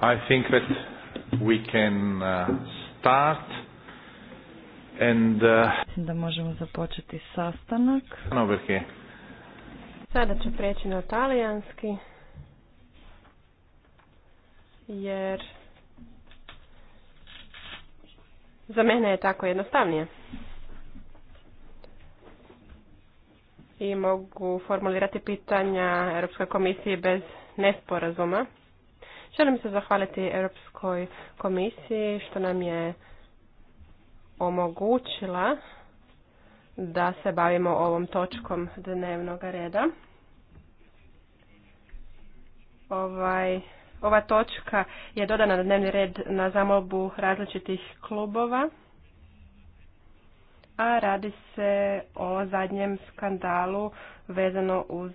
I think that we can uh, start and uh, da možemo započeti sastanak. Sada ću preći na talijanski jer za mene je tako jednostavnije. I mogu formulirati pitanja Europskoj komisiji bez nesporazuma. Želim se zahvaliti Europskoj komisiji što nam je omogućila da se bavimo ovom točkom dnevnog reda. Ovaj, ova točka je dodana na dnevni red na zamolbu različitih klubova, a radi se o zadnjem skandalu vezano uz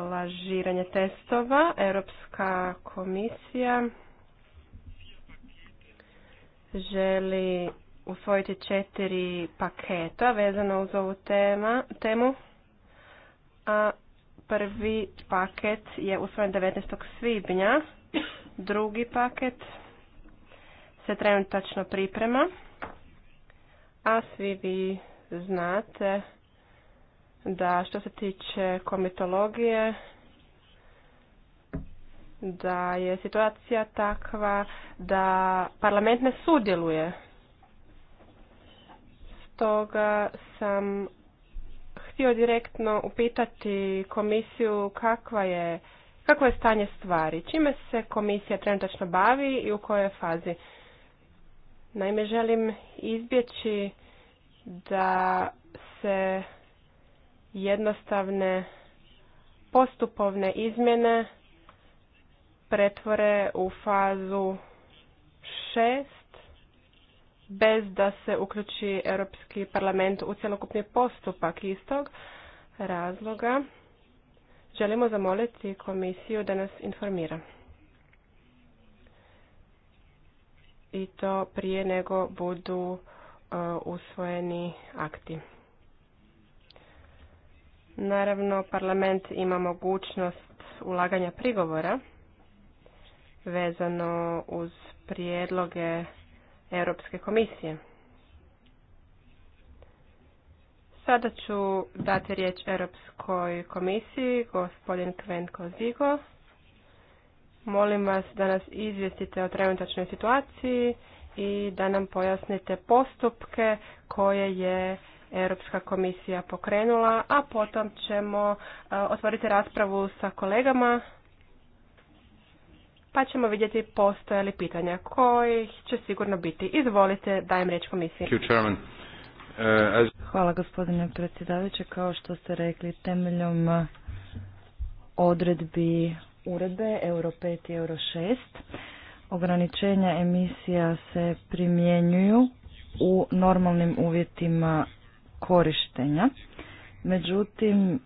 lažiranje testova. Europska komisija želi usvojiti četiri paketa vezano uz ovu tema, temu. A prvi paket je usvojen 19. svibnja. Drugi paket se trenutačno priprema. A svi vi znate da što se tiče komitologije, da je situacija takva da parlament ne sudjeluje. Stoga sam htio direktno upitati komisiju kakva je, kakvo je stanje stvari, čime se komisija trenutačno bavi i u kojoj fazi. Naime, želim izbjeći da se jednostavne postupovne izmjene pretvore u fazu šest bez da se uključi Europski parlament u cjelokupni postupak istog razloga. Želimo zamoliti komisiju da nas informira. I to prije nego budu e, usvojeni akti. Naravno, parlament ima mogućnost ulaganja prigovora vezano uz prijedloge Europske komisije. Sada ću dati riječ Europskoj komisiji, gospodin Kvenko Zigo. Molim vas da nas izvijestite o trenutačnoj situaciji i da nam pojasnite postupke koje je Europska komisija pokrenula, a potom ćemo e, otvoriti raspravu sa kolegama pa ćemo vidjeti postoje li pitanja kojih će sigurno biti. Izvolite, dajem riječ komisiji. Uh, Hvala gospodine predsjedavajuće. Kao što ste rekli, temeljom odredbi uredbe Euro 5 i Euro 6 ograničenja emisija se primjenjuju u normalnim uvjetima korištenja. Međutim,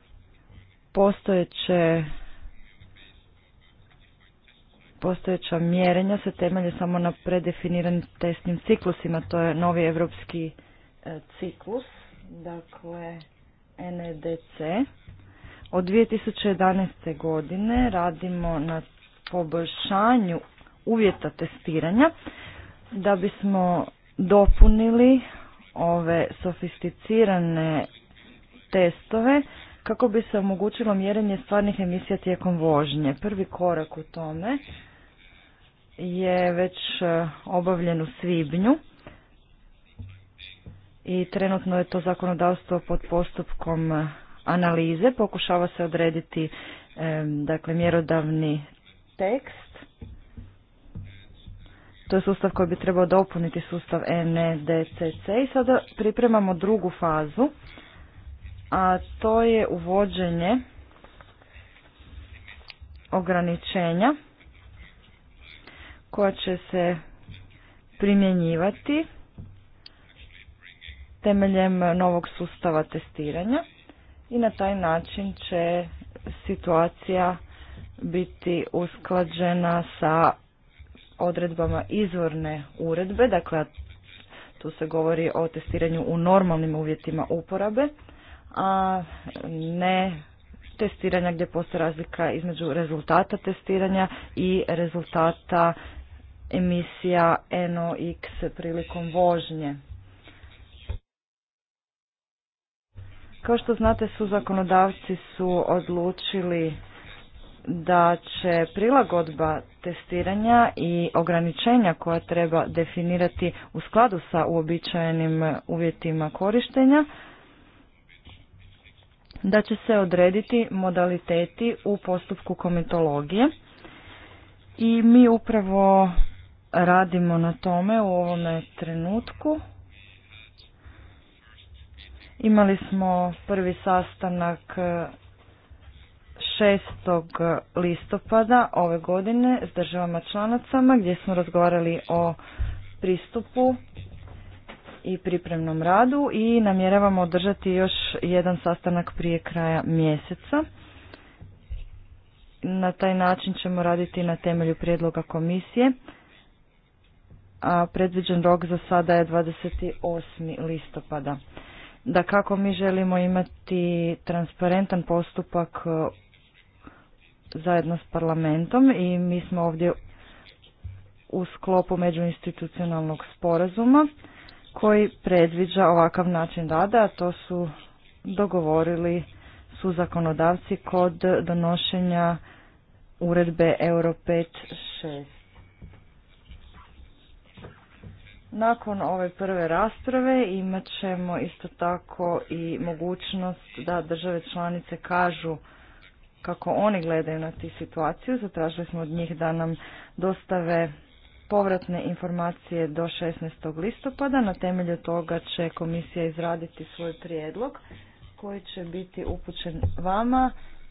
postojeće postojeća mjerenja se temelje samo na predefiniranim testnim ciklusima, to je novi evropski e, ciklus, dakle NEDC. Od 2011. godine radimo na poboljšanju uvjeta testiranja da bismo dopunili ove sofisticirane testove kako bi se omogućilo mjerenje stvarnih emisija tijekom vožnje. Prvi korak u tome je već e, obavljen u svibnju i trenutno je to zakonodavstvo pod postupkom e, analize. Pokušava se odrediti dakle mjerodavni tekst to je sustav koji bi trebao dopuniti sustav NDCC e i sada pripremamo drugu fazu, a to je uvođenje ograničenja koja će se primjenjivati temeljem novog sustava testiranja i na taj način će situacija biti usklađena sa odredbama izvorne uredbe, dakle tu se govori o testiranju u normalnim uvjetima uporabe, a ne testiranja gdje postoji razlika između rezultata testiranja i rezultata emisija NOx prilikom vožnje. Kao što znate, su zakonodavci su odlučili da će prilagodba testiranja i ograničenja koja treba definirati u skladu sa uobičajenim uvjetima korištenja, da će se odrediti modaliteti u postupku komitologije. I mi upravo radimo na tome u ovome trenutku. Imali smo prvi sastanak 6. listopada ove godine s državama članacama gdje smo razgovarali o pristupu i pripremnom radu i namjeravamo održati još jedan sastanak prije kraja mjeseca. Na taj način ćemo raditi na temelju prijedloga komisije. A predviđen rok za sada je 28. listopada da kako mi želimo imati transparentan postupak zajedno s parlamentom i mi smo ovdje u sklopu međuinstitucionalnog sporazuma koji predviđa ovakav način rada, a to su dogovorili su zakonodavci kod donošenja uredbe Euro 5.6. Nakon ove prve rasprave imat ćemo isto tako i mogućnost da države članice kažu kako oni gledaju na tu situaciju. Zatražili smo od njih da nam dostave povratne informacije do 16. listopada. Na temelju toga će komisija izraditi svoj prijedlog koji će biti upućen vama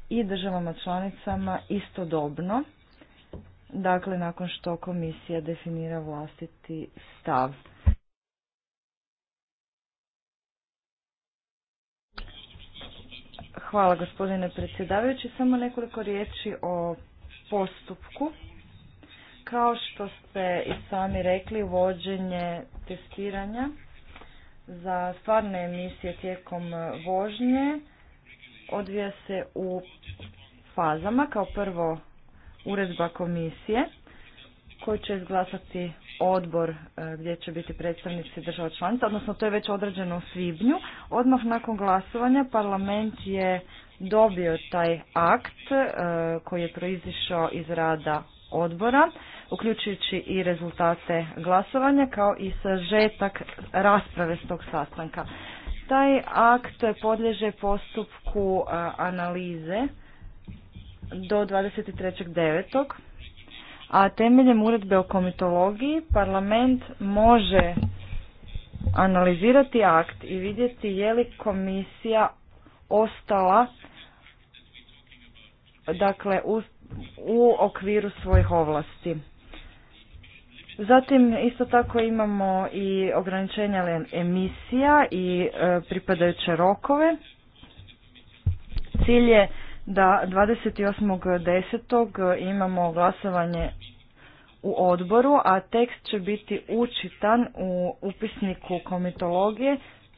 i državama članicama istodobno. Dakle, nakon što komisija definira vlastiti stav. Hvala gospodine predsjedavajući. Samo nekoliko riječi o postupku. Kao što ste i sami rekli, vođenje testiranja za stvarne emisije tijekom vožnje odvija se u fazama. Kao prvo uredba komisije koju će izglasati odbor e, gdje će biti predstavnici država članica, odnosno to je već određeno u svibnju. Odmah nakon glasovanja parlament je dobio taj akt e, koji je proizišao iz rada odbora, uključujući i rezultate glasovanja kao i sažetak rasprave s tog sastanka. Taj akt podlježe postupku e, analize do 23.9 a temeljem uredbe o komitologiji parlament može analizirati akt i vidjeti je li komisija ostala dakle u, u okviru svojih ovlasti. Zatim isto tako imamo i ograničenja emisija i e, pripadajuće rokove. Cilj je da 28.10. imamo glasovanje u odboru, a tekst će biti učitan u upisniku komitologije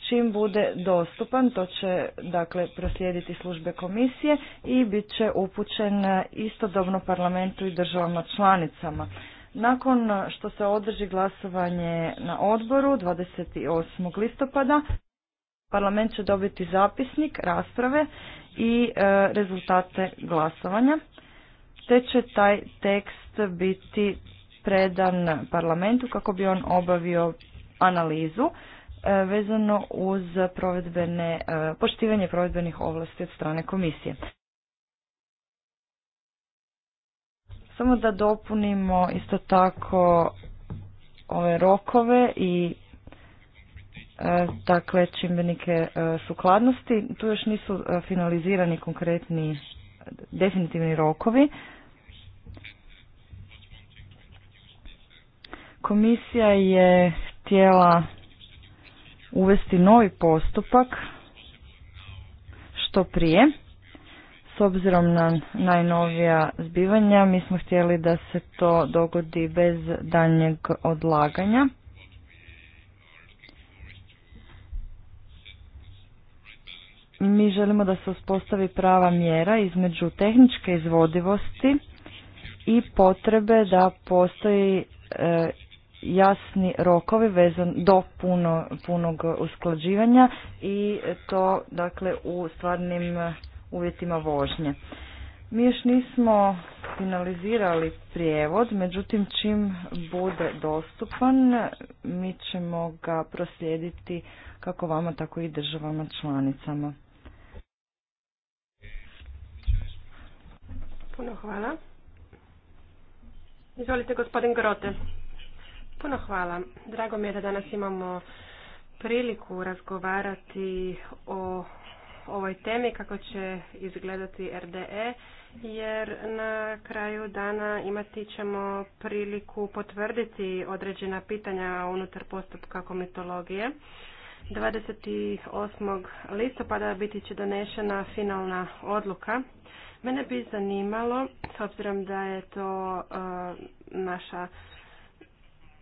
čim bude dostupan, to će dakle proslijediti službe komisije i bit će upućen istodobno parlamentu i državama članicama. Nakon što se održi glasovanje na odboru 28. listopada, Parlament će dobiti zapisnik rasprave i e, rezultate glasovanja, te će taj tekst biti predan parlamentu kako bi on obavio analizu e, vezano uz provedbene, e, poštivanje provedbenih ovlasti od strane komisije. Samo da dopunimo isto tako ove rokove i E, dakle čimbenike e, sukladnosti. Tu još nisu e, finalizirani konkretni definitivni rokovi. Komisija je htjela uvesti novi postupak što prije. S obzirom na najnovija zbivanja mi smo htjeli da se to dogodi bez daljnjeg odlaganja. mi želimo da se uspostavi prava mjera između tehničke izvodivosti i potrebe da postoji e, jasni rokovi vezan do punog usklađivanja i to dakle u stvarnim e, uvjetima vožnje. Mi još nismo finalizirali prijevod, međutim čim bude dostupan mi ćemo ga proslijediti kako vama tako i državama članicama. Puno hvala. Izvolite gospodin Grote. Puno hvala. Drago mi je da danas imamo priliku razgovarati o ovoj temi kako će izgledati RDE jer na kraju dana imati ćemo priliku potvrditi određena pitanja unutar postupka komitologije. 28. listopada biti će donešena finalna odluka Mene bi zanimalo, s obzirom da je to e, naša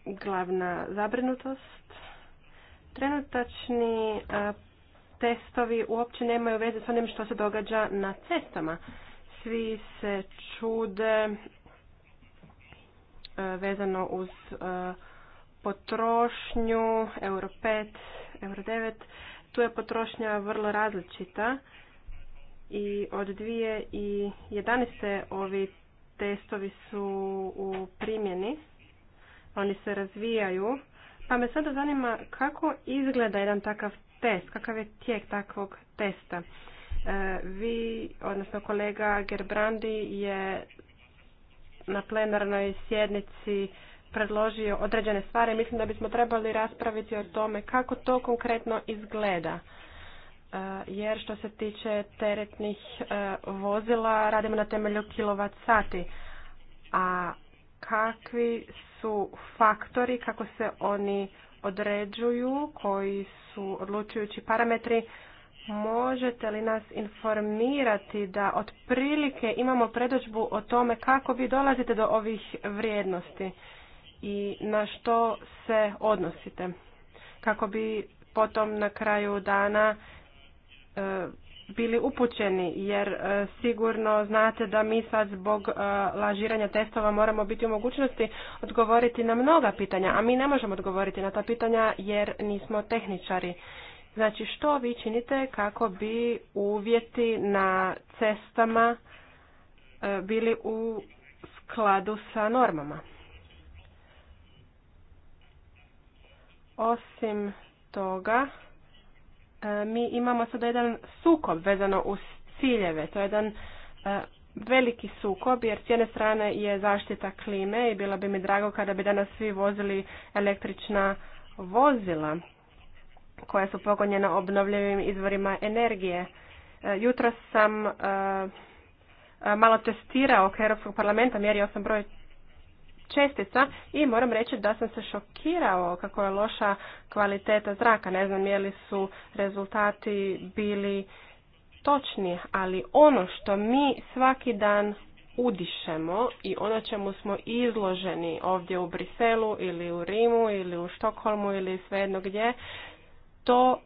glavna zabrinutost, trenutačni e, testovi uopće nemaju veze s onim što se događa na cestama. Svi se čude e, vezano uz potrošnju Euro 5, Euro 9. Tu je potrošnja vrlo različita i od 2011. ovi testovi su u primjeni, oni se razvijaju, pa me sada zanima kako izgleda jedan takav test, kakav je tijek takvog testa. E, vi, odnosno kolega Gerbrandi je na plenarnoj sjednici predložio određene stvari. Mislim da bismo trebali raspraviti o tome kako to konkretno izgleda. E, jer što se tiče teretnih e, vozila radimo na temelju kilovat sati. A kakvi su faktori, kako se oni određuju, koji su odlučujući parametri, možete li nas informirati da otprilike imamo predođbu o tome kako vi dolazite do ovih vrijednosti i na što se odnosite, kako bi potom na kraju dana E, bili upućeni jer e, sigurno znate da mi sad zbog e, lažiranja testova moramo biti u mogućnosti odgovoriti na mnoga pitanja, a mi ne možemo odgovoriti na ta pitanja jer nismo tehničari. Znači što vi činite kako bi uvjeti na cestama bili u skladu sa normama? Osim toga, E, mi imamo sada jedan sukob vezano uz ciljeve. To je jedan e, veliki sukob jer s jedne strane je zaštita klime i bilo bi mi drago kada bi danas svi vozili električna vozila koja su pogonjena obnovljivim izvorima energije. E, Jutro sam malo testirao oko Europskog parlamenta, mjerio sam broj čestica i moram reći da sam se šokirao kako je loša kvaliteta zraka. Ne znam je li su rezultati bili točni, ali ono što mi svaki dan udišemo i ono čemu smo izloženi ovdje u Briselu ili u Rimu ili u Štokholmu ili svejedno gdje, to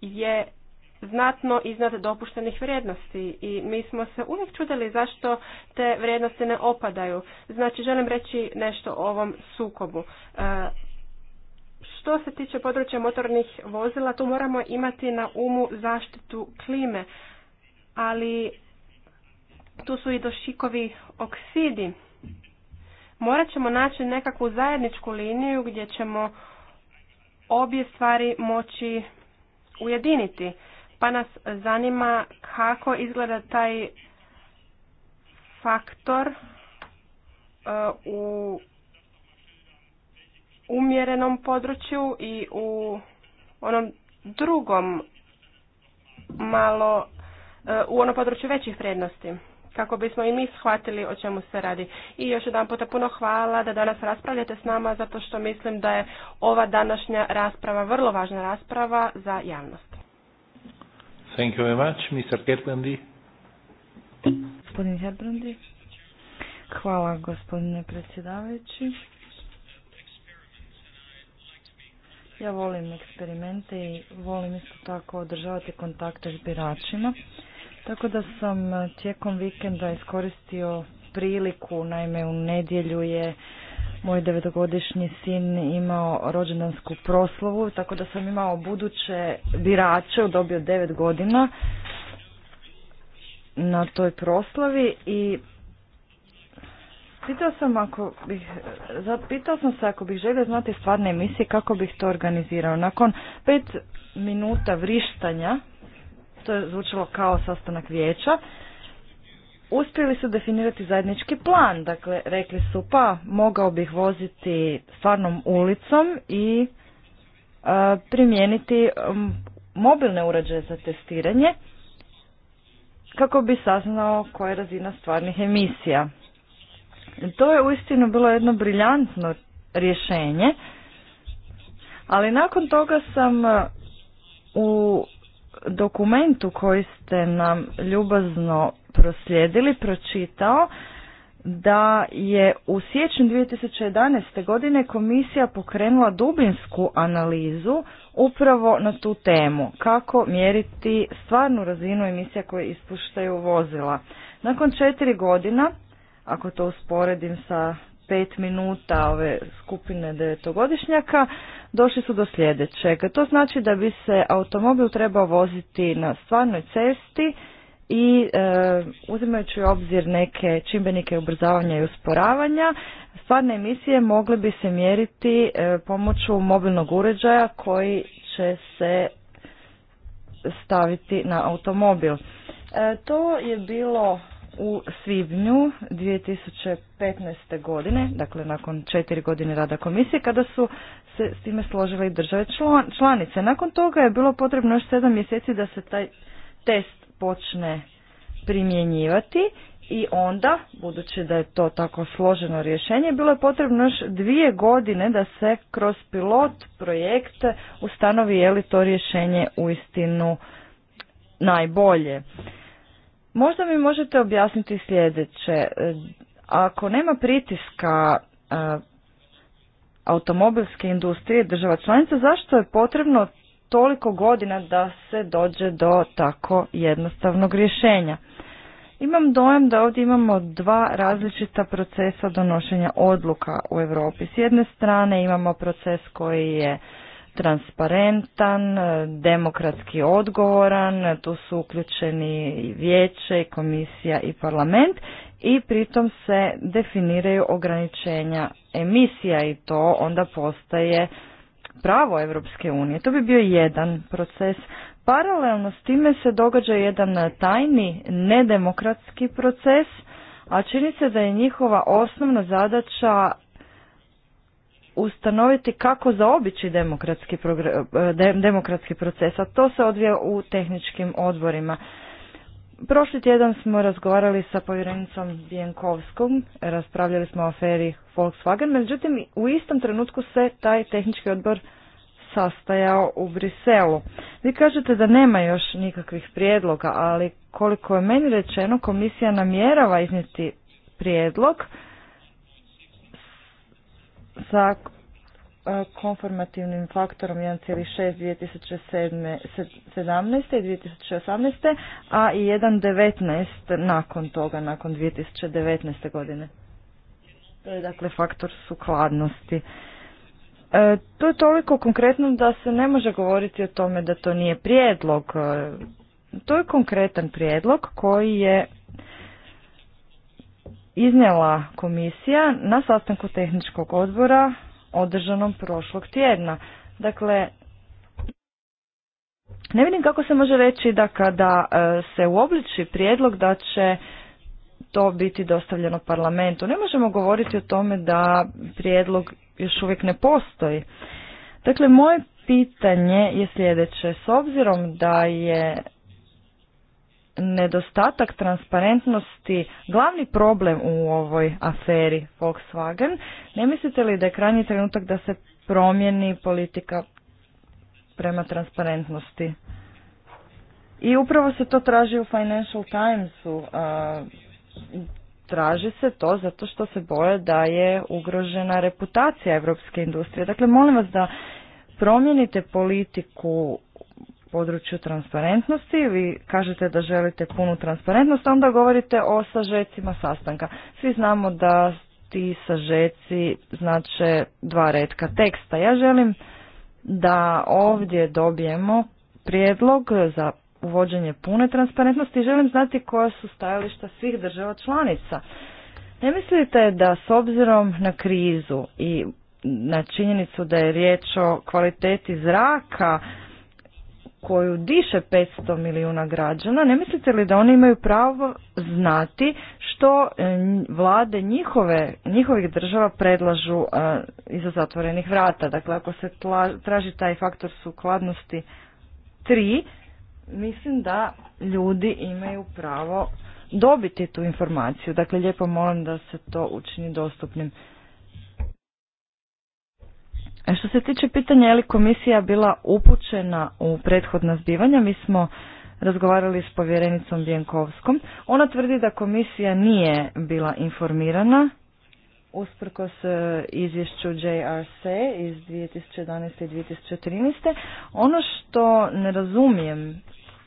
je znatno iznad dopuštenih vrijednosti i mi smo se uvijek čudili zašto te vrijednosti ne opadaju. Znači želim reći nešto o ovom sukobu. E, što se tiče područja motornih vozila, tu moramo imati na umu zaštitu klime, ali tu su i došikovi oksidi. Morat ćemo naći nekakvu zajedničku liniju gdje ćemo obje stvari moći ujediniti pa nas zanima kako izgleda taj faktor e, u umjerenom području i u onom drugom malo e, u onom području većih vrijednosti kako bismo i mi shvatili o čemu se radi. I još jedan puta puno hvala da danas raspravljate s nama zato što mislim da je ova današnja rasprava vrlo važna rasprava za javnost. Thank you Hvala gospodine predsjedavajući. Ja volim eksperimente i volim isto tako održavati kontakte s biračima. Tako da sam tijekom vikenda iskoristio priliku, naime u nedjelju je moj devetogodišnji sin imao rođendansku proslavu, tako da sam imao buduće birače u dobi od devet godina na toj proslavi i pitao sam ako bih, zapitao sam se ako bih želio znati stvarne emisije kako bih to organizirao. Nakon pet minuta vrištanja, to je zvučalo kao sastanak vijeća, uspjeli su definirati zajednički plan. Dakle, rekli su pa mogao bih voziti stvarnom ulicom i e, primijeniti mobilne uređaje za testiranje kako bi saznao koja je razina stvarnih emisija. To je uistinu bilo jedno briljantno rješenje, ali nakon toga sam e, u dokumentu koji ste nam ljubazno proslijedili pročitao da je u siječnju 2011. godine komisija pokrenula dubinsku analizu upravo na tu temu, kako mjeriti stvarnu razinu emisija koje ispuštaju vozila. Nakon četiri godina, ako to usporedim sa pet minuta ove skupine devetogodišnjaka, došli su do sljedećeg. To znači da bi se automobil trebao voziti na stvarnoj cesti i e, uzimajući u obzir neke čimbenike ubrzavanja i usporavanja, stvarne emisije mogle bi se mjeriti e, pomoću mobilnog uređaja koji će se staviti na automobil. E, to je bilo u svibnju 2015. godine, dakle nakon četiri godine rada komisije, kada su se s time složile i države članice. Nakon toga je bilo potrebno još sedam mjeseci da se taj test počne primjenjivati i onda, budući da je to tako složeno rješenje, bilo je potrebno još dvije godine da se kroz pilot projekt ustanovi je li to rješenje uistinu najbolje. Možda mi možete objasniti sljedeće. E, ako nema pritiska e, automobilske industrije država članica, zašto je potrebno toliko godina da se dođe do tako jednostavnog rješenja. Imam dojam da ovdje imamo dva različita procesa donošenja odluka u Europi. S jedne strane imamo proces koji je transparentan, demokratski odgovoran, tu su uključeni i vijeće, i komisija i parlament i pritom se definiraju ograničenja emisija i to onda postaje pravo Europske unije. To bi bio jedan proces. Paralelno s time se događa jedan tajni nedemokratski proces, a čini se da je njihova osnovna zadaća ustanoviti kako zaobići demokratski, eh, demokratski proces, a to se odvija u tehničkim odborima. Prošli tjedan smo razgovarali sa povjerenicom Bijenkovskom, raspravljali smo o aferi Volkswagen, međutim u istom trenutku se taj tehnički odbor sastajao u Briselu. Vi kažete da nema još nikakvih prijedloga, ali koliko je meni rečeno, komisija namjerava iznijeti prijedlog sa E, konformativnim faktorom 1,6 2017. i 2018. a i 1,19 nakon toga, nakon 2019. godine. To je dakle faktor sukladnosti. E, to je toliko konkretno da se ne može govoriti o tome da to nije prijedlog. E, to je konkretan prijedlog koji je iznijela komisija na sastanku tehničkog odbora održanom prošlog tjedna. Dakle, ne vidim kako se može reći da kada e, se uobliči prijedlog da će to biti dostavljeno parlamentu. Ne možemo govoriti o tome da prijedlog još uvijek ne postoji. Dakle, moje pitanje je sljedeće. S obzirom da je nedostatak transparentnosti glavni problem u ovoj aferi Volkswagen. Ne mislite li da je krajnji trenutak da se promijeni politika prema transparentnosti? I upravo se to traži u Financial Timesu. Traži se to zato što se boje da je ugrožena reputacija evropske industrije. Dakle, molim vas da promijenite politiku području transparentnosti. Vi kažete da želite punu transparentnost, onda govorite o sažecima sastanka. Svi znamo da ti sažeci znače dva redka teksta. Ja želim da ovdje dobijemo prijedlog za uvođenje pune transparentnosti i želim znati koja su stajališta svih država članica. Ne mislite da s obzirom na krizu i na činjenicu da je riječ o kvaliteti zraka koju diše 500 milijuna građana, ne mislite li da oni imaju pravo znati što e, vlade njihove, njihovih država predlažu e, iza zatvorenih vrata? Dakle, ako se traži taj faktor sukladnosti 3, mislim da ljudi imaju pravo dobiti tu informaciju. Dakle, lijepo molim da se to učini dostupnim. E, što se tiče pitanja je li komisija bila upućena u prethodna zbivanja, mi smo razgovarali s povjerenicom Bjenkovskom. Ona tvrdi da komisija nije bila informirana usprkos e, izvješću JRC iz 2011. i 2013. Ono što ne razumijem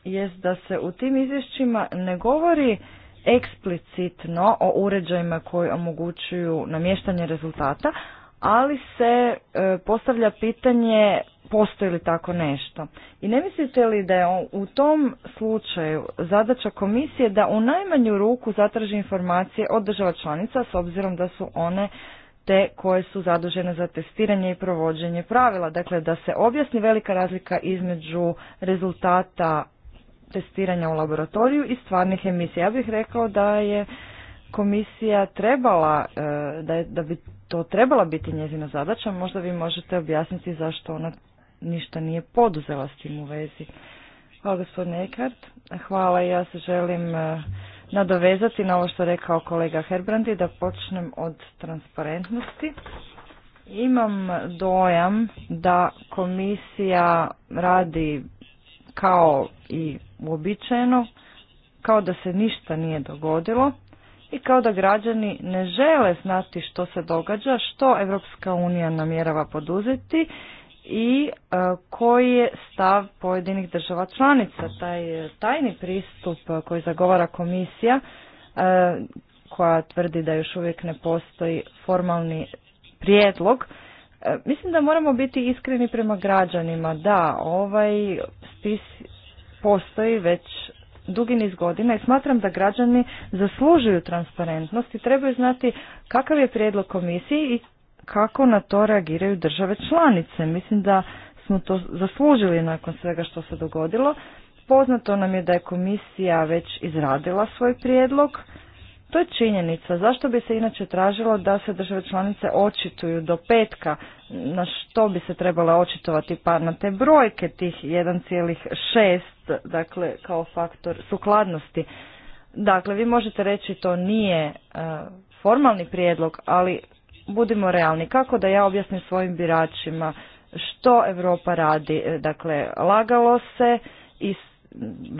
jest da se u tim izvješćima ne govori eksplicitno o uređajima koji omogućuju namještanje rezultata, ali se e, postavlja pitanje postoji li tako nešto. I ne mislite li da je u tom slučaju zadaća komisije da u najmanju ruku zatraži informacije od država članica s obzirom da su one te koje su zadužene za testiranje i provođenje pravila. Dakle, da se objasni velika razlika između rezultata testiranja u laboratoriju i stvarnih emisija. Ja bih rekao da je komisija trebala, e, da, je, da bi to trebala biti njezina zadaća, možda vi možete objasniti zašto ona ništa nije poduzela s tim u vezi. Hvala gospodine Eckart. Hvala, ja se želim e, nadovezati na ovo što rekao kolega Herbrandi, da počnem od transparentnosti. Imam dojam da komisija radi kao i uobičajeno, kao da se ništa nije dogodilo i kao da građani ne žele znati što se događa, što Evropska unija namjerava poduzeti i e, koji je stav pojedinih država članica. Taj e, tajni pristup e, koji zagovara komisija koja tvrdi da još uvijek ne postoji formalni prijedlog, mislim da moramo biti iskreni prema građanima. Da, ovaj spis postoji već dugi niz godina i smatram da građani zaslužuju transparentnost i trebaju znati kakav je prijedlog komisiji i kako na to reagiraju države članice. Mislim da smo to zaslužili nakon svega što se dogodilo. Poznato nam je da je komisija već izradila svoj prijedlog to je činjenica. Zašto bi se inače tražilo da se države članice očituju do petka? Na što bi se trebala očitovati? Pa na te brojke tih 1,6, dakle kao faktor sukladnosti. Dakle, vi možete reći to nije e, formalni prijedlog, ali budimo realni. Kako da ja objasnim svojim biračima što Europa radi? E, dakle, lagalo se i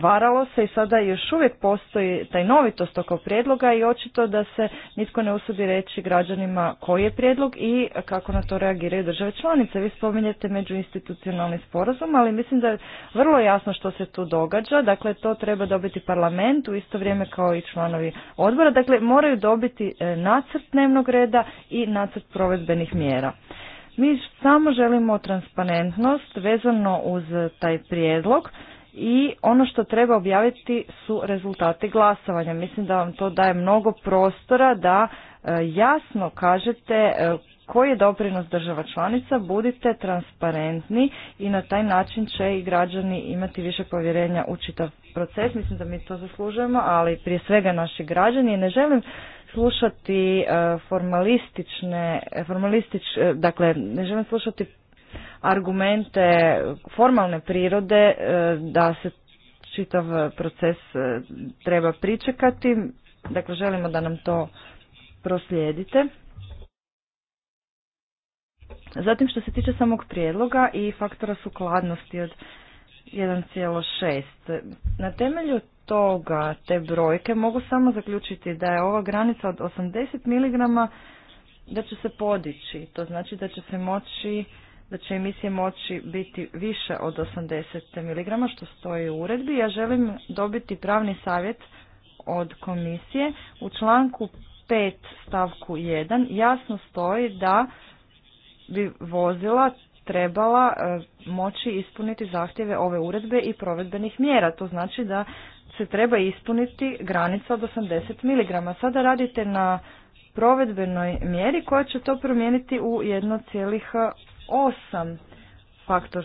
varalo se i sada još uvijek postoji taj novitost oko prijedloga i očito da se nitko ne usudi reći građanima koji je prijedlog i kako na to reagiraju države članice. Vi spominjete međuinstitucionalni sporazum, ali mislim da je vrlo jasno što se tu događa. Dakle, to treba dobiti parlament u isto vrijeme kao i članovi odbora. Dakle, moraju dobiti e, nacrt dnevnog reda i nacrt provedbenih mjera. Mi samo želimo transparentnost vezano uz taj prijedlog i ono što treba objaviti su rezultati glasovanja. Mislim da vam to daje mnogo prostora da e, jasno kažete e, koji je doprinos država članica, budite transparentni i na taj način će i građani imati više povjerenja u čitav proces. Mislim da mi to zaslužujemo, ali prije svega naši građani. Ne želim slušati e, formalistične, formalistič, dakle ne želim slušati argumente formalne prirode e, da se čitav proces e, treba pričekati. Dakle, želimo da nam to proslijedite. Zatim što se tiče samog prijedloga i faktora sukladnosti od 1,6. Na temelju toga, te brojke, mogu samo zaključiti da je ova granica od 80 mg da će se podići. To znači da će se moći da će emisije moći biti više od 80 mg što stoji u uredbi. Ja želim dobiti pravni savjet od komisije. U članku 5 stavku 1 jasno stoji da bi vozila trebala e, moći ispuniti zahtjeve ove uredbe i provedbenih mjera. To znači da se treba ispuniti granica od 80 mg. Sada radite na provedbenoj mjeri koja će to promijeniti u osam faktor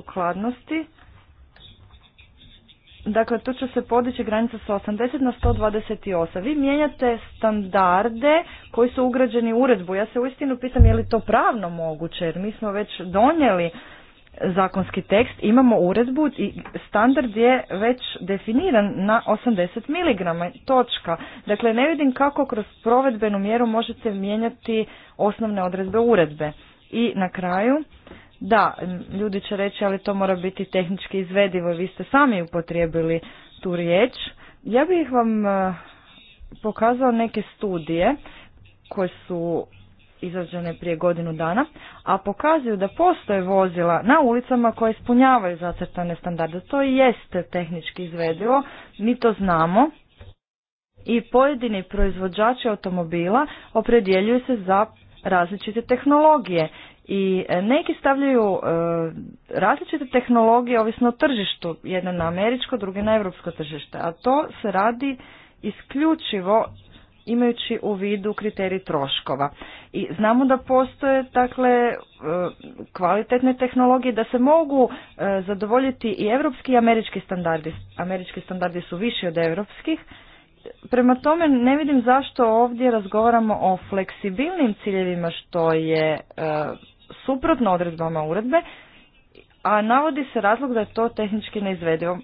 sukladnosti. Dakle, tu će se podići granica sa 80 na 128. Vi mijenjate standarde koji su ugrađeni u uredbu. Ja se uistinu pitam je li to pravno moguće, jer mi smo već donijeli zakonski tekst, imamo uredbu i standard je već definiran na 80 mg, točka. Dakle, ne vidim kako kroz provedbenu mjeru možete mijenjati osnovne odredbe uredbe. I na kraju, da, ljudi će reći, ali to mora biti tehnički izvedivo, vi ste sami upotrijebili tu riječ. Ja bih vam eh, pokazao neke studije koje su izrađene prije godinu dana, a pokazuju da postoje vozila na ulicama koje ispunjavaju zacrtane standarde. To i jeste tehnički izvedivo, mi to znamo. I pojedini proizvođači automobila opredjeljuju se za različite tehnologije i e, neki stavljaju e, različite tehnologije ovisno o tržištu, jedno na američko, druge na europsko tržište, a to se radi isključivo imajući u vidu kriterij troškova. I znamo da postoje dakle e, kvalitetne tehnologije da se mogu zadovoljiti i europski i američki standardi. Američki standardi su viši od europskih prema tome ne vidim zašto ovdje razgovaramo o fleksibilnim ciljevima što je e, suprotno odredbama uredbe, a navodi se razlog da je to tehnički neizvedivo.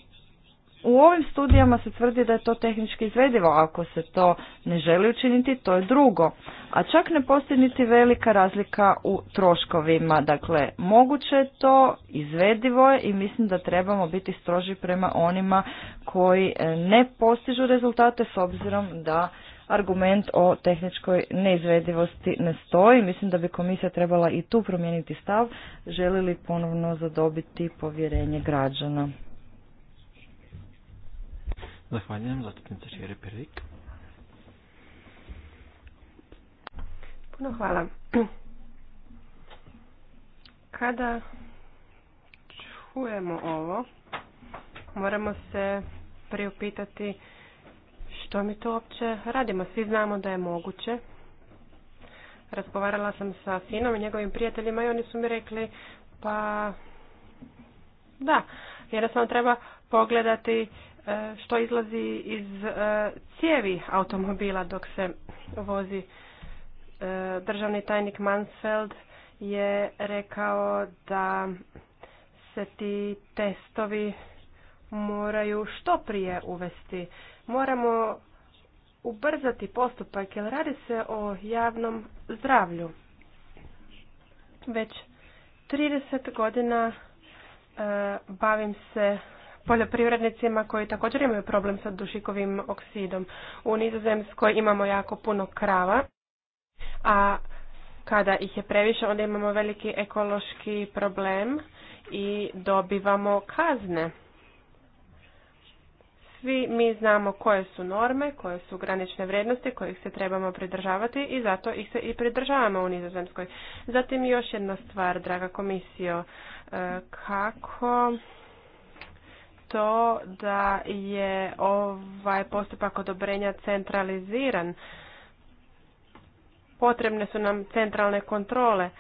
U ovim studijama se tvrdi da je to tehnički izvedivo, ako se to ne želi učiniti, to je drugo. A čak ne postoji niti velika razlika u troškovima. Dakle, moguće je to, izvedivo je i mislim da trebamo biti stroži prema onima koji e, ne postižu rezultate s obzirom da argument o tehničkoj neizvedivosti ne stoji. Mislim da bi komisija trebala i tu promijeniti stav, želi li ponovno zadobiti povjerenje građana. Zahvaljujem, zastupnica Šire Pirik. Puno hvala. Kada čujemo ovo, moramo se priupitati što mi to uopće radimo. Svi znamo da je moguće. Razgovarala sam sa sinom i njegovim prijateljima i oni su mi rekli pa da, jer jednostavno treba pogledati E, što izlazi iz e, cijevi automobila dok se vozi. E, državni tajnik Mansfeld je rekao da se ti testovi moraju što prije uvesti. Moramo ubrzati postupak jer radi se o javnom zdravlju. Već 30 godina bavim se poljoprivrednicima koji također imaju problem sa dušikovim oksidom. U Nizozemskoj imamo jako puno krava, a kada ih je previše onda imamo veliki ekološki problem i dobivamo kazne. Svi mi znamo koje su norme, koje su granične vrijednosti kojih se trebamo pridržavati i zato ih se i pridržavamo u Nizozemskoj. Zatim još jedna stvar, draga komisijo, e, kako to da je ovaj postupak odobrenja centraliziran. Potrebne su nam centralne kontrole.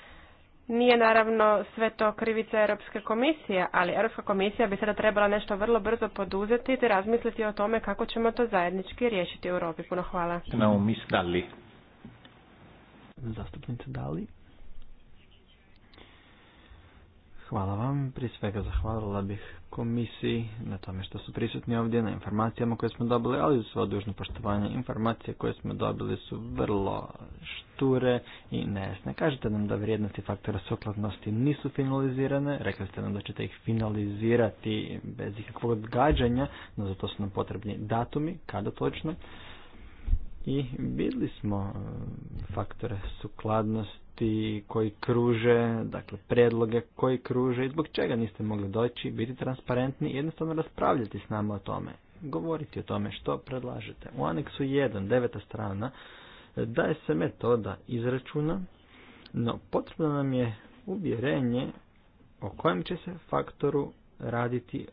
Nije naravno sve to krivica Europske komisije, ali Europska komisija bi sada trebala nešto vrlo brzo poduzeti i razmisliti o tome kako ćemo to zajednički riješiti u Europi. Puno hvala. Dali. Hvala vam. Prije svega zahvalila bih komisiji na tome što su prisutni ovdje, na informacijama koje smo dobili, ali u svo dužno poštovanje informacije koje smo dobili su vrlo šture i nejasne. Kažete nam da vrijednosti faktora sukladnosti nisu finalizirane, rekli ste nam da ćete ih finalizirati bez ikakvog odgađanja, no zato su nam potrebni datumi, kada točno. I vidli smo e, faktore sukladnosti ti koji kruže, dakle predloge koji kruže i zbog čega niste mogli doći, biti transparentni i jednostavno raspravljati s nama o tome. Govoriti o tome što predlažete. U aneksu 1, deveta strana, daje se metoda izračuna, no potrebno nam je uvjerenje o kojem će se faktoru raditi,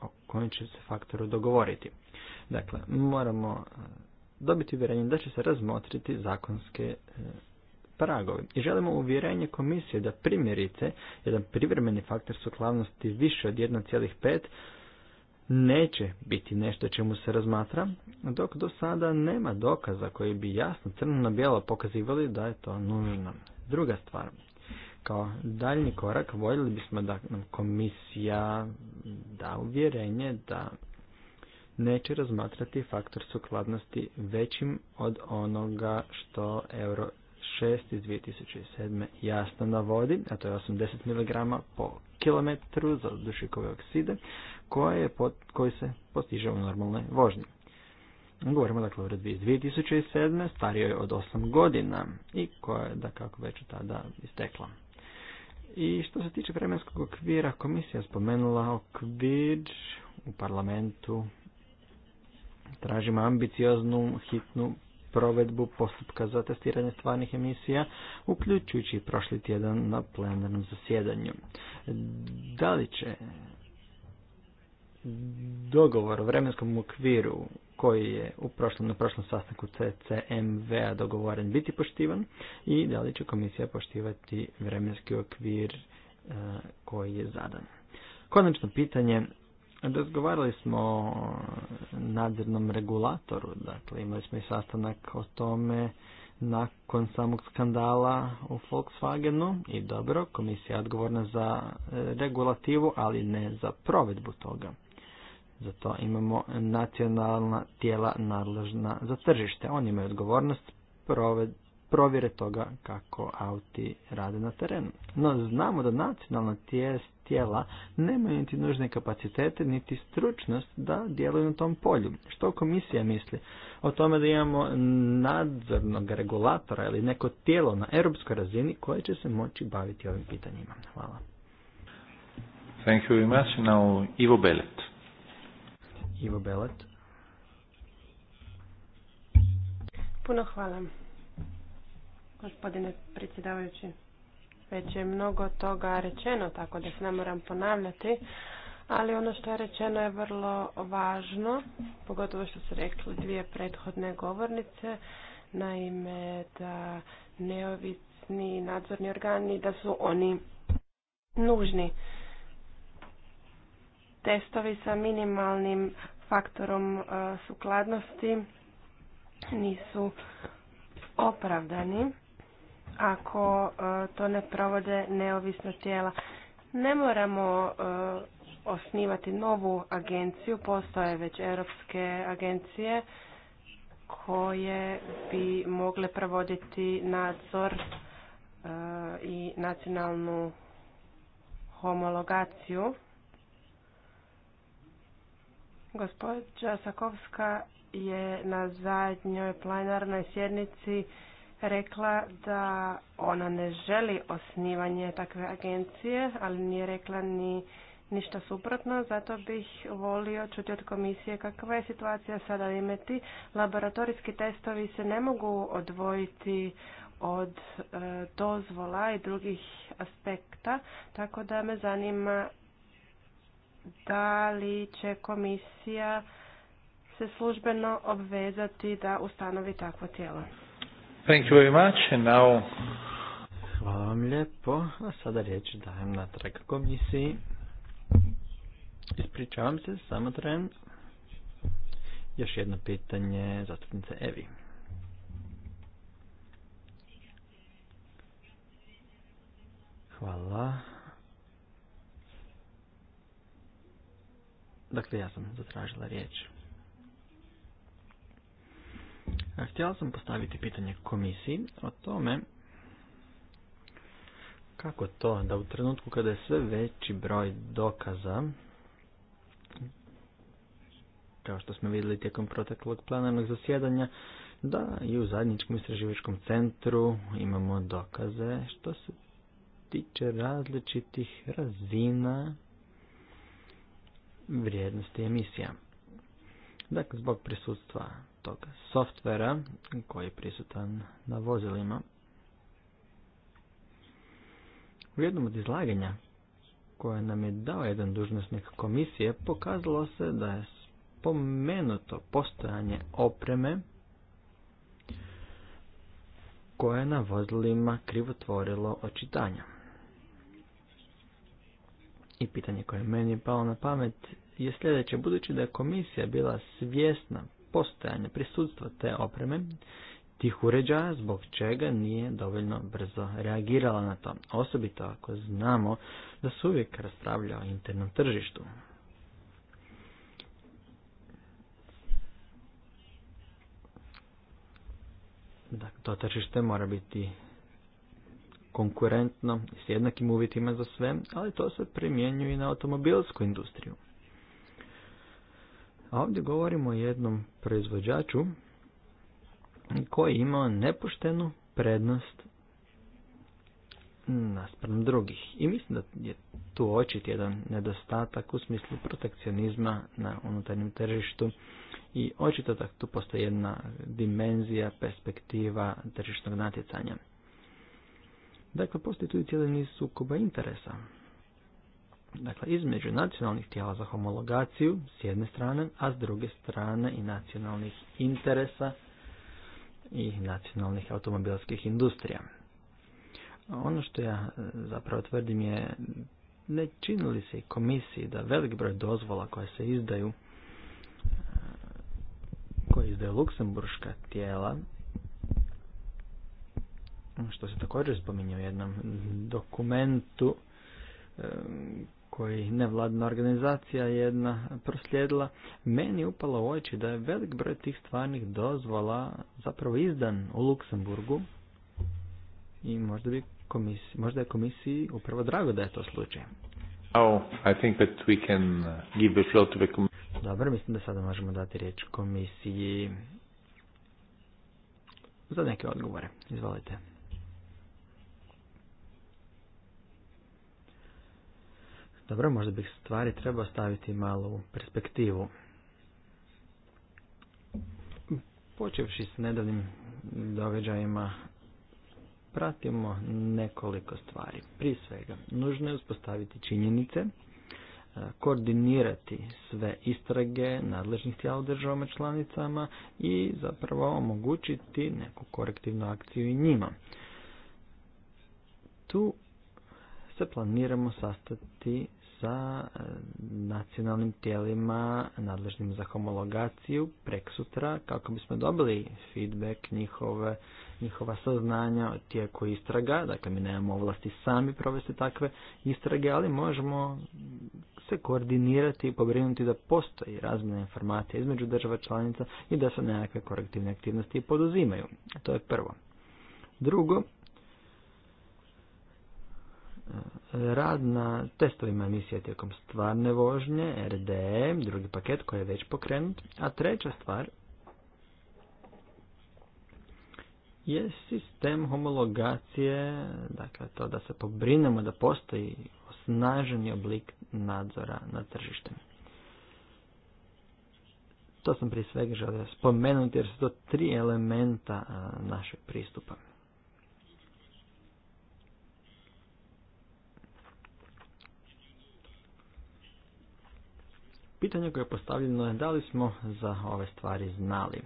o kojem će se faktoru dogovoriti. Dakle, moramo dobiti uvjerenje da će se razmotriti zakonske e, pragovi. I želimo uvjerenje komisije da primjerice jedan privremeni faktor sukladnosti više od 1,5 neće biti nešto čemu se razmatra, dok do sada nema dokaza koji bi jasno crno na bijelo pokazivali da je to nužno. Druga stvar, kao daljni korak voljeli bismo da nam komisija da uvjerenje da neće razmatrati faktor sukladnosti većim od onoga što euro 6 iz 2007. jasno navodi, a to je 80 mg po kilometru za dušikove okside, je koji se postiže u normalnoj vožnji. Govorimo dakle o redbi iz 2007. starijoj je od 8 godina i koja je da kako već tada istekla. I što se tiče vremenskog okvira, komisija spomenula okvir u parlamentu. Tražimo ambicioznu hitnu provedbu postupka za testiranje stvarnih emisija, uključujući prošli tjedan na plenarnom zasjedanju. Da li će dogovor o vremenskom okviru koji je u prošlom, na prošlom sastanku CCMV-a dogovoren biti poštivan i da li će komisija poštivati vremenski okvir e, koji je zadan. Konačno pitanje Razgovarali smo o nadzirnom regulatoru, dakle imali smo i sastanak o tome nakon samog skandala u Volkswagenu i dobro, komisija je odgovorna za e, regulativu, ali ne za provedbu toga. Zato imamo nacionalna tijela nadležna za tržište. Oni imaju odgovornost provjere toga kako auti rade na terenu. No znamo da nacionalna tijest, tijela nemaju niti nužne kapacitete, niti stručnost da djeluju na tom polju. Što komisija misli? O tome da imamo nadzornog regulatora ili neko tijelo na europskoj razini koje će se moći baviti ovim pitanjima. Hvala. Thank you very much. Now, Ivo Belet. Ivo Belet. Puno hvala, gospodine predsjedavajući. Već je mnogo toga rečeno, tako da se ne moram ponavljati. Ali ono što je rečeno je vrlo važno, pogotovo što su rekli dvije prethodne govornice, naime da neovisni nadzorni organi, da su oni nužni. Testovi sa minimalnim faktorom e, sukladnosti nisu opravdani ako e, to ne provode neovisna tijela. Ne moramo e, osnivati novu agenciju, postoje već europske agencije koje bi mogle provoditi nadzor e, i nacionalnu homologaciju. Gospođa Sakovska je na zadnjoj plenarnoj sjednici rekla da ona ne želi osnivanje takve agencije, ali nije rekla ni ništa suprotno, zato bih volio čuti od komisije kakva je situacija sada imeti. Laboratorijski testovi se ne mogu odvojiti od e, dozvola i drugih aspekta, tako da me zanima da li će komisija se službeno obvezati da ustanovi takvo tijelo. Thank you very much and now... Hvala vam lijepo, a sada riječ dajem na natrag komisiji. Ispričavam se, samo tren. Još jedno pitanje zastupnice Evi. Hvala. Dakle, ja sam zatražila riječ. Htjela sam postaviti pitanje komisiji o tome kako to da u trenutku kada je sve veći broj dokaza, kao što smo vidjeli tijekom proteklog planarnog zasjedanja, da i u zajedničkom istraživačkom centru imamo dokaze što se tiče različitih razina vrijednosti emisija. Dakle, zbog prisutstva tog softvera koji je prisutan na vozilima. U jednom od izlaganja koje nam je dao jedan dužnosnik komisije pokazalo se da je spomenuto postojanje opreme koje je na vozilima krivotvorilo očitanja. I pitanje koje je meni palo na pamet je sljedeće, budući da je komisija bila svjesna postojanje, prisutstva te opreme, tih uređaja zbog čega nije dovoljno brzo reagirala na to, osobito ako znamo da se uvijek raspravlja o internom tržištu. Dakle, to tržište mora biti konkurentno s jednakim uvjetima za sve, ali to se primjenjuje i na automobilsku industriju. A ovdje govorimo o jednom proizvođaču koji ima nepoštenu prednost naspram drugih. I mislim da je tu očit jedan nedostatak u smislu protekcionizma na unutarnjem tržištu i očito da tu postoji jedna dimenzija, perspektiva tržišnog natjecanja. Dakle, postoji tu i cijeli niz sukoba interesa. Dakle, između nacionalnih tijela za homologaciju s jedne strane, a s druge strane i nacionalnih interesa i nacionalnih automobilskih industrija. Ono što ja e, zapravo tvrdim je ne činili se i komisiji da velik broj dozvola koje se izdaju e, koje izdaju luksemburška tijela što se također spominje u jednom dokumentu e, koji nevladna organizacija jedna proslijedila, meni upalo u oči da je velik broj tih stvarnih dozvola zapravo izdan u Luksemburgu i možda, bi komisi, možda je komisiji upravo drago da je to slučaj. Oh, I think that we can uh, give the floor to the Dobro, mislim da sada možemo dati riječ komisiji za neke odgovore. Izvolite. Dobro, možda bih stvari trebao staviti malo u perspektivu. Počevši s nedavnim događajima, pratimo nekoliko stvari. Prije svega, nužno je uspostaviti činjenice, e, koordinirati sve istrage nadležnih tijela u državama članicama i zapravo omogućiti neku korektivnu akciju i njima. Tu se planiramo sastati sa e, nacionalnim tijelima nadležnim za homologaciju preksutra kako bismo dobili feedback njihove, njihova saznanja o tijeku istraga. Dakle, mi nemamo ovlasti sami provesti takve istrage, ali možemo se koordinirati i pobrinuti da postoji razmjena informacija između država članica i da se nekakve korektivne aktivnosti poduzimaju. To je prvo. Drugo, rad na testovima emisije tijekom stvarne vožnje, RDM, drugi paket koji je već pokrenut, a treća stvar je sistem homologacije, dakle to da se pobrinemo da postoji osnaženi oblik nadzora na tržištem. To sam prije svega želio spomenuti jer su to tri elementa našeg pristupa. Pitanje koje je postavljeno je da li smo za ove stvari znali.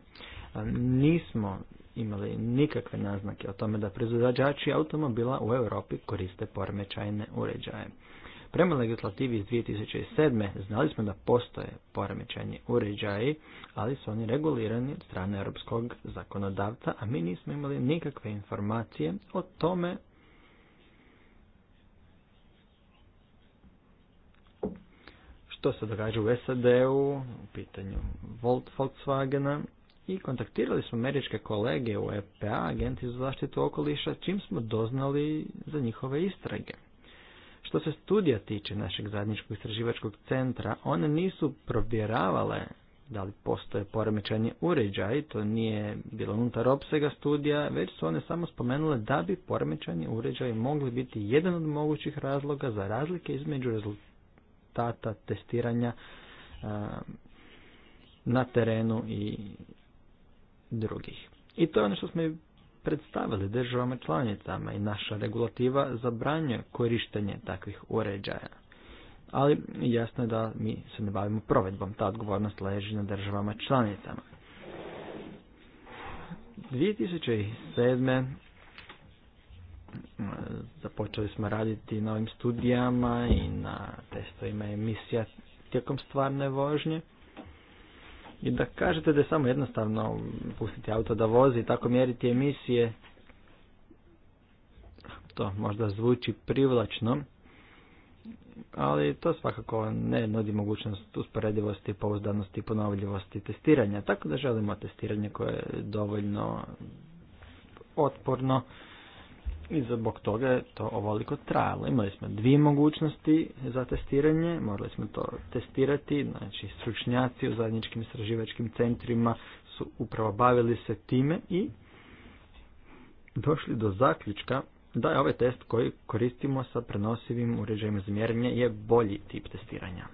E, nismo imali nikakve naznake o tome da proizvođači automobila u Europi koriste poremećajne uređaje. Prema legislativi iz 2007. znali smo da postoje poremećajni uređaji, ali su oni regulirani od strane europskog zakonodavca, a mi nismo imali nikakve informacije o tome to se događa u SAD-u, u pitanju Volkswagena i kontaktirali smo američke kolege u EPA, agenti za zaštitu okoliša, čim smo doznali za njihove istrage. Što se studija tiče našeg zadnjičkog istraživačkog centra, one nisu provjeravale da li postoje poremećanje uređaj, to nije bilo unutar opsega studija, već su one samo spomenule da bi poremećanje uređaja mogli biti jedan od mogućih razloga za razlike između rezultata rezultata testiranja na terenu i drugih. I to je ono što smo i predstavili državama članicama i naša regulativa zabranjuje korištenje takvih uređaja. Ali jasno je da mi se ne bavimo provedbom, ta odgovornost leži na državama članicama. 2007. Započeli smo raditi na ovim studijama i na testovima emisija tijekom stvarne vožnje. I da kažete da je samo jednostavno pustiti auto da vozi i tako mjeriti emisije, to možda zvuči privlačno, ali to svakako ne nudi mogućnost usporedivosti, pouzdanosti, ponovljivosti testiranja, tako da želimo testiranje koje je dovoljno otporno i zbog toga je to ovoliko trajalo. Imali smo dvije mogućnosti za testiranje, morali smo to testirati, znači stručnjaci u zajedničkim istraživačkim centrima su upravo bavili se time i došli do zaključka da je ovaj test koji koristimo sa prenosivim uređajima za mjerenje je bolji tip testiranja.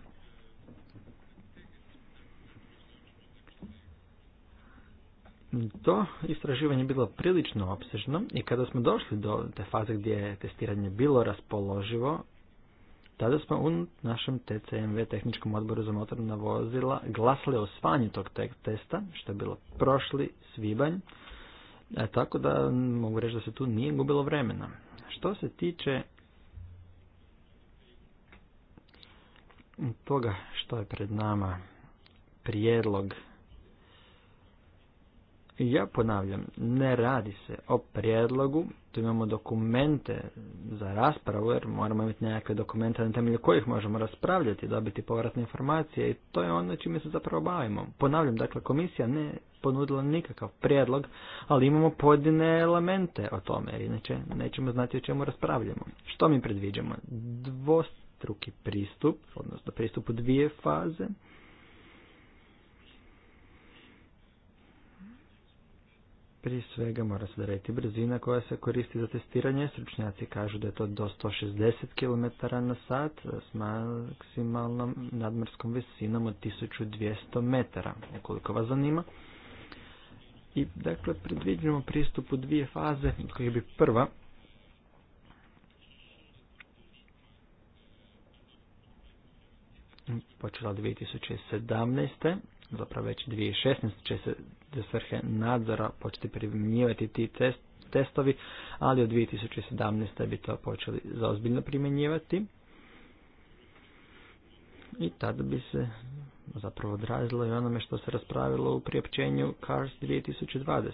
To istraživanje je bilo prilično opsežno i kada smo došli do te faze gdje je testiranje bilo raspoloživo, tada smo u našem TCMV tehničkom odboru za motorna vozila glasali o svanju tog testa, što je bilo prošli svibanj, e, tako da mogu reći da se tu nije gubilo vremena. Što se tiče toga što je pred nama prijedlog ja ponavljam, ne radi se o prijedlogu, tu imamo dokumente za raspravu jer moramo imati nekakve dokumente na temelju kojih možemo raspravljati, dobiti povratne informacije i to je ono čime se zapravo bavimo. Ponavljam, dakle, komisija ne ponudila nikakav prijedlog, ali imamo pojedine elemente o tome, jer inače nećemo znati o čemu raspravljamo. Što mi predviđamo? Dvostruki pristup, odnosno pristup u dvije faze. Prije svega mora se reći brzina koja se koristi za testiranje. Stručnjaci kažu da je to do 160 km na sat s maksimalnom nadmorskom visinom od 1200 metara, Nekoliko vas zanima. I dakle, predvidimo pristup u dvije faze, od kojih bi prva počela 2017. zapravo već 2016. će se za svrhe nadzora početi primjenjivati ti test, testovi, ali od 2017. bi to počeli zaozbiljno primjenjivati. I tada bi se zapravo odrazilo i onome što se raspravilo u priopćenju CARS 2020.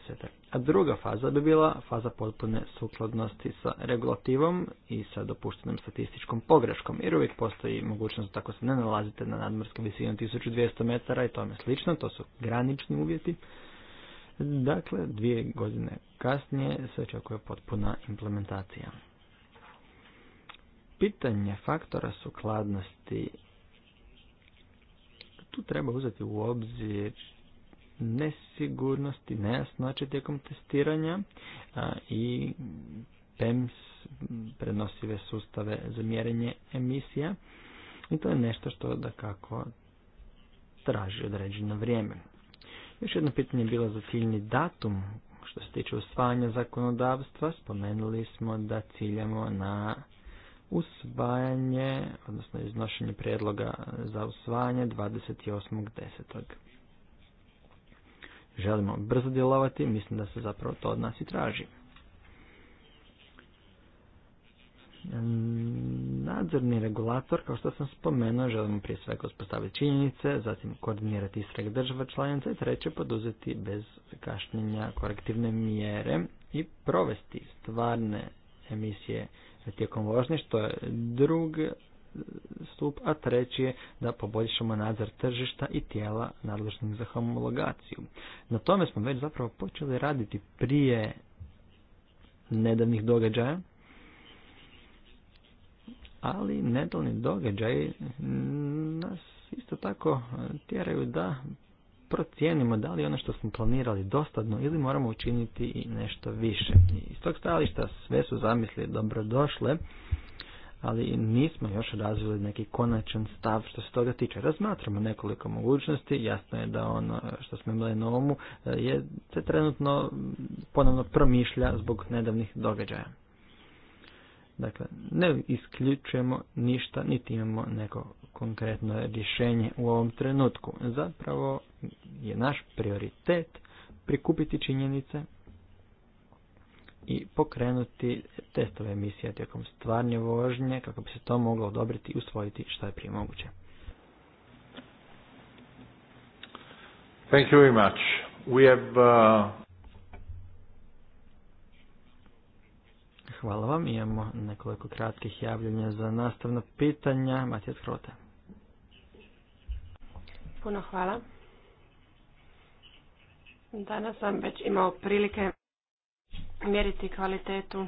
A druga faza bi bila faza potpune sukladnosti sa regulativom i sa dopuštenom statističkom pogreškom. Jer uvijek postoji mogućnost da ako se ne nalazite na nadmorskom visini 1200 metara i tome slično, to su granični uvjeti. Dakle, dvije godine kasnije se očekuje potpuna implementacija. Pitanje faktora sukladnosti tu treba uzeti u obzir nesigurnosti, nejasnoće tijekom testiranja i PEMS prenosive sustave za mjerenje emisija i to je nešto što da kako traži određeno vrijeme. Još jedno pitanje je bilo za ciljni datum. Što se tiče usvajanja zakonodavstva, spomenuli smo da ciljamo na usvajanje, odnosno iznošenje prijedloga za usvajanje 28.10. Želimo brzo djelovati, mislim da se zapravo to od nas i traži. Nadzorni regulator, kao što sam spomenuo, želimo prije svega uspostaviti činjenice, zatim koordinirati istrage država članica i treće poduzeti bez kašnjenja korektivne mjere i provesti stvarne emisije tijekom vožnje, što je drug stup, a treći je da poboljšamo nadzor tržišta i tijela nadležnih za homologaciju. Na tome smo već zapravo počeli raditi prije nedavnih događaja, ali nedolni događaj nas isto tako tjeraju da procijenimo da li ono što smo planirali dostatno ili moramo učiniti i nešto više. Iz tog stajališta sve su zamisli dobrodošle, ali nismo još razvili neki konačan stav što se toga tiče. Razmatramo nekoliko mogućnosti, jasno je da ono što smo imali na omu e, je, se trenutno ponovno promišlja zbog nedavnih događaja. Dakle, ne isključujemo ništa, niti imamo neko konkretno rješenje u ovom trenutku. Zapravo je naš prioritet prikupiti činjenice i pokrenuti testove emisije tijekom stvarnje vožnje kako bi se to moglo odobriti i usvojiti što je prije moguće. Thank you very much. We have, uh, Hvala vam. Imamo nekoliko kratkih javljanja za nastavno pitanja. Matijas Puno hvala. Danas sam već imao prilike mjeriti kvalitetu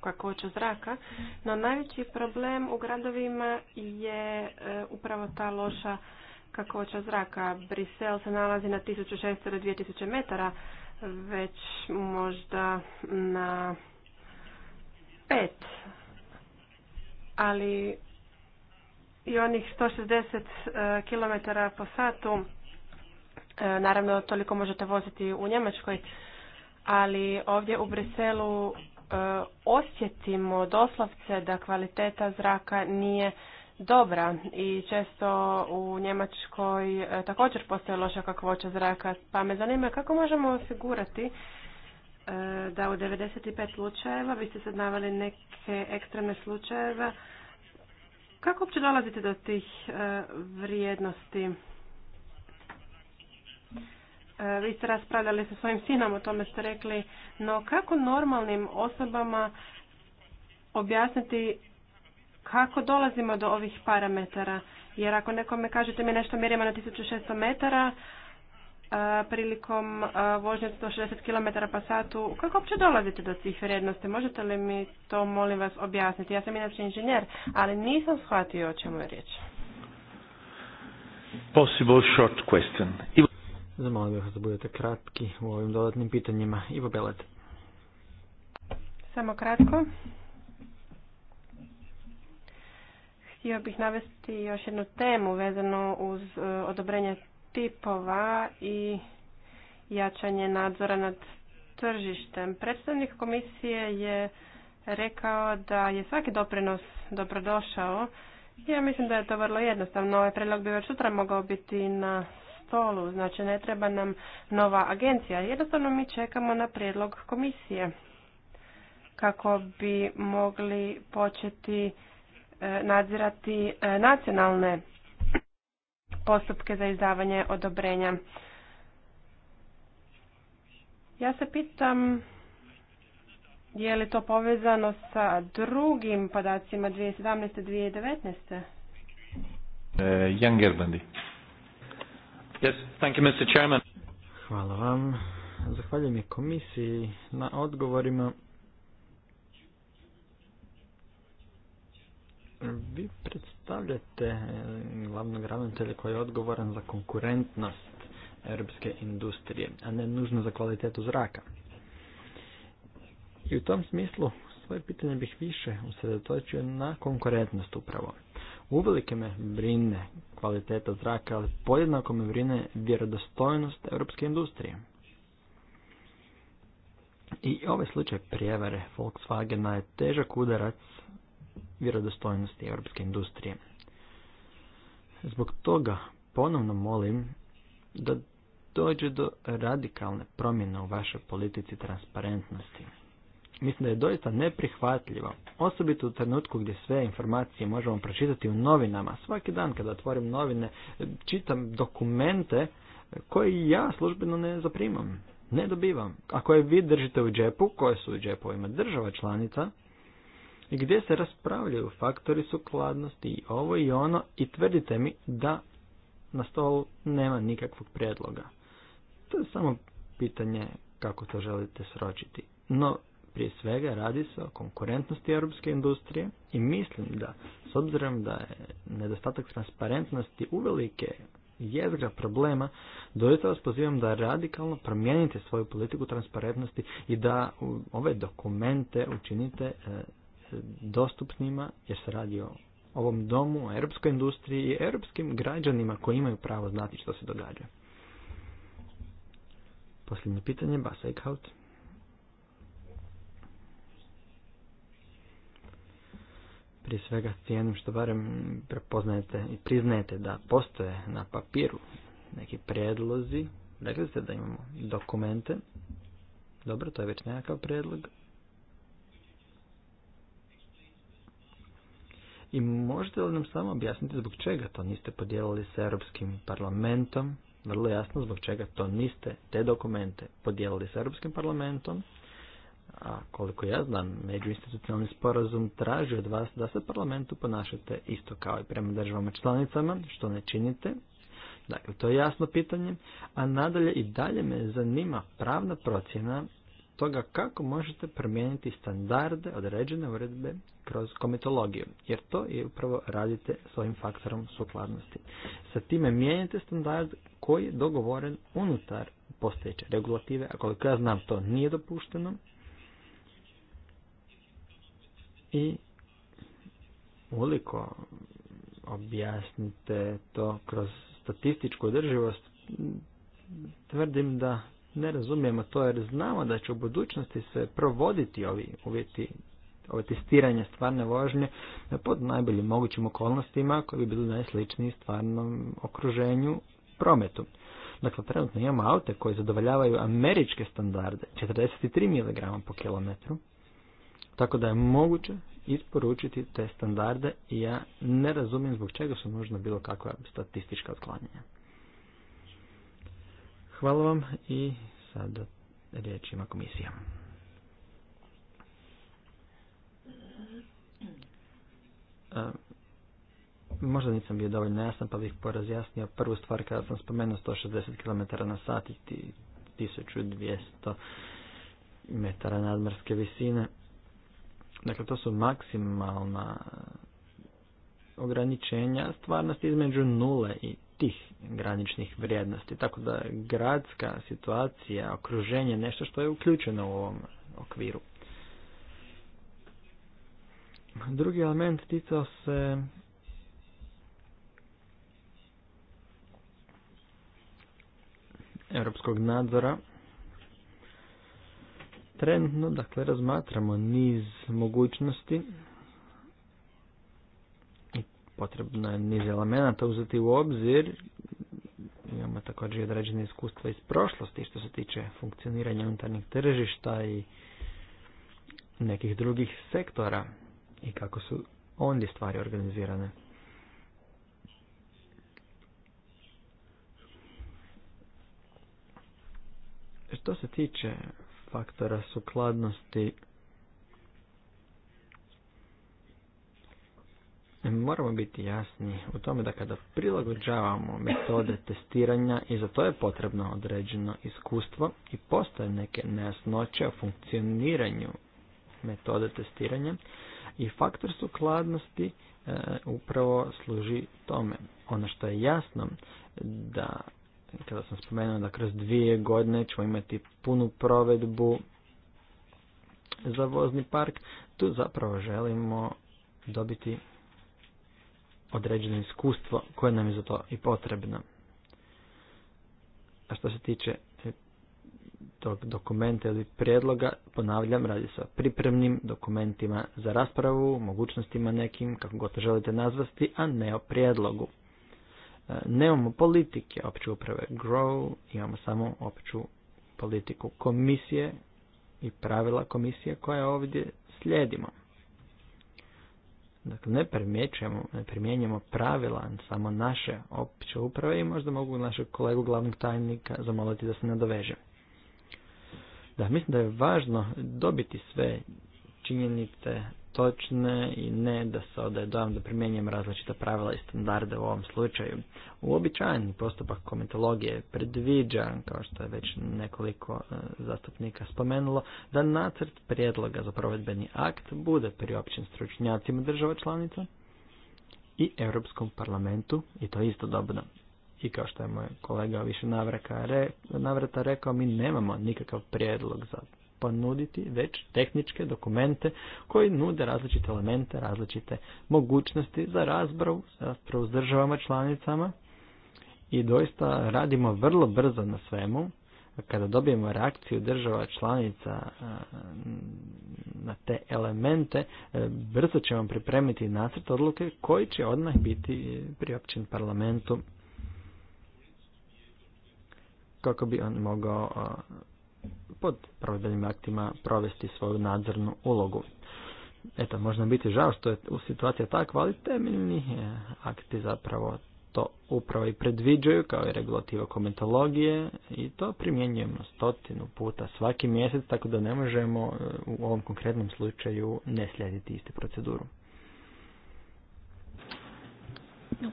kakvoću zraka, no najveći problem u gradovima je e, upravo ta loša kakoća zraka. Brisel se nalazi na 1600 do 2000 metara, već možda na pet, ali i onih 160 e, km po satu, e, naravno toliko možete voziti u Njemačkoj, ali ovdje u Briselu e, osjetimo doslovce da kvaliteta zraka nije dobra i često u Njemačkoj također postoje loša kakvoća zraka, pa me zanima kako možemo osigurati E, da u 95 slučajeva, vi ste sad neke ekstremne slučajeve, kako uopće dolazite do tih e, vrijednosti? E, vi ste raspravljali sa svojim sinom, o tome ste rekli, no kako normalnim osobama objasniti kako dolazimo do ovih parametara? Jer ako nekome kažete mi nešto mjerimo na 1600 metara, prilikom vožnje 160 km pa satu. Kako uopće dolazite do tih vrijednosti? Možete li mi to, molim vas, objasniti? Ja sam inače inženjer, ali nisam shvatio o čemu je riječ. Possible short question. Zamolio bih vas da budete kratki u ovim dodatnim pitanjima. Ivo Belet. Samo kratko. Htio bih navesti još jednu temu vezano uz e, odobrenje tipova i jačanje nadzora nad tržištem. Predstavnik komisije je rekao da je svaki doprinos dobrodošao. Ja mislim da je to vrlo jednostavno. Ovaj predlog bi već sutra mogao biti na stolu, znači ne treba nam nova agencija. Jednostavno mi čekamo na prijedlog komisije kako bi mogli početi eh, nadzirati eh, nacionalne postupke za izdavanje odobrenja. Ja se pitam je li to povezano sa drugim podacima 2017. 2019. Eh, Jan Gerbandi. Yes, thank you, Mr. Chairman. Hvala vam. Zahvaljujem je komisiji na odgovorima. Vi predstavljate stavljate e, glavnog ravnatelja koji je odgovoran za konkurentnost europske industrije, a ne nužno za kvalitetu zraka. I u tom smislu svoje pitanje bih više usredotočio na konkurentnost upravo. Uvelike me brine kvaliteta zraka, ali pojednako me brine vjerodostojnost europske industrije. I ovaj slučaj prijevare Volkswagena je težak udarac vjerodostojnosti europske industrije. Zbog toga ponovno molim da dođe do radikalne promjene u vašoj politici transparentnosti. Mislim da je doista neprihvatljivo, osobito u trenutku gdje sve informacije možemo pročitati u novinama. Svaki dan kada otvorim novine, čitam dokumente koje ja službeno ne zaprimam, ne dobivam. Ako koje vi držite u džepu, koje su u džepovima država članica, gdje se raspravljaju faktori sukladnosti i ovo i ono i tvrdite mi da na stolu nema nikakvog prijedloga. To je samo pitanje kako to želite sročiti. No, prije svega radi se o konkurentnosti europske industrije i mislim da, s obzirom da je nedostatak transparentnosti uvelike jezgra problema, doista vas pozivam da radikalno promijenite svoju politiku transparentnosti i da ove dokumente učinite e, dostupnima jer se radi o ovom domu, o europskoj industriji i europskim građanima koji imaju pravo znati što se događa. Posljednje pitanje, Bas Eichhout. Prije svega cijenim što barem prepoznajete i priznajete da postoje na papiru neki prijedlozi. Rekli ste da imamo dokumente. Dobro, to je već nekakav prijedlog. I možete li nam samo objasniti zbog čega to niste podijelili sa Europskim parlamentom? Vrlo jasno zbog čega to niste te dokumente podijelili sa Europskim parlamentom. A koliko ja znam, međuinstitucionalni sporazum traži od vas da se parlamentu ponašate isto kao i prema državama članicama, što ne činite. Dakle, to je jasno pitanje. A nadalje i dalje me zanima pravna procjena toga kako možete promijeniti standarde određene uredbe kroz komitologiju, jer to je upravo radite s ovim faktorom sukladnosti. Sa time mijenjate standard koji je dogovoren unutar postojeće regulative, a koliko ja znam to nije dopušteno. I uliko objasnite to kroz statističku održivost, tvrdim da ne razumijemo to jer znamo da će u budućnosti se provoditi ovi uvjeti ovo testiranje stvarne vožnje pod najboljim mogućim okolnostima koji bi bili najsličniji stvarnom okruženju prometu. Dakle, trenutno imamo aute koji zadovoljavaju američke standarde, 43 mg po kilometru, tako da je moguće isporučiti te standarde i ja ne razumijem zbog čega su nužno bilo kakva statistička otklanjanja. Hvala vam i sada riječ ima komisija. E, možda nisam bio dovoljno jasan, pa bih porazjasnio prvu stvar kada sam spomenuo 160 km na sat i 1200 metara nadmorske visine. Dakle, to su maksimalna ograničenja stvarnosti između nule i tih graničnih vrijednosti. Tako da gradska situacija, okruženje, nešto što je uključeno u ovom okviru. Drugi element ticao se europskog nadzora. Trenutno, dakle, razmatramo niz mogućnosti potrebno je niz elemenata uzeti u obzir. Imamo također određene iskustva iz prošlosti što se tiče funkcioniranja unutarnjih tržišta i nekih drugih sektora i kako su ondje stvari organizirane. Što se tiče faktora sukladnosti moramo biti jasni u tome da kada prilagođavamo metode testiranja i za to je potrebno određeno iskustvo i postoje neke nejasnoće o funkcioniranju metode testiranja i faktor sukladnosti e, upravo služi tome. Ono što je jasno da kada sam spomenuo da kroz dvije godine ćemo imati punu provedbu za vozni park, tu zapravo želimo dobiti određeno iskustvo koje nam je za to i potrebno. A što se tiče e, tog dokumenta ili prijedloga, ponavljam, radi se o pripremnim dokumentima za raspravu, mogućnostima nekim, kako god to želite nazvati, a ne o prijedlogu. E, nemamo politike opće uprave GROW, imamo samo opću politiku komisije i pravila komisije koja ovdje slijedimo. Dakle, ne primjećujemo, ne primjenjujemo pravila, samo naše opće uprave i možda mogu našeg kolegu glavnog tajnika zamoliti da se nadoveže. Da, mislim da je važno dobiti sve činjenice točne i ne da se odaje dojam da primjenjujem različita pravila i standarde u ovom slučaju. Uobičajeni postupak komitologije predviđa, kao što je već nekoliko e, zastupnika spomenulo, da nacrt prijedloga za provedbeni akt bude priopćen stručnjacima država članica i Europskom parlamentu i to istodobno. I kao što je moj kolega više navrata rekao, mi nemamo nikakav prijedlog za ponuditi već tehničke dokumente koji nude različite elemente, različite mogućnosti za razbravu, raspravu s državama članicama i doista radimo vrlo brzo na svemu. Kada dobijemo reakciju država članica e, na te elemente, e, brzo ćemo pripremiti nacrt odluke koji će odmah biti priopćen parlamentu kako bi on mogao e, pod provedbenim aktima provesti svoju nadzornu ulogu. Eto, možda biti žao što je u situacija takva, ali temeljni e, akti zapravo to upravo i predviđaju kao i regulativa komentologije i to primjenjujemo stotinu puta svaki mjesec, tako da ne možemo e, u ovom konkretnom slučaju ne slijediti istu proceduru. No,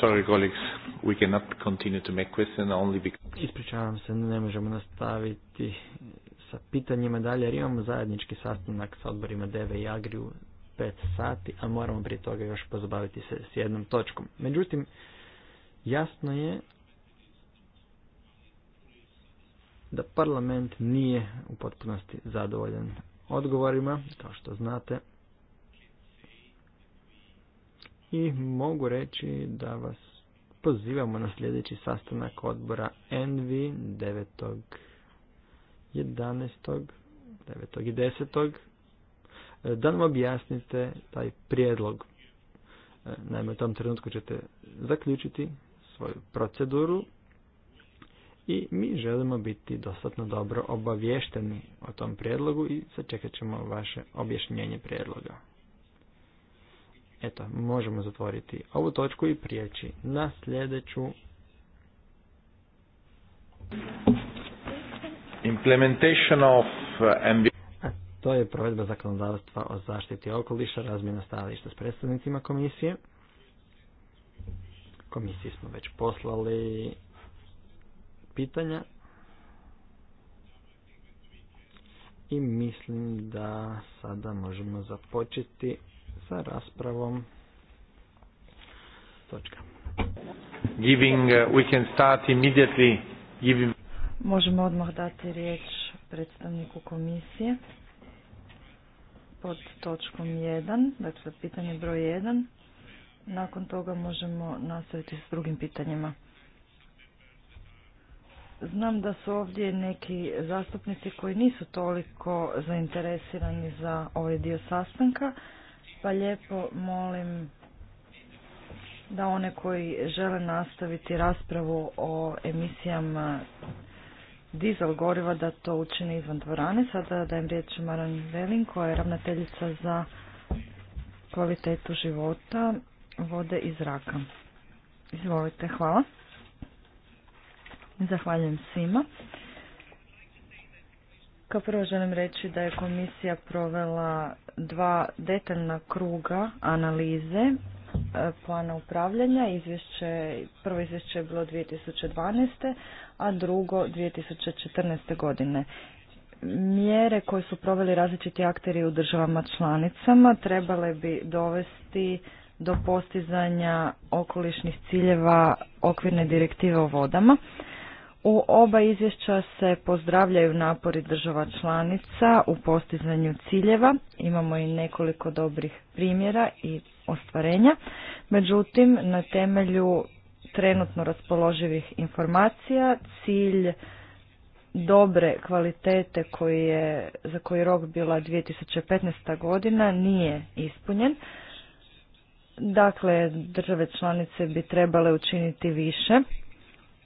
Sorry, colleagues, we cannot continue to make only because... Ispričavam se, ne možemo nastaviti sa pitanjima dalje, jer imamo zajednički sastanak sa odborima Deve i Agri u 5 sati, a moramo prije toga još pozabaviti se s jednom točkom. Međutim, jasno je da parlament nije u potpunosti zadovoljan odgovorima, kao što znate, i mogu reći da vas pozivamo na sljedeći sastanak odbora Envi 9. 11. 9. i 10. E, da nam objasnite taj prijedlog. E, naime, u tom trenutku ćete zaključiti svoju proceduru i mi želimo biti dostatno dobro obavješteni o tom prijedlogu i sačekat ćemo vaše objašnjenje prijedloga. Eto, možemo zatvoriti ovu točku i prijeći na sljedeću. Implementation of uh, A to je provedba zakonodavstva o zaštiti okoliša, razmjena stajališta s predstavnicima komisije. Komisiji smo već poslali pitanja. I mislim da sada možemo započeti sa raspravom. Točka. Giving, uh, we can start immediately Možemo odmah dati riječ predstavniku komisije pod točkom 1, dakle pitanje broj 1. Nakon toga možemo nastaviti s drugim pitanjima. Znam da su ovdje neki zastupnici koji nisu toliko zainteresirani za ovaj dio sastanka, pa lijepo molim da one koji žele nastaviti raspravu o emisijama dizel goriva da to učine izvan dvorane. Sada dajem riječ Maran Velin koja je ravnateljica za kvalitetu života, vode i zraka. Izvolite, hvala. Zahvaljujem svima. Kao prvo želim reći da je komisija provela dva detaljna kruga analize e, plana upravljanja. Izvješće, prvo izvješće je bilo 2012. a drugo 2014. godine. Mjere koje su proveli različiti akteri u državama članicama trebale bi dovesti do postizanja okolišnih ciljeva okvirne direktive o vodama, u oba izvješća se pozdravljaju napori država članica u postizanju ciljeva. Imamo i nekoliko dobrih primjera i ostvarenja. Međutim, na temelju trenutno raspoloživih informacija cilj dobre kvalitete koji je, za koji rok bila 2015. godina nije ispunjen. Dakle, države članice bi trebale učiniti više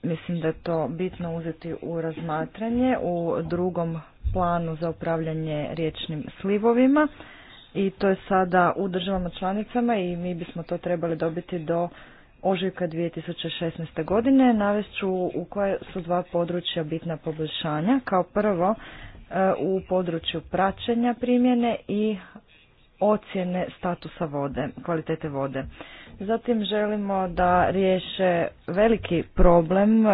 Mislim da je to bitno uzeti u razmatranje u drugom planu za upravljanje riječnim slivovima i to je sada u državama članicama i mi bismo to trebali dobiti do ožujka 2016. godine. ću u koje su dva područja bitna poboljšanja. Kao prvo e, u području praćenja primjene i ocjene statusa vode, kvalitete vode. Zatim želimo da riješe veliki problem e,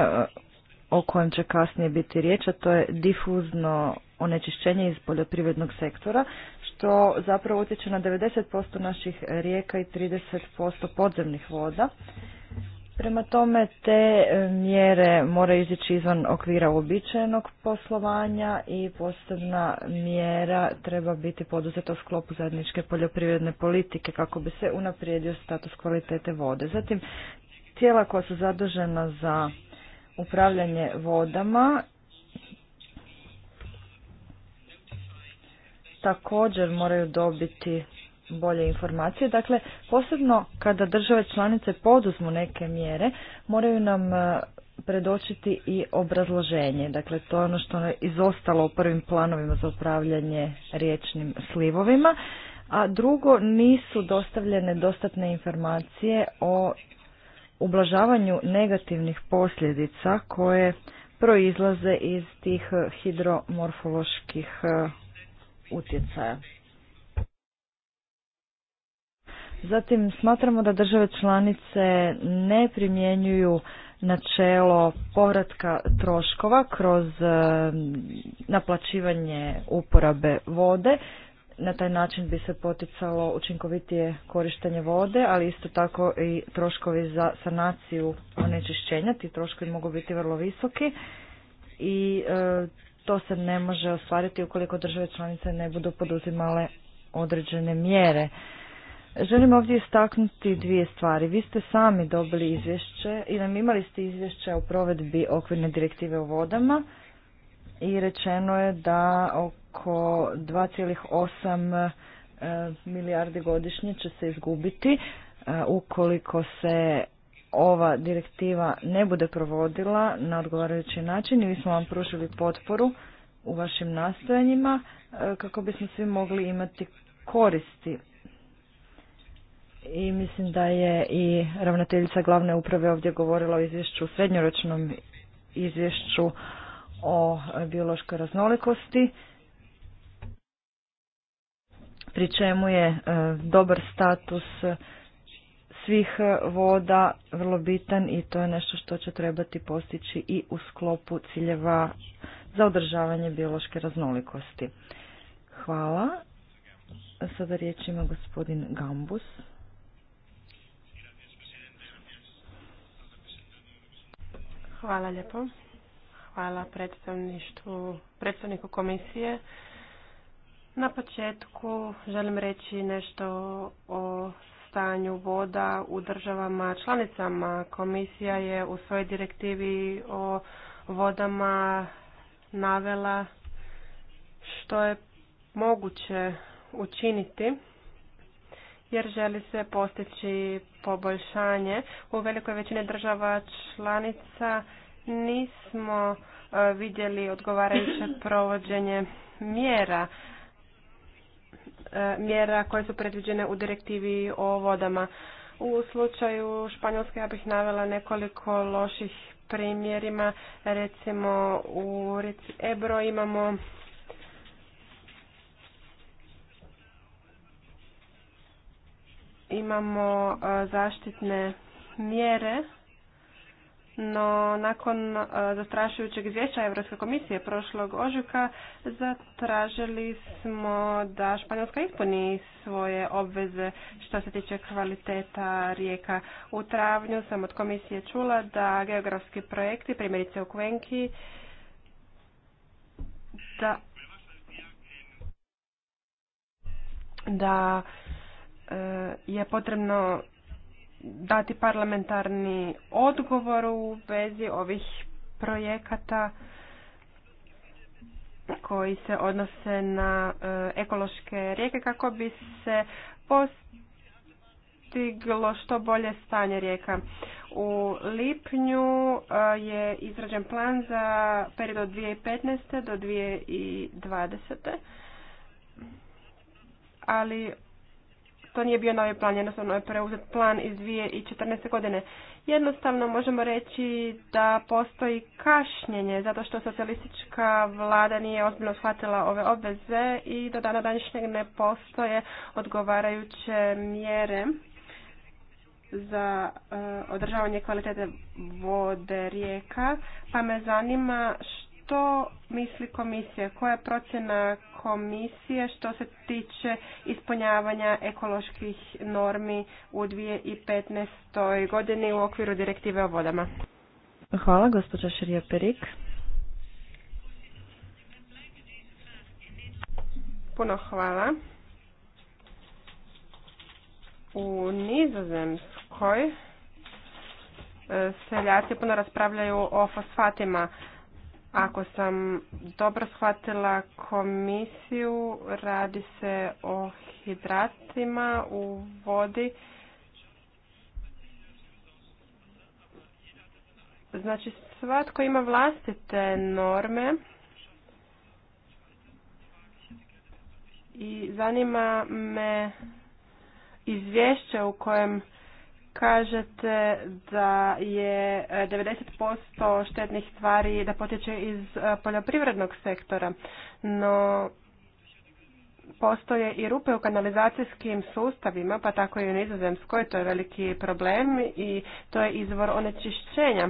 o kojem će kasnije biti riječ, a to je difuzno onečišćenje iz poljoprivrednog sektora, što zapravo utječe na 90% naših rijeka i 30% podzemnih voda. Prema tome te e, mjere moraju izići izvan okvira uobičajenog poslovanja i posebna mjera treba biti poduzeta u sklopu zajedničke poljoprivredne politike kako bi se unaprijedio status kvalitete vode. Zatim tijela koja su zadužena za upravljanje vodama također moraju dobiti bolje informacije. Dakle, posebno kada države članice poduzmu neke mjere, moraju nam e, predočiti i obrazloženje. Dakle, to je ono što je izostalo u prvim planovima za upravljanje riječnim slivovima. A drugo, nisu dostavljene dostatne informacije o ublažavanju negativnih posljedica koje proizlaze iz tih hidromorfoloških e, utjecaja. Zatim smatramo da države članice ne primjenjuju načelo povratka troškova kroz e, naplaćivanje uporabe vode. Na taj način bi se poticalo učinkovitije korištenje vode, ali isto tako i troškovi za sanaciju onečišćenja. Ti troškovi mogu biti vrlo visoki i e, to se ne može ostvariti ukoliko države članice ne budu poduzimale određene mjere. Želim ovdje istaknuti dvije stvari. Vi ste sami dobili izvješće i nam imali ste izvješće o provedbi okvirne direktive o vodama i rečeno je da oko 2,8 eh, milijardi godišnje će se izgubiti eh, ukoliko se ova direktiva ne bude provodila na odgovarajući način i mi smo vam pružili potporu u vašim nastojanjima eh, kako bismo svi mogli imati koristi i mislim da je i ravnateljica glavne uprave ovdje govorila o izvješću, srednjoročnom izvješću o biološkoj raznolikosti, pri čemu je e, dobar status svih voda vrlo bitan i to je nešto što će trebati postići i u sklopu ciljeva za održavanje biološke raznolikosti. Hvala. Sada riječ ima gospodin Gambus. Hvala lijepo. Hvala predstavništvu, predstavniku komisije. Na početku želim reći nešto o stanju voda u državama članicama. Komisija je u svojoj direktivi o vodama navela što je moguće učiniti jer želi se postići poboljšanje. U velikoj većini država članica nismo e, vidjeli odgovarajuće provođenje mjera e, mjera koje su predviđene u direktivi o vodama. U slučaju Španjolske ja bih navela nekoliko loših primjerima. Recimo u Ebro imamo imamo zaštitne mjere, no nakon zastrašujućeg izvješća Europske komisije prošlog ožujka zatražili smo da Španjolska ispuni svoje obveze što se tiče kvaliteta rijeka. U travnju sam od komisije čula da geografski projekti, primjerice u Kvenki, da da Eh, je potrebno dati parlamentarni odgovor u vezi ovih projekata koji se odnose na eh, ekološke rijeke kako bi se postiglo što bolje stanje rijeka. U lipnju eh, je izrađen plan za period od 2015. do 2020. Ali to nije bio novi plan, jednostavno je preuzet plan iz 2014. godine. Jednostavno možemo reći da postoji kašnjenje zato što socijalistička vlada nije ozbiljno shvatila ove obveze i do dana današnjeg ne postoje odgovarajuće mjere za e, održavanje kvalitete vode rijeka, pa me zanima što što misli komisija? Koja je procjena komisije što se tiče ispunjavanja ekoloških normi u 2015. godini u okviru direktive o vodama? Hvala, gospođa Širija Perik. Puno hvala. U Nizozemskoj eh, seljaci puno raspravljaju o fosfatima ako sam dobro shvatila komisiju, radi se o hidratima u vodi. Znači svatko ima vlastite norme i zanima me izvješće u kojem kažete da je 90% e, štetnih stvari da potječe iz e, poljoprivrednog sektora, no postoje i rupe u kanalizacijskim sustavima, pa tako i u Nizozemskoj, to je veliki problem i to je izvor onečišćenja.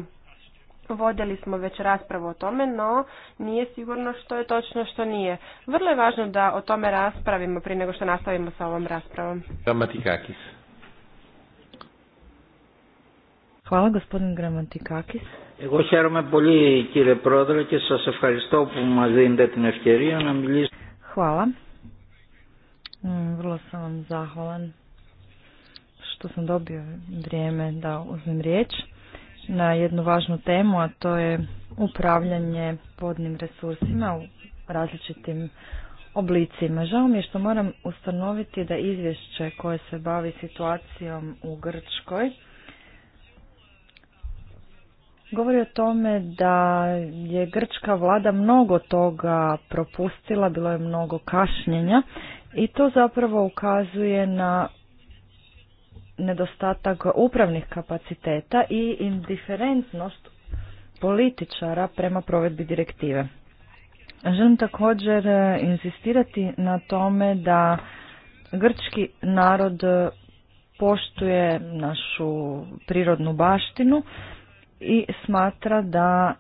Vodili smo već raspravu o tome, no nije sigurno što je točno što nije. Vrlo je važno da o tome raspravimo prije nego što nastavimo sa ovom raspravom. Hvala gospodin Gramantikakis. Εγώ χαίρομαι πολύ κύριε Πρόεδρε και σας ευχαριστώ που μας δίνετε την ευκαιρία να Hvala. Mm, vrlo sam vam zahvalan što sam dobio vrijeme da uzmem riječ na jednu važnu temu, a to je upravljanje vodnim resursima u različitim oblicima. Žao mi je što moram ustanoviti da izvješće koje se bavi situacijom u Grčkoj govori o tome da je grčka vlada mnogo toga propustila, bilo je mnogo kašnjenja i to zapravo ukazuje na nedostatak upravnih kapaciteta i indiferentnost političara prema provedbi direktive. Želim također e, insistirati na tome da grčki narod poštuje našu prirodnu baštinu i smatra da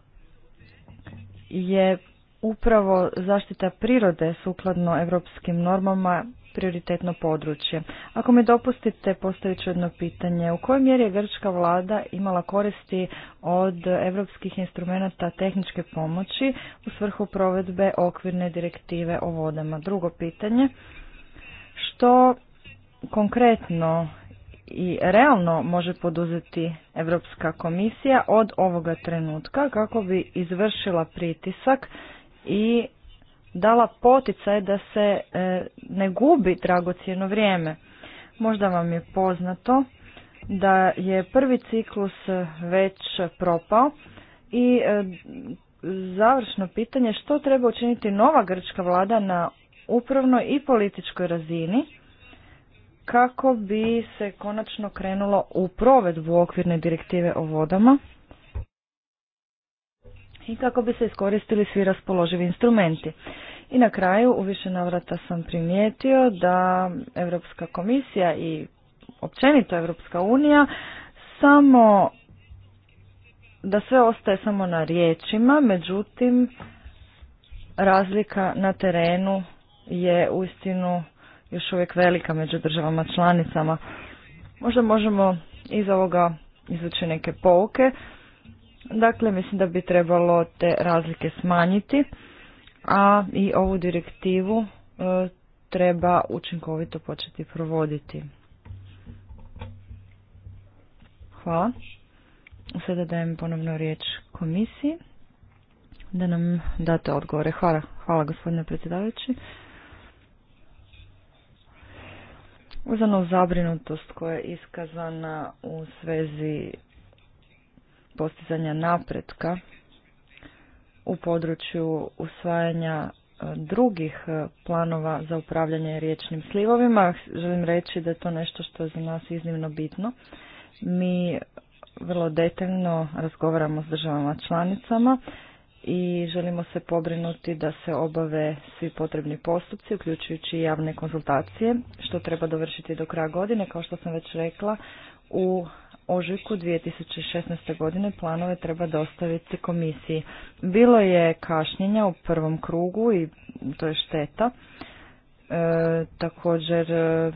je upravo zaštita prirode sukladno europskim normama prioritetno područje. Ako mi dopustite, postavit ću jedno pitanje. U kojoj mjeri je grčka vlada imala koristi od europskih instrumenata tehničke pomoći u svrhu provedbe okvirne direktive o vodama? Drugo pitanje, što konkretno i realno može poduzeti Europska komisija od ovoga trenutka kako bi izvršila pritisak i dala poticaj da se e, ne gubi dragocjeno vrijeme. Možda vam je poznato da je prvi ciklus već propao i e, završno pitanje što treba učiniti nova grčka vlada na upravnoj i političkoj razini kako bi se konačno krenulo u provedbu okvirne direktive o vodama i kako bi se iskoristili svi raspoloživi instrumenti. I na kraju u više navrata sam primijetio da Europska komisija i općenito Europska unija samo da sve ostaje samo na riječima, međutim razlika na terenu je uistinu još uvijek velika među državama članicama. Možda možemo iz ovoga izvući neke pouke. Dakle, mislim da bi trebalo te razlike smanjiti, a i ovu direktivu e, treba učinkovito početi provoditi. Hvala. Sada dajem ponovno riječ komisiji da nam date odgovore. Hvala, hvala gospodine predsjedavajući. uzano zabrinutost koja je iskazana u svezi postizanja napretka u području usvajanja e, drugih e, planova za upravljanje riječnim slivovima. Želim reći da je to nešto što je za nas iznimno bitno. Mi vrlo detaljno razgovaramo s državama članicama i želimo se pobrinuti da se obave svi potrebni postupci, uključujući i javne konzultacije, što treba dovršiti do kraja godine. Kao što sam već rekla, u ožujku 2016. godine planove treba dostaviti komisiji. Bilo je kašnjenja u prvom krugu i to je šteta. E, također e,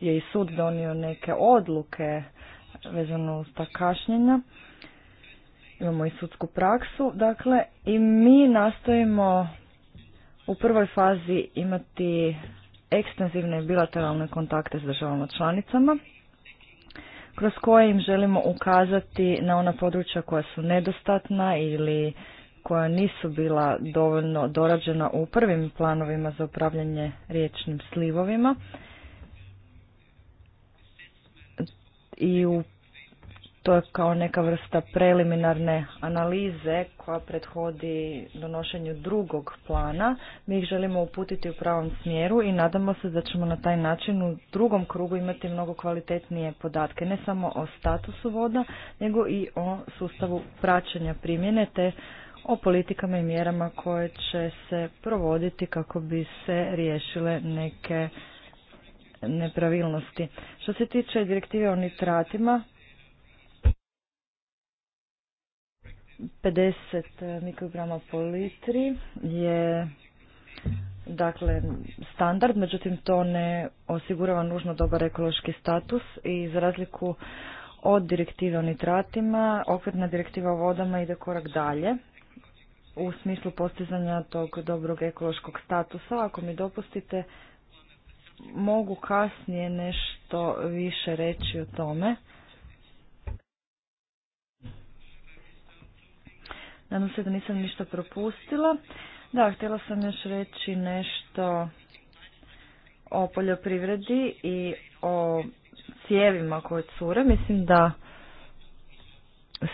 je i sud donio neke odluke vezano uz ta kašnjenja imamo i sudsku praksu, dakle i mi nastojimo u prvoj fazi imati ekstenzivne bilateralne kontakte s državama članicama kroz koje im želimo ukazati na ona područja koja su nedostatna ili koja nisu bila dovoljno dorađena u prvim planovima za upravljanje riječnim slivovima i u to je kao neka vrsta preliminarne analize koja prethodi donošenju drugog plana. Mi ih želimo uputiti u pravom smjeru i nadamo se da ćemo na taj način u drugom krugu imati mnogo kvalitetnije podatke, ne samo o statusu voda, nego i o sustavu praćenja primjene te o politikama i mjerama koje će se provoditi kako bi se riješile neke nepravilnosti. Što se tiče direktive o nitratima, 50 eh, mikrograma po litri je dakle standard, međutim to ne osigurava nužno dobar ekološki status i za razliku od direktive o nitratima, okvirna direktiva o vodama ide korak dalje u smislu postizanja tog dobrog ekološkog statusa. Ako mi dopustite, mogu kasnije nešto više reći o tome. Nadam se da nisam ništa propustila. Da, htjela sam još reći nešto o poljoprivredi i o cijevima koje cure. Mislim da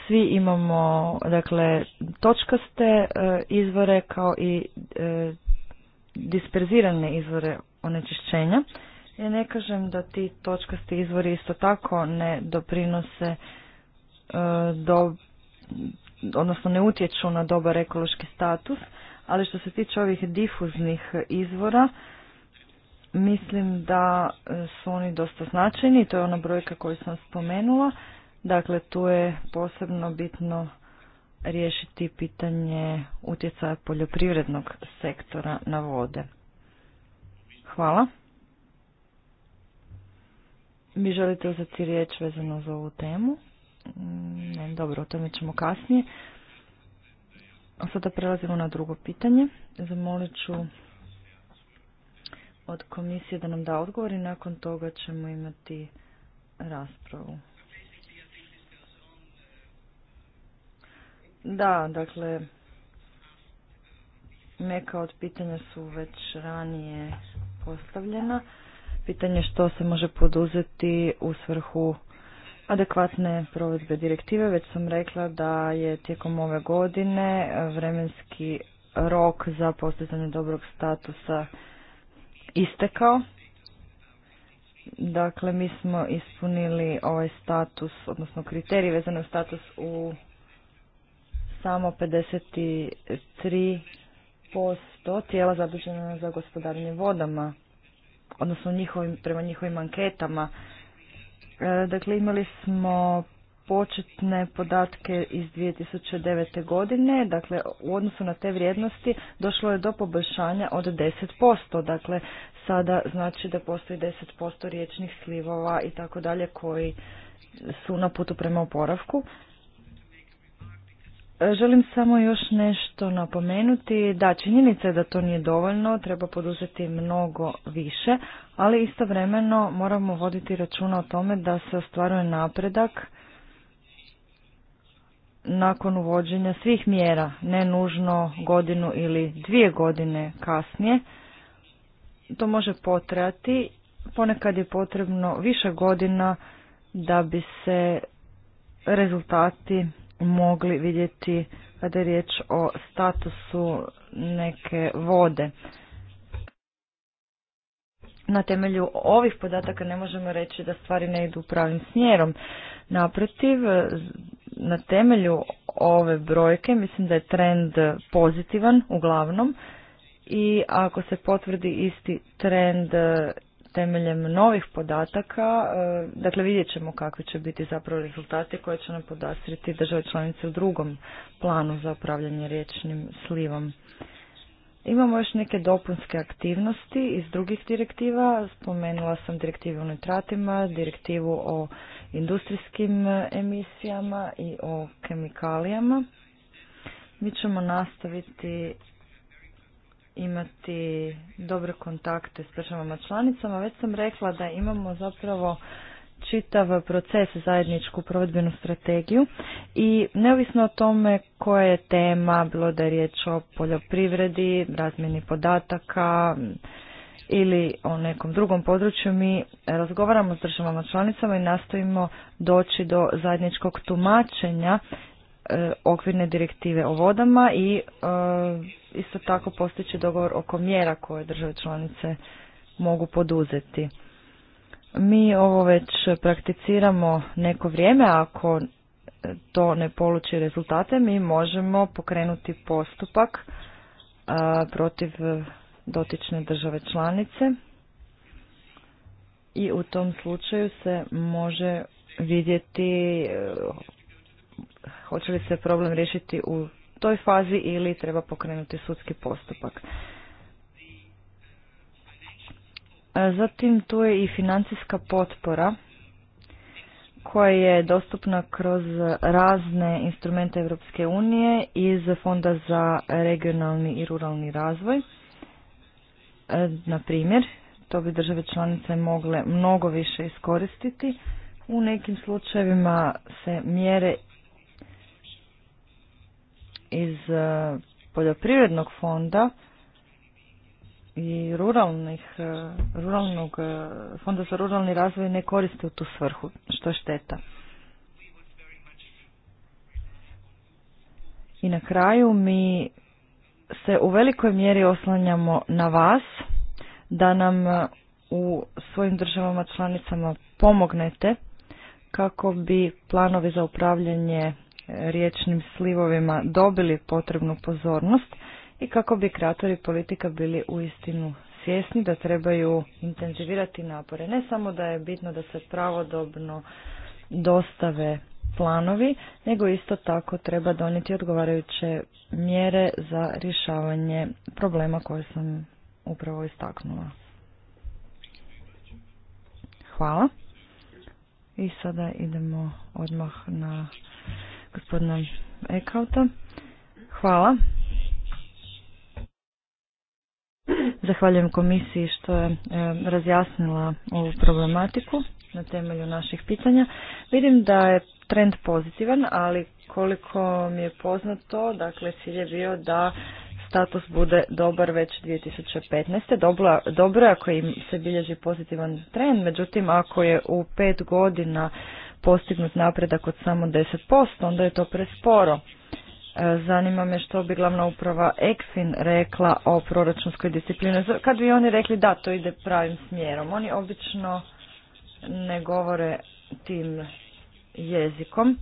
svi imamo dakle točkaste e, izvore kao i e, disperzirane izvore onečišćenja. Ja ne kažem da ti točkasti izvori isto tako ne doprinose e, do odnosno ne utječu na dobar ekološki status, ali što se tiče ovih difuznih izvora, mislim da su oni dosta značajni, to je ona brojka koju sam spomenula. Dakle, tu je posebno bitno riješiti pitanje utjecaja poljoprivrednog sektora na vode. Hvala. Vi želite uzeti riječ vezano za ovu temu? Mm, dobro, o tome ćemo kasnije. A sada prelazimo na drugo pitanje. Zamolit ću od komisije da nam da odgovor i nakon toga ćemo imati raspravu. Da, dakle, neka od pitanja su već ranije postavljena. Pitanje što se može poduzeti u svrhu adekvatne provedbe direktive. Već sam rekla da je tijekom ove godine vremenski rok za postizanje dobrog statusa istekao. Dakle, mi smo ispunili ovaj status, odnosno kriterij vezan u status u samo 53% tijela zadužena za gospodarenje vodama, odnosno njihovim, prema njihovim anketama E, dakle, imali smo početne podatke iz 2009. godine, dakle u odnosu na te vrijednosti došlo je do poboljšanja od 10%, dakle sada znači da postoji 10% riječnih slivova i tako dalje koji su na putu prema oporavku. Želim samo još nešto napomenuti. Da, činjenica je da to nije dovoljno, treba poduzeti mnogo više, ali istovremeno moramo voditi računa o tome da se ostvaruje napredak nakon uvođenja svih mjera, ne nužno godinu ili dvije godine kasnije. To može potrajati, ponekad je potrebno više godina da bi se rezultati mogli vidjeti kada je riječ o statusu neke vode. Na temelju ovih podataka ne možemo reći da stvari ne idu pravim smjerom. Naprotiv, na temelju ove brojke mislim da je trend pozitivan uglavnom i ako se potvrdi isti trend temeljem novih podataka, e, dakle vidjet ćemo kakvi će biti zapravo rezultati koje će nam podastriti države članice u drugom planu za upravljanje riječnim slivom. Imamo još neke dopunske aktivnosti iz drugih direktiva. Spomenula sam direktivu o nitratima, direktivu o industrijskim e, emisijama i o kemikalijama. Mi ćemo nastaviti imati dobre kontakte s državama članicama. Već sam rekla da imamo zapravo čitav proces zajedničku provedbenu strategiju i neovisno o tome koja je tema, bilo da je riječ o poljoprivredi, razmjeni podataka ili o nekom drugom području, mi razgovaramo s državama članicama i nastojimo doći do zajedničkog tumačenja e, okvirne direktive o vodama i e, isto tako postići dogovor oko mjera koje države članice mogu poduzeti. Mi ovo već prakticiramo neko vrijeme, ako to ne poluči rezultate, mi možemo pokrenuti postupak protiv dotične države članice i u tom slučaju se može vidjeti e, hoće li se problem riješiti u toj fazi ili treba pokrenuti sudski postupak. E, zatim tu je i financijska potpora koja je dostupna kroz razne instrumente Europske unije iz Fonda za regionalni i ruralni razvoj. E, na primjer, to bi države članice mogle mnogo više iskoristiti. U nekim slučajevima se mjere iz e, poljoprivrednog fonda i ruralnih, e, ruralnog, e, fonda za ruralni razvoj ne koriste u tu svrhu, što je šteta. I na kraju mi se u velikoj mjeri oslanjamo na vas da nam u svojim državama članicama pomognete kako bi planovi za upravljanje riječnim slivovima dobili potrebnu pozornost i kako bi kreatori politika bili uistinu svjesni da trebaju intenzivirati napore. Ne samo da je bitno da se pravodobno dostave planovi, nego isto tako treba donijeti odgovarajuće mjere za rješavanje problema koje sam upravo istaknula. Hvala. I sada idemo odmah na gospodina Ekauta. Hvala. Zahvaljujem komisiji što je e, razjasnila ovu problematiku na temelju naših pitanja. Vidim da je trend pozitivan, ali koliko mi je poznato, dakle cilj je bio da status bude dobar već 2015. Dobro, je ako im se bilježi pozitivan trend, međutim ako je u pet godina postignut napredak od samo 10%, onda je to presporo. E, zanima me što bi glavna uprava Ekfin rekla o proračunskoj disciplini. Kad bi oni rekli da, to ide pravim smjerom. Oni obično ne govore tim jezikom.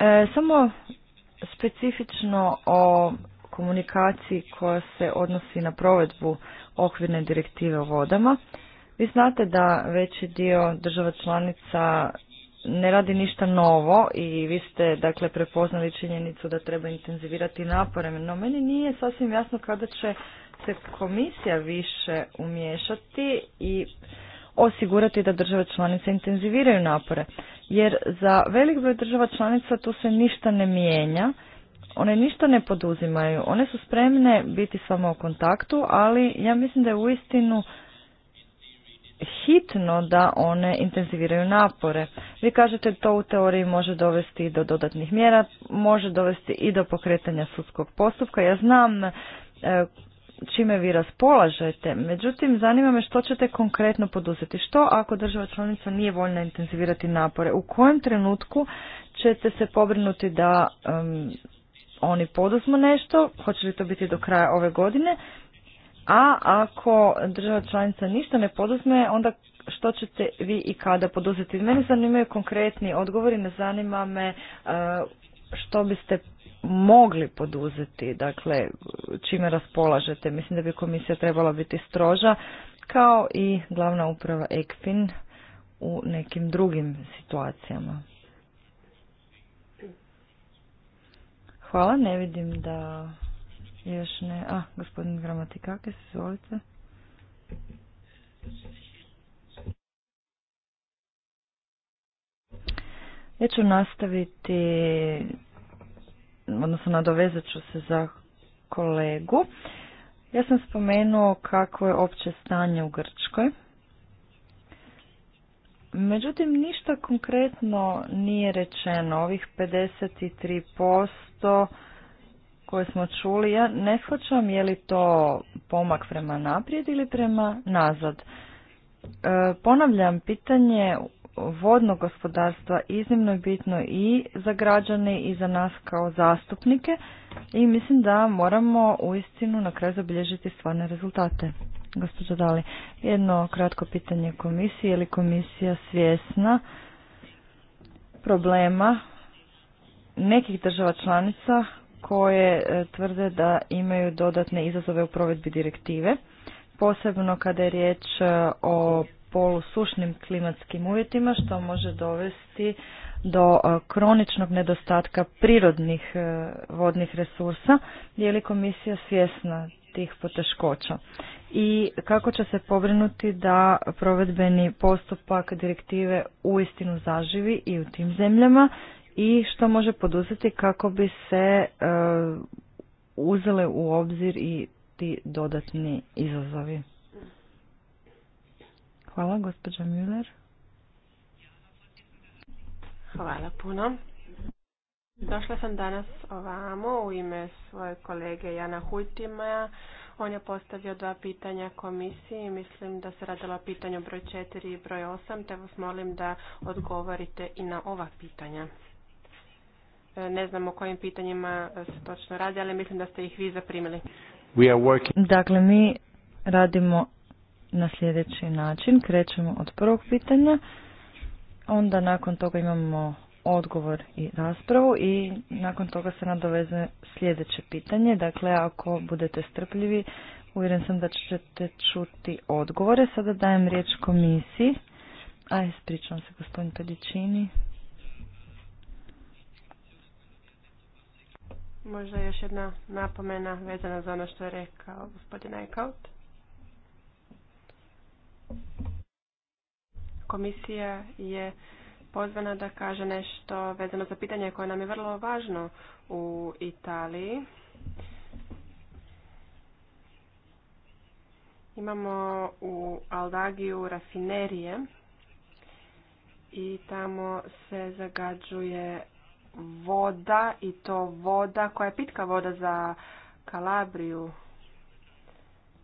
E, samo specifično o komunikaciji koja se odnosi na provedbu okvirne direktive o vodama. Vi znate da veći dio država članica ne radi ništa novo i vi ste dakle prepoznali činjenicu da treba intenzivirati napore, no meni nije sasvim jasno kada će se komisija više umješati i osigurati da države članice intenziviraju napore. Jer za velik broj država članica tu se ništa ne mijenja, one ništa ne poduzimaju, one su spremne biti samo u kontaktu, ali ja mislim da je uistinu hitno da one intenziviraju napore. Vi kažete to u teoriji može dovesti i do dodatnih mjera, može dovesti i do pokretanja sudskog postupka. Ja znam e, čime vi raspolažete, međutim zanima me što ćete konkretno poduzeti. Što ako država članica nije voljna intenzivirati napore? U kojem trenutku ćete se pobrinuti da oni poduzmu nešto? Hoće li to biti do kraja ove godine? a ako država članica ništa ne poduzme, onda što ćete vi i kada poduzeti? Mene zanimaju konkretni odgovori, ne zanima me e, što biste mogli poduzeti, dakle čime raspolažete. Mislim da bi komisija trebala biti stroža kao i glavna uprava ECFIN u nekim drugim situacijama. Hvala, ne vidim da još ne. A, gospodin Gramatikakis, izvolite. Ja ću nastaviti, odnosno nadovezat ću se za kolegu. Ja sam spomenuo kako je opće stanje u Grčkoj. Međutim, ništa konkretno nije rečeno. Ovih 53% koje smo čuli, ja ne shvaćam je li to pomak prema naprijed ili prema nazad. E, ponavljam, pitanje vodnog gospodarstva iznimno je bitno i za građane i za nas kao zastupnike i mislim da moramo uistinu na kraju zabilježiti stvarne rezultate. Gospođo Dali, jedno kratko pitanje komisije. Je li komisija svjesna problema nekih država članica koje e, tvrde da imaju dodatne izazove u provedbi direktive, posebno kada je riječ e, o polusušnim klimatskim uvjetima što može dovesti do e, kroničnog nedostatka prirodnih vodnih resursa, je li komisija svjesna tih poteškoća i kako će se pobrinuti da provedbeni postupak direktive uistinu zaživi i u tim zemljama i što može poduzeti kako bi se e, uzele u obzir i ti dodatni izazovi. Hvala, gospođa Müller. Hvala puno. Došla sam danas ovamo u ime svoje kolege Jana Hujtimaja. On je postavio dva pitanja komisiji. Mislim da se radila pitanje broj 4 i broj 8, te vas molim da odgovorite i na ova pitanja. E, ne znam o kojim pitanjima e, se točno radi, ali mislim da ste ih vi zaprimili. Dakle, mi radimo na sljedeći način. Krećemo od prvog pitanja, onda nakon toga imamo odgovor i raspravu i nakon toga se nadoveze sljedeće pitanje. Dakle, ako budete strpljivi, uvjeren sam da ćete čuti odgovore. Sada dajem riječ komisiji. Aj ispričavam se, gospodin Pedičini. Možda još jedna napomena vezana za ono što je rekao gospodin Eichhout. Komisija je pozvana da kaže nešto vezano za pitanje koje nam je vrlo važno u Italiji. Imamo u Aldagiju rafinerije i tamo se zagađuje voda i to voda koja je pitka voda za Kalabriju.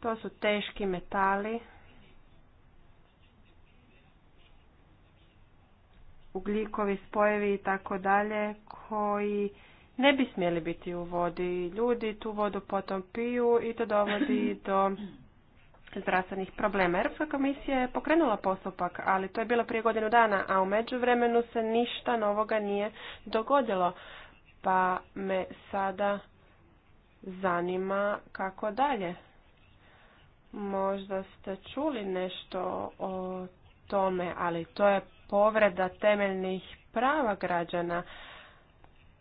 To su teški metali. ugljikovi spojevi i tako dalje koji ne bi smjeli biti u vodi. Ljudi tu vodu potom piju i to dovodi do zdravstvenih problema. Europska komisija je pokrenula postupak, ali to je bilo prije godinu dana, a u međuvremenu se ništa novoga nije dogodilo. Pa me sada zanima kako dalje. Možda ste čuli nešto o tome, ali to je povreda temeljnih prava građana.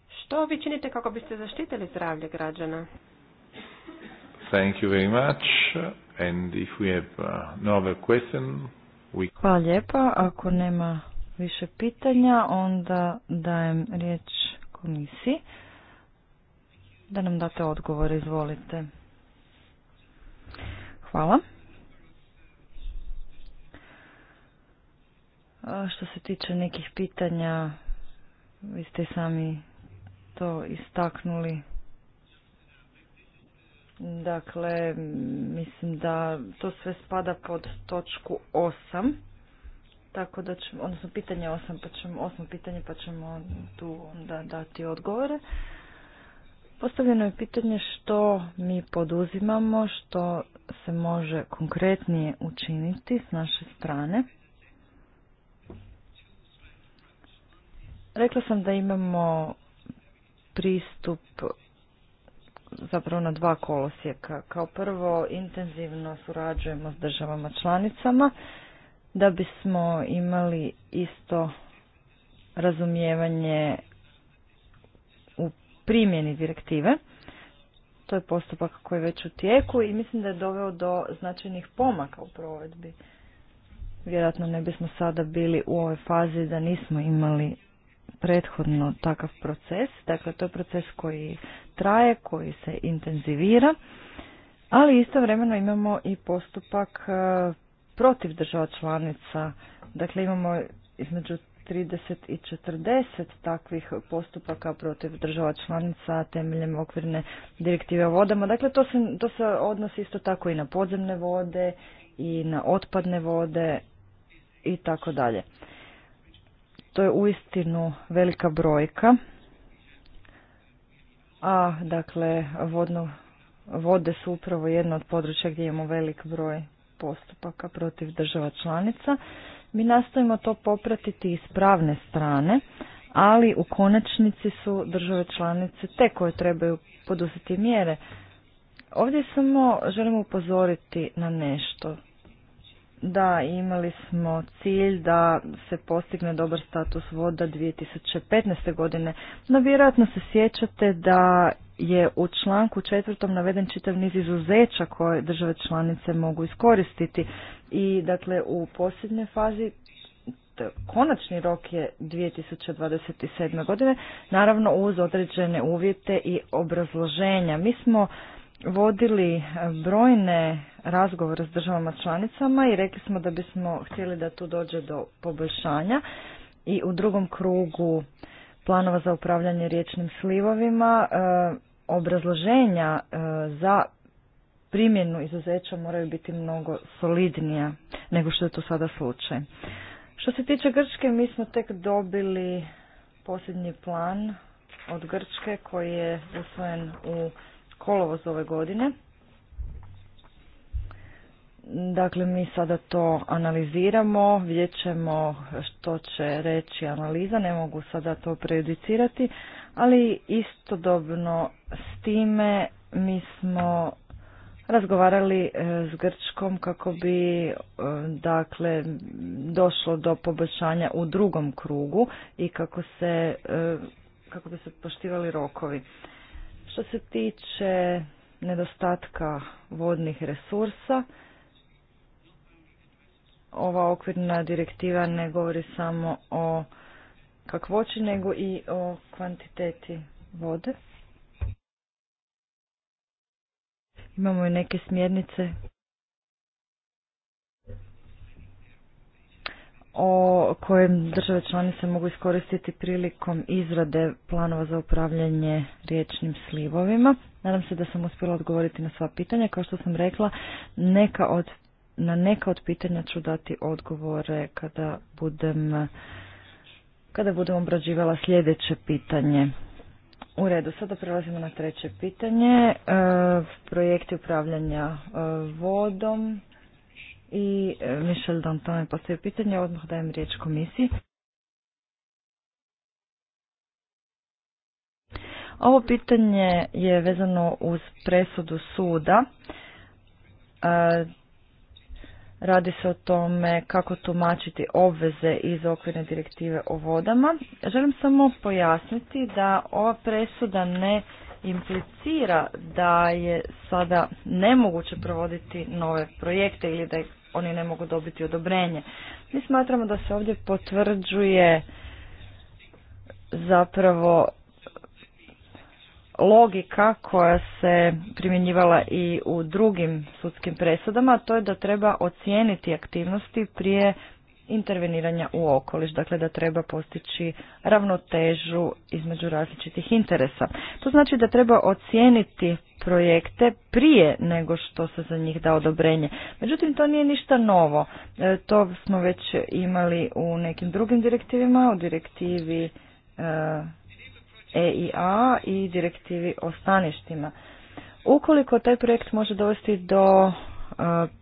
Što vi činite kako biste zaštitili zdravlje građana? Thank you very much. And uh, Hvala lijepa. Ako nema više pitanja, onda dajem riječ komisiji da nam date odgovor. Izvolite. Hvala. što se tiče nekih pitanja, vi ste sami to istaknuli Dakle, mislim da to sve spada pod točku 8. Tako da ćemo, odnosno pitanje 8, pa ćemo, 8 pitanje pa ćemo tu onda dati odgovore. Postavljeno je pitanje što mi poduzimamo, što se može konkretnije učiniti s naše strane. Rekla sam da imamo pristup zapravo na dva kolosijeka. Kao prvo, intenzivno surađujemo s državama članicama da bismo imali isto razumijevanje u primjeni direktive. To je postupak koji je već u tijeku i mislim da je doveo do značajnih pomaka u provedbi. Vjerojatno ne bismo sada bili u ovoj fazi da nismo imali prethodno takav proces. Dakle, to je proces koji traje, koji se intenzivira, ali istovremeno imamo i postupak e, protiv država članica. Dakle, imamo između 30 i 40 takvih postupaka protiv država članica temeljem okvirne direktive o vodama. Dakle, to se, to se odnosi isto tako i na podzemne vode i na otpadne vode i tako dalje. To je uistinu velika brojka. A, dakle, vodno, vode su upravo jedno od područja gdje imamo velik broj postupaka protiv država članica. Mi nastojimo to popratiti iz pravne strane, ali u konačnici su države članice te koje trebaju poduzeti mjere. Ovdje samo želimo upozoriti na nešto. Da, imali smo cilj da se postigne dobar status voda 2015. godine, no vjerojatno se sjećate da je u članku četvrtom naveden čitav niz izuzeća koje države članice mogu iskoristiti i dakle u posljednjoj fazi konačni rok je 2027. godine, naravno uz određene uvjete i obrazloženja. Mi smo vodili e, brojne razgovore s državama članicama i rekli smo da bismo htjeli da tu dođe do poboljšanja i u drugom krugu planova za upravljanje riječnim slivovima e, obrazloženja e, za primjenu izuzeća moraju biti mnogo solidnija nego što je to sada slučaj. Što se tiče Grčke, mi smo tek dobili posljednji plan od Grčke koji je usvojen u kolovoz ove godine. Dakle, mi sada to analiziramo, vidjet ćemo što će reći analiza, ne mogu sada to prejudicirati, ali istodobno s time mi smo razgovarali e, s Grčkom kako bi e, dakle došlo do poboljšanja u drugom krugu i kako se e, kako bi se poštivali rokovi. Što se tiče nedostatka vodnih resursa, ova okvirna direktiva ne govori samo o kakvoći, nego i o kvantiteti vode. Imamo i neke smjernice o kojem države članice mogu iskoristiti prilikom izrade planova za upravljanje riječnim slivovima. Nadam se da sam uspjela odgovoriti na sva pitanja. Kao što sam rekla, neka od, na neka od pitanja ću dati odgovore kada budem kada budem obrađivala sljedeće pitanje. U redu, sada prelazimo na treće pitanje. E, projekti upravljanja e, vodom, i e, Michel Danton je postavio pitanje, odmah dajem riječ komisiji. Ovo pitanje je vezano uz presudu suda. E, radi se o tome kako tumačiti obveze iz okvirne direktive o vodama. Želim samo pojasniti da ova presuda ne implicira da je sada nemoguće provoditi nove projekte ili da ih oni ne mogu dobiti odobrenje. Mi smatramo da se ovdje potvrđuje zapravo logika koja se primjenjivala i u drugim sudskim presudama, to je da treba ocijeniti aktivnosti prije interveniranja u okoliš, dakle da treba postići ravnotežu između različitih interesa. To znači da treba ocijeniti projekte prije nego što se za njih da odobrenje. Međutim, to nije ništa novo. E, to smo već imali u nekim drugim direktivima, u direktivi e, EIA i direktivi o staništima. Ukoliko taj projekt može dovesti do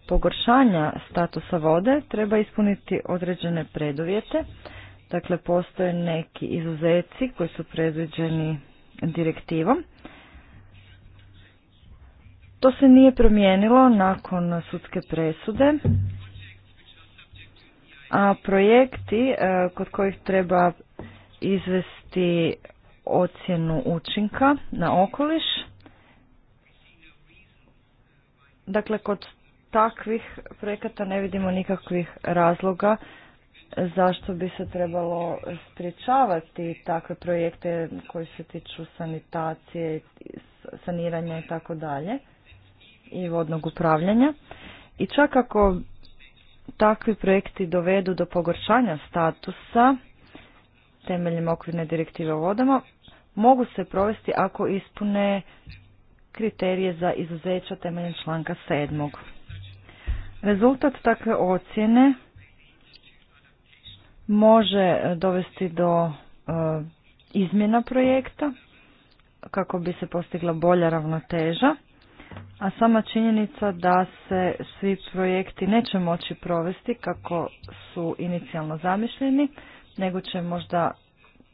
pogoršanja statusa vode treba ispuniti određene preduvjete. Dakle, postoje neki izuzeci koji su predviđeni direktivom. To se nije promijenilo nakon sudske presude, a projekti e, kod kojih treba izvesti ocjenu učinka na okoliš, dakle kod takvih projekata ne vidimo nikakvih razloga zašto bi se trebalo sprječavati takve projekte koji se tiču sanitacije, saniranja i tako dalje i vodnog upravljanja. I čak ako takvi projekti dovedu do pogoršanja statusa temeljem okvirne direktive o vodama, mogu se provesti ako ispune kriterije za izuzeća temeljem članka sedmog. Rezultat takve ocjene može dovesti do e, izmjena projekta kako bi se postigla bolja ravnoteža, a sama činjenica da se svi projekti neće moći provesti kako su inicijalno zamišljeni, nego će možda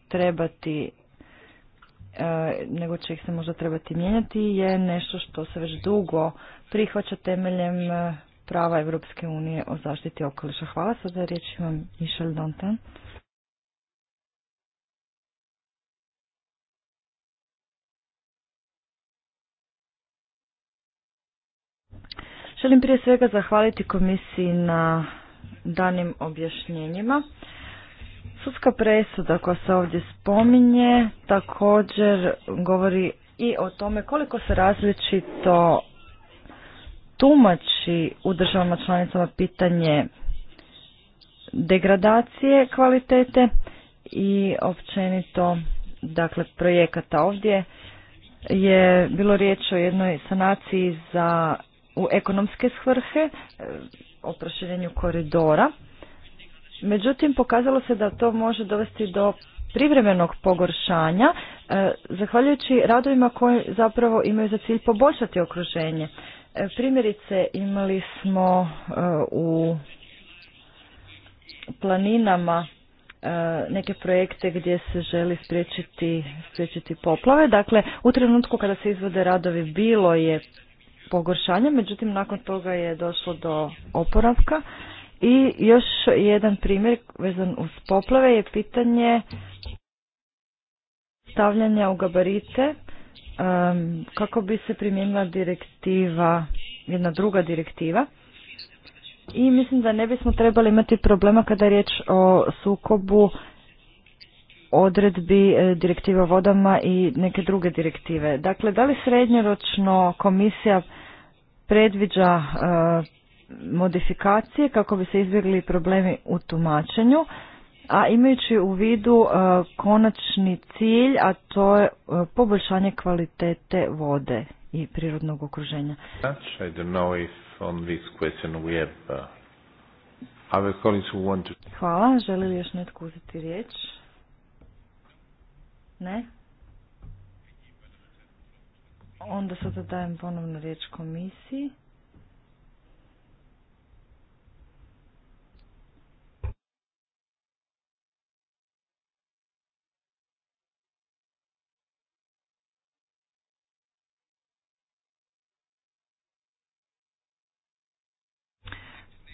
trebati e, nego će ih se možda trebati mijenjati je nešto što se već dugo prihvaća temeljem prava Europske unije o zaštiti okoliša. Hvala sada riječ vam Michel Dantan. Želim prije svega zahvaliti komisiji na danim objašnjenjima. Sudska presuda koja se ovdje spominje također govori i o tome koliko se različito tumači u državama članicama pitanje degradacije kvalitete i općenito dakle projekata ovdje je bilo riječ o jednoj sanaciji za u ekonomske svrhe o proširenju koridora. Međutim, pokazalo se da to može dovesti do privremenog pogoršanja, e, zahvaljujući radovima koji zapravo imaju za cilj poboljšati okruženje. E, primjerice imali smo e, u planinama e, neke projekte gdje se želi spriječiti, poplave. Dakle, u trenutku kada se izvode radovi bilo je pogoršanja, međutim nakon toga je došlo do oporavka. I još jedan primjer vezan uz poplave je pitanje stavljanja u gabarite kako bi se primijenila direktiva, jedna druga direktiva. I mislim da ne bismo trebali imati problema kada je riječ o sukobu odredbi e, direktiva o vodama i neke druge direktive. Dakle, da li srednjoročno komisija predviđa e, modifikacije kako bi se izbjegli problemi u tumačenju a imajući u vidu e, konačni cilj, a to je e, poboljšanje kvalitete vode i prirodnog okruženja. Uh, Hvala. Želi li još netko uzeti riječ? Ne? Onda sada dajem ponovno riječ komisiji.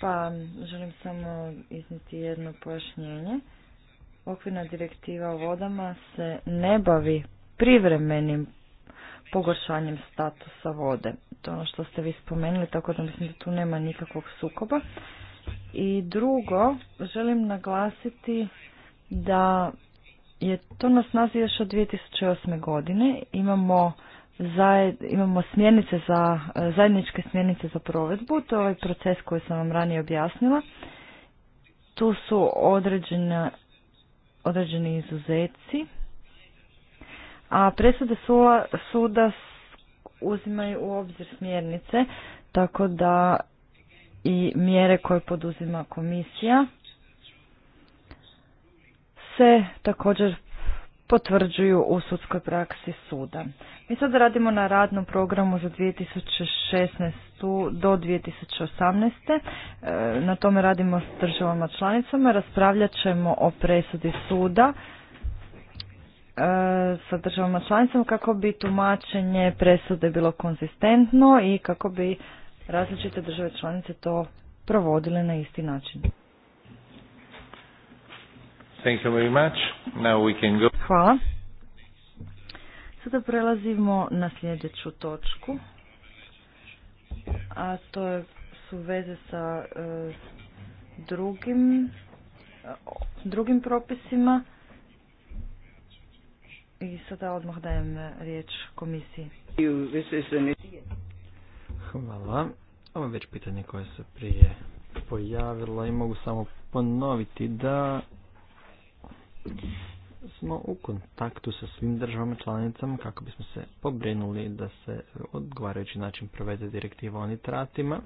Pa, želim samo izniti jedno pojašnjenje. Okvirna direktiva o vodama se ne bavi privremenim pogoršanjem statusa vode. To je ono što ste vi spomenuli, tako da mislim da tu nema nikakvog sukoba. I drugo, želim naglasiti da je to na snazi još od 2008. godine. Imamo Zajed, imamo smjernice za, e, zajedničke smjernice za provedbu, to je ovaj proces koji sam vam ranije objasnila. Tu su određene, određeni izuzeci, a presude suda, suda uzimaju u obzir smjernice, tako da i mjere koje poduzima komisija se također potvrđuju u sudskoj praksi suda. Mi sad radimo na radnom programu za 2016. do 2018. E, na tome radimo s državama članicama. Raspravljat ćemo o presudi suda e, sa državama članicama kako bi tumačenje presude bilo konzistentno i kako bi različite države članice to provodile na isti način. Thank you very much. Now we can Hvala. Sada prelazimo na sljedeću točku, a to su veze sa e, drugim, e, drugim propisima. I sada odmah dajem riječ komisiji. Hvala. Ovo je već pitanje koje se prije pojavilo i mogu samo ponoviti da smo u kontaktu sa svim državama članicama kako bismo se pobrinuli da se odgovarajući način provede direktiva o nitratima.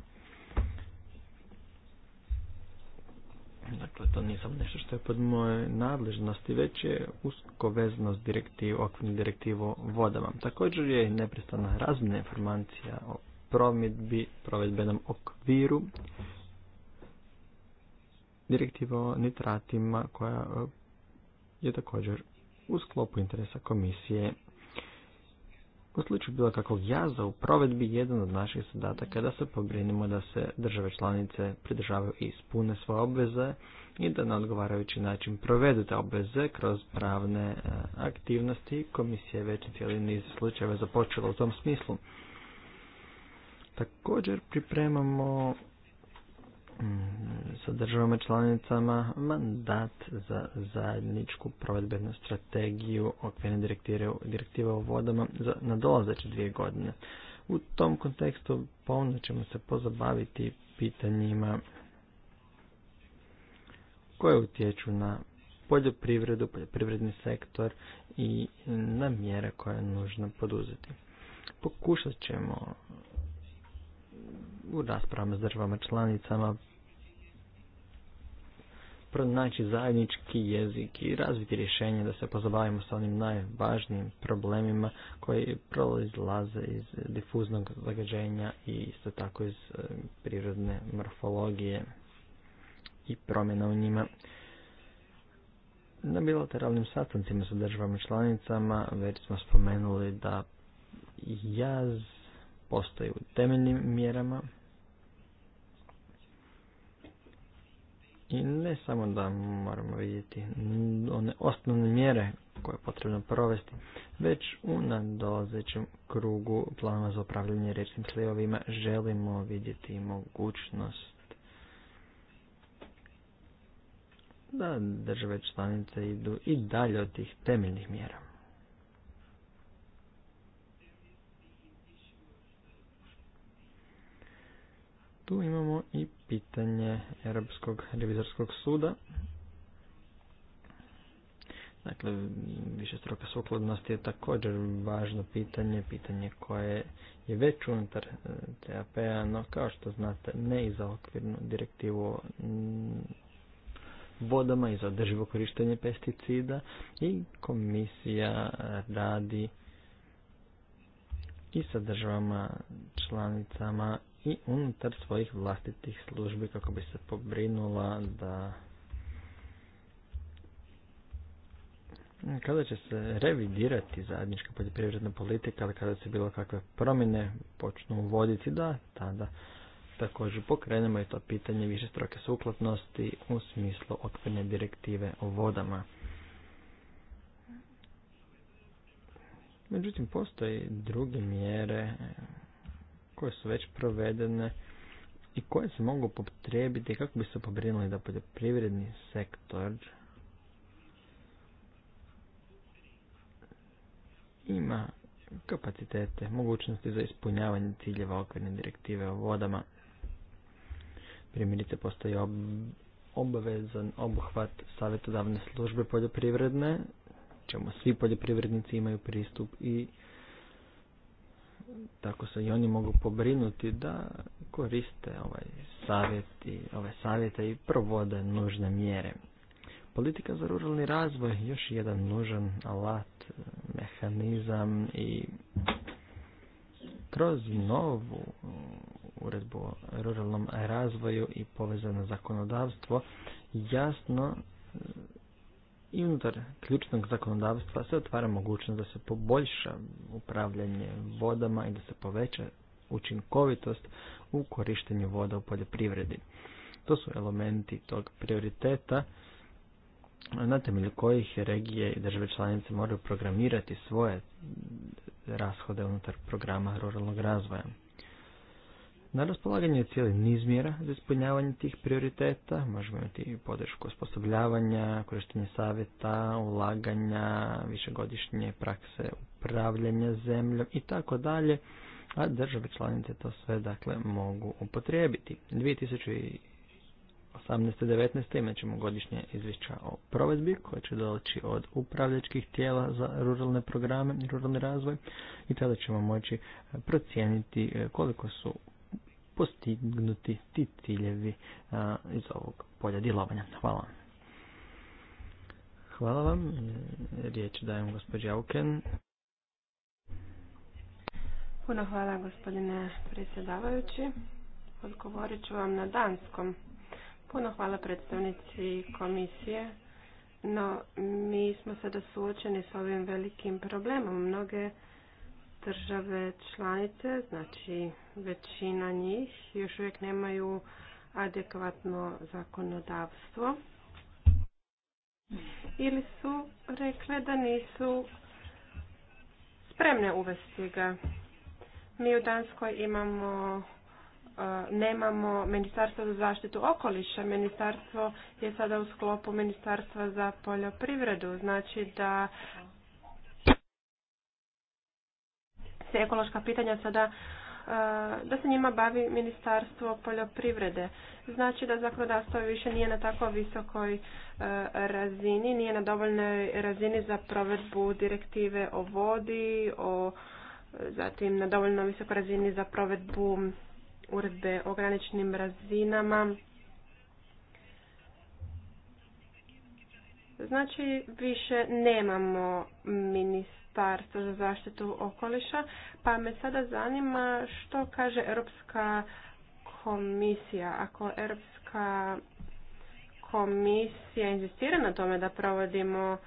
Dakle, to nisam nešto što je pod moje nadležnosti, već je usko vezano s direktiv, okvirnu direktivu vodama. Također je neprestana razmjena informacija o promjedbi, provedbenom okviru, direktiva o nitratima koja je također u sklopu interesa komisije. U slučaju bilo kakvog jaza u provedbi, jedan od naših zadataka je da se pobrinimo da se države članice pridržavaju i ispune svoje obveze i da na odgovarajući način provedu te obveze kroz pravne e, aktivnosti. Komisija je već cijeli niz slučajeva započela u tom smislu. Također pripremamo sa državama članicama mandat za zajedničku provedbenu strategiju okvirne direktive, o vodama za nadolazeće dvije godine. U tom kontekstu ponovno ćemo se pozabaviti pitanjima koje utječu na poljoprivredu, poljoprivredni sektor i na mjere koje je nužno poduzeti. Pokušat ćemo u raspravama s državama članicama pronaći zajednički jezik i razviti rješenje da se pozabavimo sa onim najvažnijim problemima koji proizlaze iz difuznog zagađenja i isto tako iz e, prirodne morfologije i promjena u njima. Na bilateralnim sastancima sa državama članicama već smo spomenuli da jaz postoji u temeljnim mjerama I ne samo da moramo vidjeti one osnovne mjere koje je potrebno provesti, već u nadolazećem krugu planova za upravljanje riječnim slivovima želimo vidjeti mogućnost da države članice idu i dalje od tih temeljnih mjera. Tu imamo i pitanje Europskog revizorskog suda. Dakle, više stroka sukladnosti je također važno pitanje, pitanje koje je već unutar e, TAP-a, no kao što znate ne i za okvirnu direktivu mm, vodama i za održivo korištenje pesticida i komisija radi i sa državama članicama i unutar svojih vlastitih službi kako bi se pobrinula da kada će se revidirati zajednička poljoprivredna politika ali kada se bilo kakve promjene počnu uvoditi da tada također pokrenemo i to pitanje više stroke sukladnosti u smislu okvirne direktive o vodama. Međutim, postoje druge mjere koje su već provedene i koje se mogu potrebiti kako bi se pobrinuli da poljoprivredni sektor ima kapacitete, mogućnosti za ispunjavanje ciljeva okvirne direktive o vodama. Primjerice postoji obavezan obuhvat savjetodavne službe poljoprivredne, čemu svi poljoprivrednici imaju pristup i tako se i oni mogu pobrinuti da koriste ovaj savjet i ove savjete i provode nužne mjere. Politika za ruralni razvoj je još jedan nužan alat, mehanizam i kroz novu uredbu o ruralnom razvoju i povezano zakonodavstvo jasno i unutar ključnog zakonodavstva se otvara mogućnost da se poboljša upravljanje vodama i da se poveća učinkovitost u korištenju voda u poljoprivredi. To su elementi tog prioriteta na temelju kojih regije i države članice moraju programirati svoje rashode unutar programa ruralnog razvoja. Na raspolaganju je cijeli niz mjera za ispunjavanje tih prioriteta, možemo imati podršku osposobljavanja, korištenje savjeta, ulaganja, višegodišnje prakse upravljanja zemljom i tako dalje, a države članice to sve dakle mogu upotrijebiti. 2018. 19. imat ćemo godišnje izvješća o provedbi koje će doći od upravljačkih tijela za ruralne programe i ruralni razvoj i tada ćemo moći procijeniti koliko su postignuti ti ciljevi iz ovog polja djelovanja. Hvala. Hvala vam. Riječ dajem gospođi Auken. Puno hvala gospodine predsjedavajući. Odgovorit ću vam na danskom. Puno hvala predstavnici komisije. No, mi smo sada suočeni s ovim velikim problemom. Mnoge države članice, znači većina njih još uvijek nemaju adekvatno zakonodavstvo ili su rekle da nisu spremne uvesti ga. Mi u Danskoj imamo e, nemamo ministarstvo za zaštitu okoliša. Ministarstvo je sada u sklopu ministarstva za poljoprivredu. Znači da se ekološka pitanja sada e, da se njima bavi ministarstvo poljoprivrede. Znači da zakonodavstvo više nije na tako visokoj e, razini, nije na dovoljnoj razini za provedbu direktive o vodi, o zatim na dovoljno visokoj razini za provedbu uredbe o graničnim razinama. Znači više nemamo ministarstvo ministarstvo za zaštitu okoliša, pa me sada zanima što kaže Europska komisija. Ako Europska komisija insistira na tome da provodimo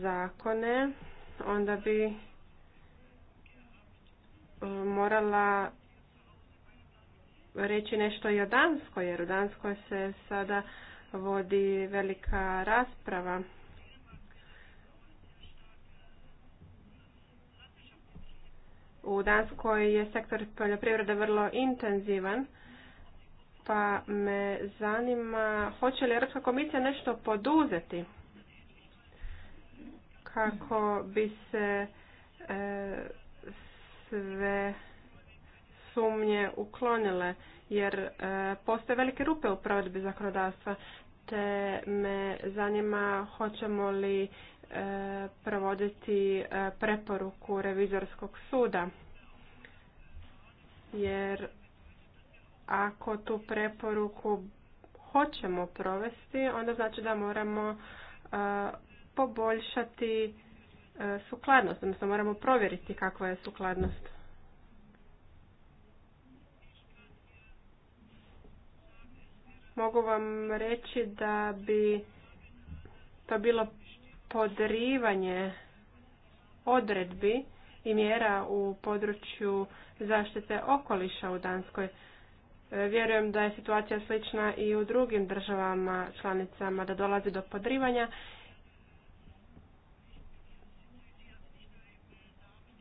zakone, onda bi e, morala reći nešto i o Danskoj, jer u Danskoj se sada vodi velika rasprava. U Danskoj je sektor poljoprivrede vrlo intenzivan, pa me zanima hoće li Europska komisija nešto poduzeti kako bi se e, sve sumnje uklonile, jer e, postoje velike rupe u provedbi zakonodavstva, te me zanima hoćemo li E, provoditi e, preporuku revizorskog suda. Jer ako tu preporuku hoćemo provesti, onda znači da moramo e, poboljšati sukladnost, odnosno moramo provjeriti kakva je sukladnost. Mogu vam reći da bi to bilo podrivanje odredbi i mjera u području zaštite okoliša u Danskoj. E, vjerujem da je situacija slična i u drugim državama članicama da dolazi do podrivanja.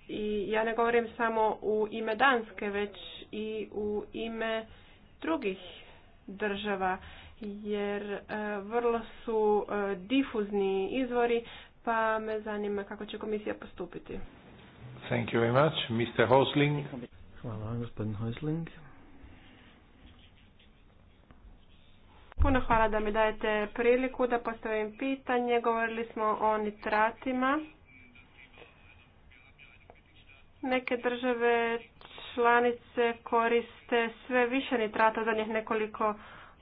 I ja ne govorim samo u ime Danske, već i u ime drugih država jer e, vrlo su e, difuzni izvori, pa me zanima kako će komisija postupiti. Thank you very much. Mr. Hosling. Hvala, gospodin Hosling. Puno hvala da mi dajete priliku da postavim pitanje. Govorili smo o nitratima. Neke države članice koriste sve više nitrata za njih nekoliko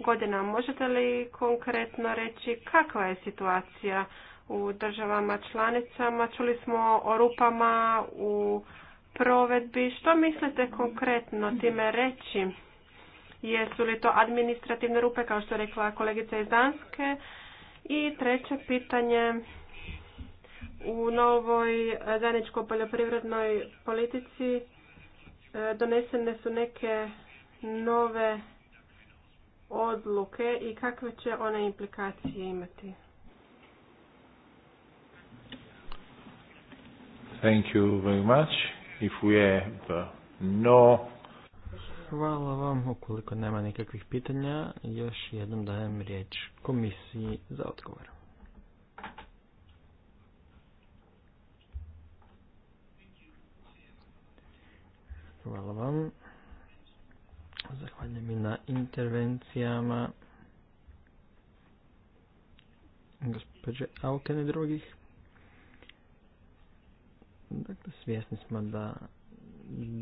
godina. Možete li konkretno reći kakva je situacija u državama članicama? Čuli smo o rupama u provedbi. Što mislite konkretno time reći? Jesu li to administrativne rupe, kao što je rekla kolegica iz Danske? I treće pitanje, u novoj zajedničkoj poljoprivrednoj politici e, donesene su neke nove odluke i kakve će one implikacije imati? Thank you very much. If we have uh, no... Hvala vam. Ukoliko nema nikakvih pitanja, još jednom dajem riječ komisiji za odgovor. Hvala vam. Zahvaljujem i na intervencijama gospođe Aukene i drugih. Dakle, svjesni smo da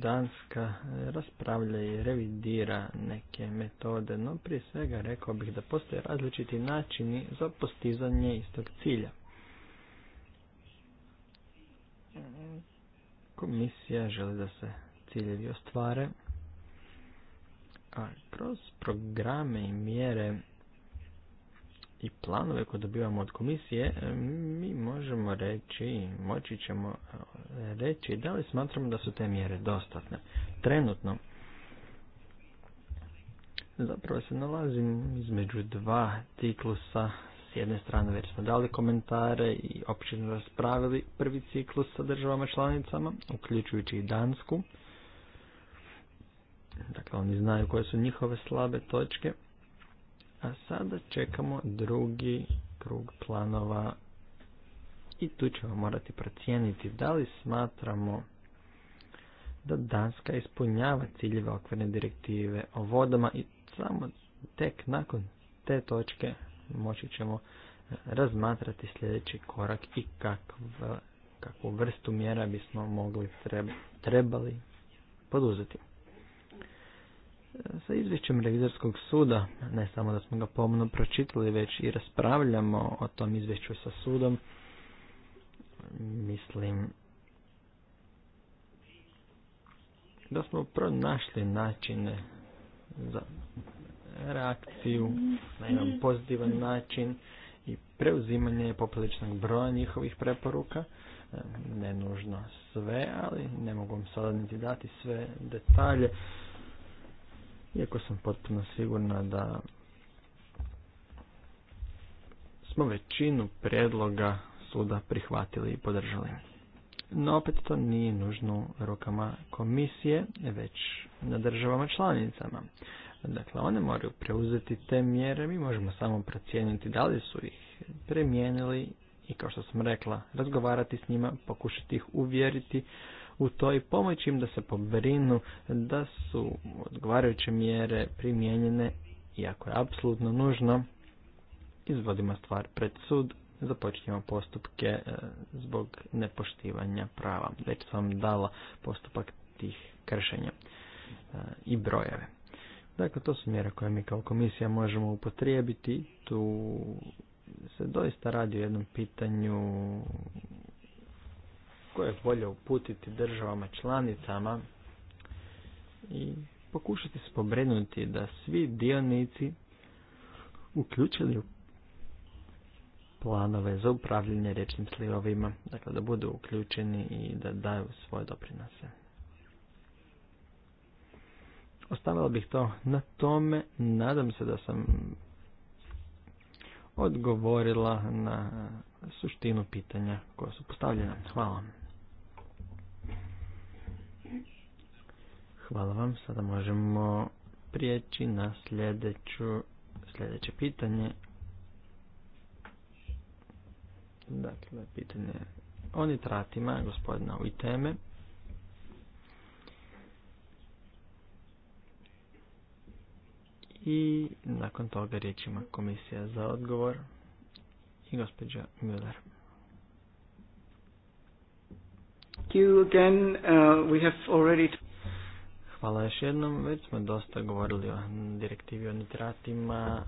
Danska raspravlja i revidira neke metode, no prije svega rekao bih da postoje različiti načini za postizanje istog cilja. Komisija želi da se ciljevi ostvare, a kroz programe i mjere i planove koje dobivamo od komisije, e, mi možemo reći, moći ćemo e, reći da li smatramo da su te mjere dostatne. Trenutno zapravo se nalazim između dva ciklusa. S jedne strane već smo dali komentare i općinu raspravili prvi ciklus sa državama članicama, uključujući i Dansku. Dakle, oni znaju koje su njihove slabe točke. A sada čekamo drugi krug planova i tu ćemo morati procijeniti da li smatramo da Danska ispunjava ciljeve okvirne direktive o vodama i samo tek nakon te točke moći ćemo e, razmatrati sljedeći korak i kakvu vrstu mjera bismo mogli trebali poduzeti. Sa izvješćem revizorskog suda, ne samo da smo ga pomno pročitali, već i raspravljamo o tom izvješću sa sudom, mislim da smo pronašli načine za reakciju na jedan pozitivan način i preuzimanje popriličnog broja njihovih preporuka. Ne nužno sve, ali ne mogu vam sada niti dati sve detalje. Iako sam potpuno sigurna da smo većinu predloga suda prihvatili i podržali. No opet to nije nužno rukama komisije, već na državama članicama. Dakle, one moraju preuzeti te mjere, mi možemo samo procijeniti da li su ih premijenili i kao što sam rekla, razgovarati s njima, pokušati ih uvjeriti u to i pomoći im da se pobrinu da su odgovarajuće mjere primijenjene i ako je apsolutno nužno, izvodimo stvar pred sud, započnemo postupke e, zbog nepoštivanja prava. Već sam vam dala postupak tih kršenja e, i brojeve. Dakle, to su mjere koje mi kao komisija možemo upotrijebiti. Tu se doista radi o jednom pitanju koje je bolje uputiti državama članicama i pokušati se pobrenuti da svi dionici uključili planove za upravljanje rečnim slivovima, dakle da budu uključeni i da daju svoje doprinose. Ostavila bih to na tome, nadam se da sam odgovorila na suštinu pitanja koja su postavljena. Hvala. Hvala vam. Sada možemo prijeći na sljedeću, sljedeće pitanje. Dakle, pitanje o nitratima gospodina teme. I nakon toga riječ ima komisija za odgovor i gospođa Müller. Uh, Hvala još jednom, već smo dosta govorili o direktivi o nitratima,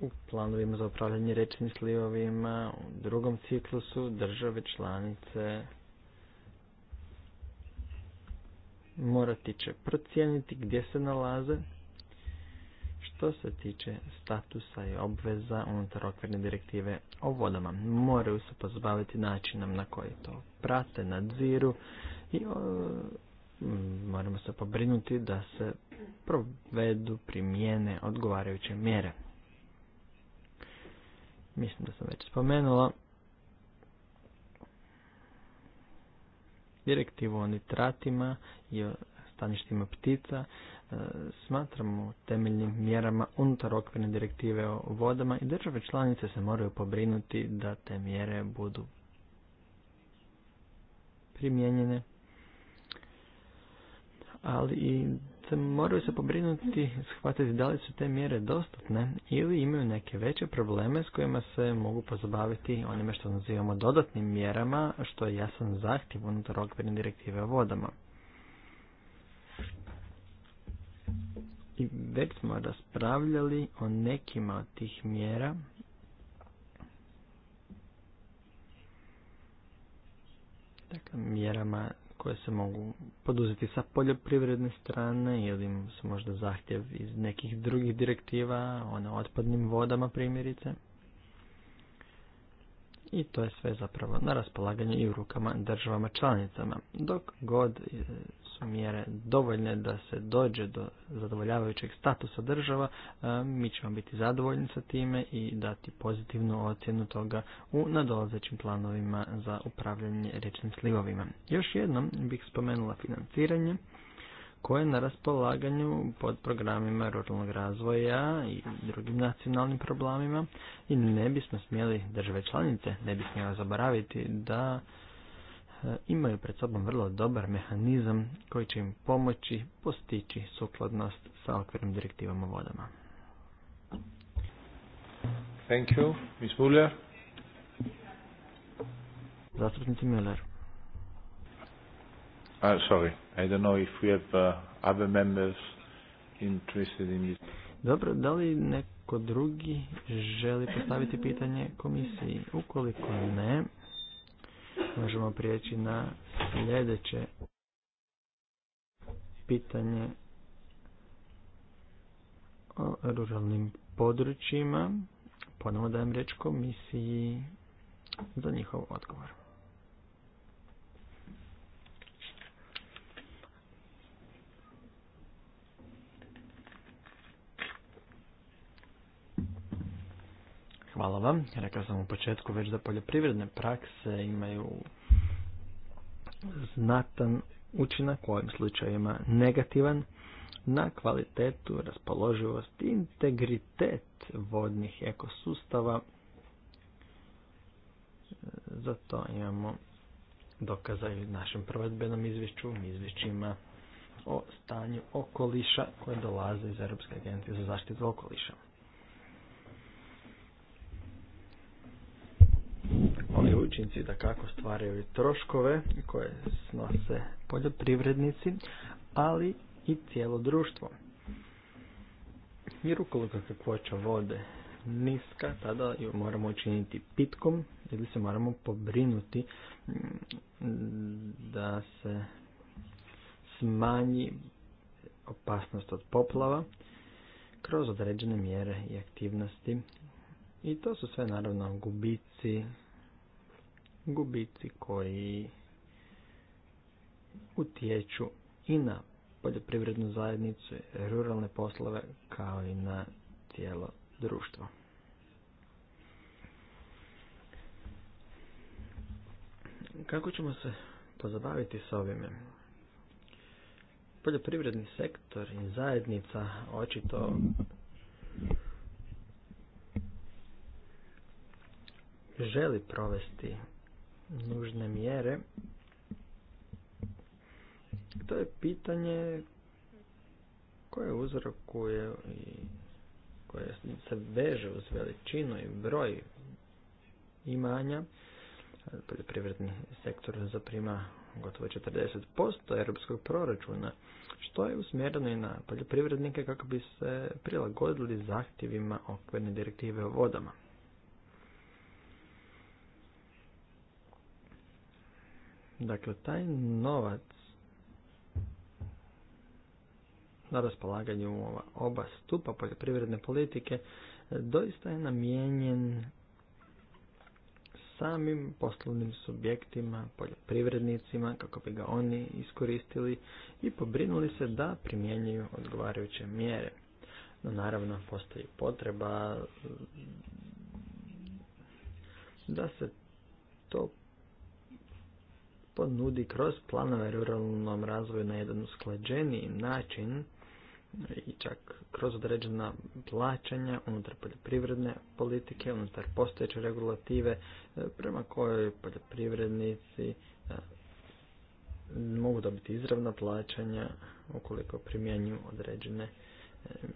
u planovima za upravljanje rečnim slivovima, u drugom ciklusu države članice morati će procijeniti gdje se nalaze što se tiče statusa i obveza unutar okvirne direktive o vodama. Moraju se pozbaviti načinom na koji to prate, nadziru i mm, moramo se pobrinuti da se provedu primjene odgovarajuće mjere. Mislim da sam već spomenula direktivu o nitratima i o staništima ptica e, smatramo temeljnim mjerama unutar okvirne direktive o vodama i države članice se moraju pobrinuti da te mjere budu primijenjene ali i moraju se pobrinuti, shvatiti da li su te mjere dostatne ili imaju neke veće probleme s kojima se mogu pozabaviti onime što nazivamo dodatnim mjerama, što je jasan zahtjev unutar okvirne direktive o vodama. I već smo raspravljali o nekima od tih mjera, dakle, mjerama koje se mogu poduzeti sa poljoprivredne strane ili se možda zahtjev iz nekih drugih direktiva, ona otpadnim vodama primjerice. I to je sve zapravo na raspolaganju i u rukama državama članicama. Dok god e, su mjere dovoljne da se dođe do zadovoljavajućeg statusa država, e, mi ćemo biti zadovoljni sa time i dati pozitivnu ocjenu toga u nadolazećim planovima za upravljanje rečnim slivovima. Još jednom bih spomenula financiranje koje je na raspolaganju pod programima ruralnog razvoja i drugim nacionalnim problemima i ne bismo smjeli države članice, ne bi smjela zaboraviti da E, imaju pred sobom vrlo dobar mehanizam koji će im pomoći postići sukladnost sa okvirnim direktivama vodama. Thank you. Ms. Zastupnici Müller. Uh, sorry, I don't know if we have uh, other members interested in this. Dobro, da li neko drugi želi postaviti pitanje komisiji? Ukoliko ne, možemo prijeći na sljedeće pitanje o ruralnim područjima. Ponovo dajem riječ komisiji za njihov odgovor. Hvala vam. Rekao sam u početku već da poljoprivredne prakse imaju znatan učinak, u ovim slučajima negativan, na kvalitetu, raspoloživost i integritet vodnih ekosustava. Zato imamo dokaza i našem provedbenom izvješću, izvješćima o stanju okoliša koje dolaze iz Europske agencije za zaštitu okoliša. učinci da kako stvaraju troškove koje snose poljoprivrednici, ali i cijelo društvo. Jer ukoliko poča vode niska, tada ju moramo učiniti pitkom ili se moramo pobrinuti mm, da se smanji opasnost od poplava kroz određene mjere i aktivnosti. I to su sve naravno gubici gubici koji utječu i na poljoprivrednu zajednicu, ruralne poslove kao i na cijelo društvo. Kako ćemo se pozabaviti s ovime? Poljoprivredni sektor i zajednica očito želi provesti nužne mjere. To je pitanje koje uzrokuje i koje se veže uz veličinu i broj imanja. Poljoprivredni sektor zaprima gotovo 40% europskog proračuna, što je usmjereno i na poljoprivrednike kako bi se prilagodili zahtjevima okvirne direktive o vodama. Dakle, taj novac na raspolaganju ova oba stupa poljoprivredne politike e, doista je namijenjen samim poslovnim subjektima, poljoprivrednicima, kako bi ga oni iskoristili i pobrinuli se da primjenjuju odgovarajuće mjere. No naravno postoji potreba e, da se to nudi kroz planove ruralnom razvoju na jedan usklađeniji način i čak kroz određena plaćanja unutar poljoprivredne politike, unutar postojeće regulative e, prema kojoj poljoprivrednici e, mogu dobiti izravna plaćanja ukoliko primjenjuju određene e,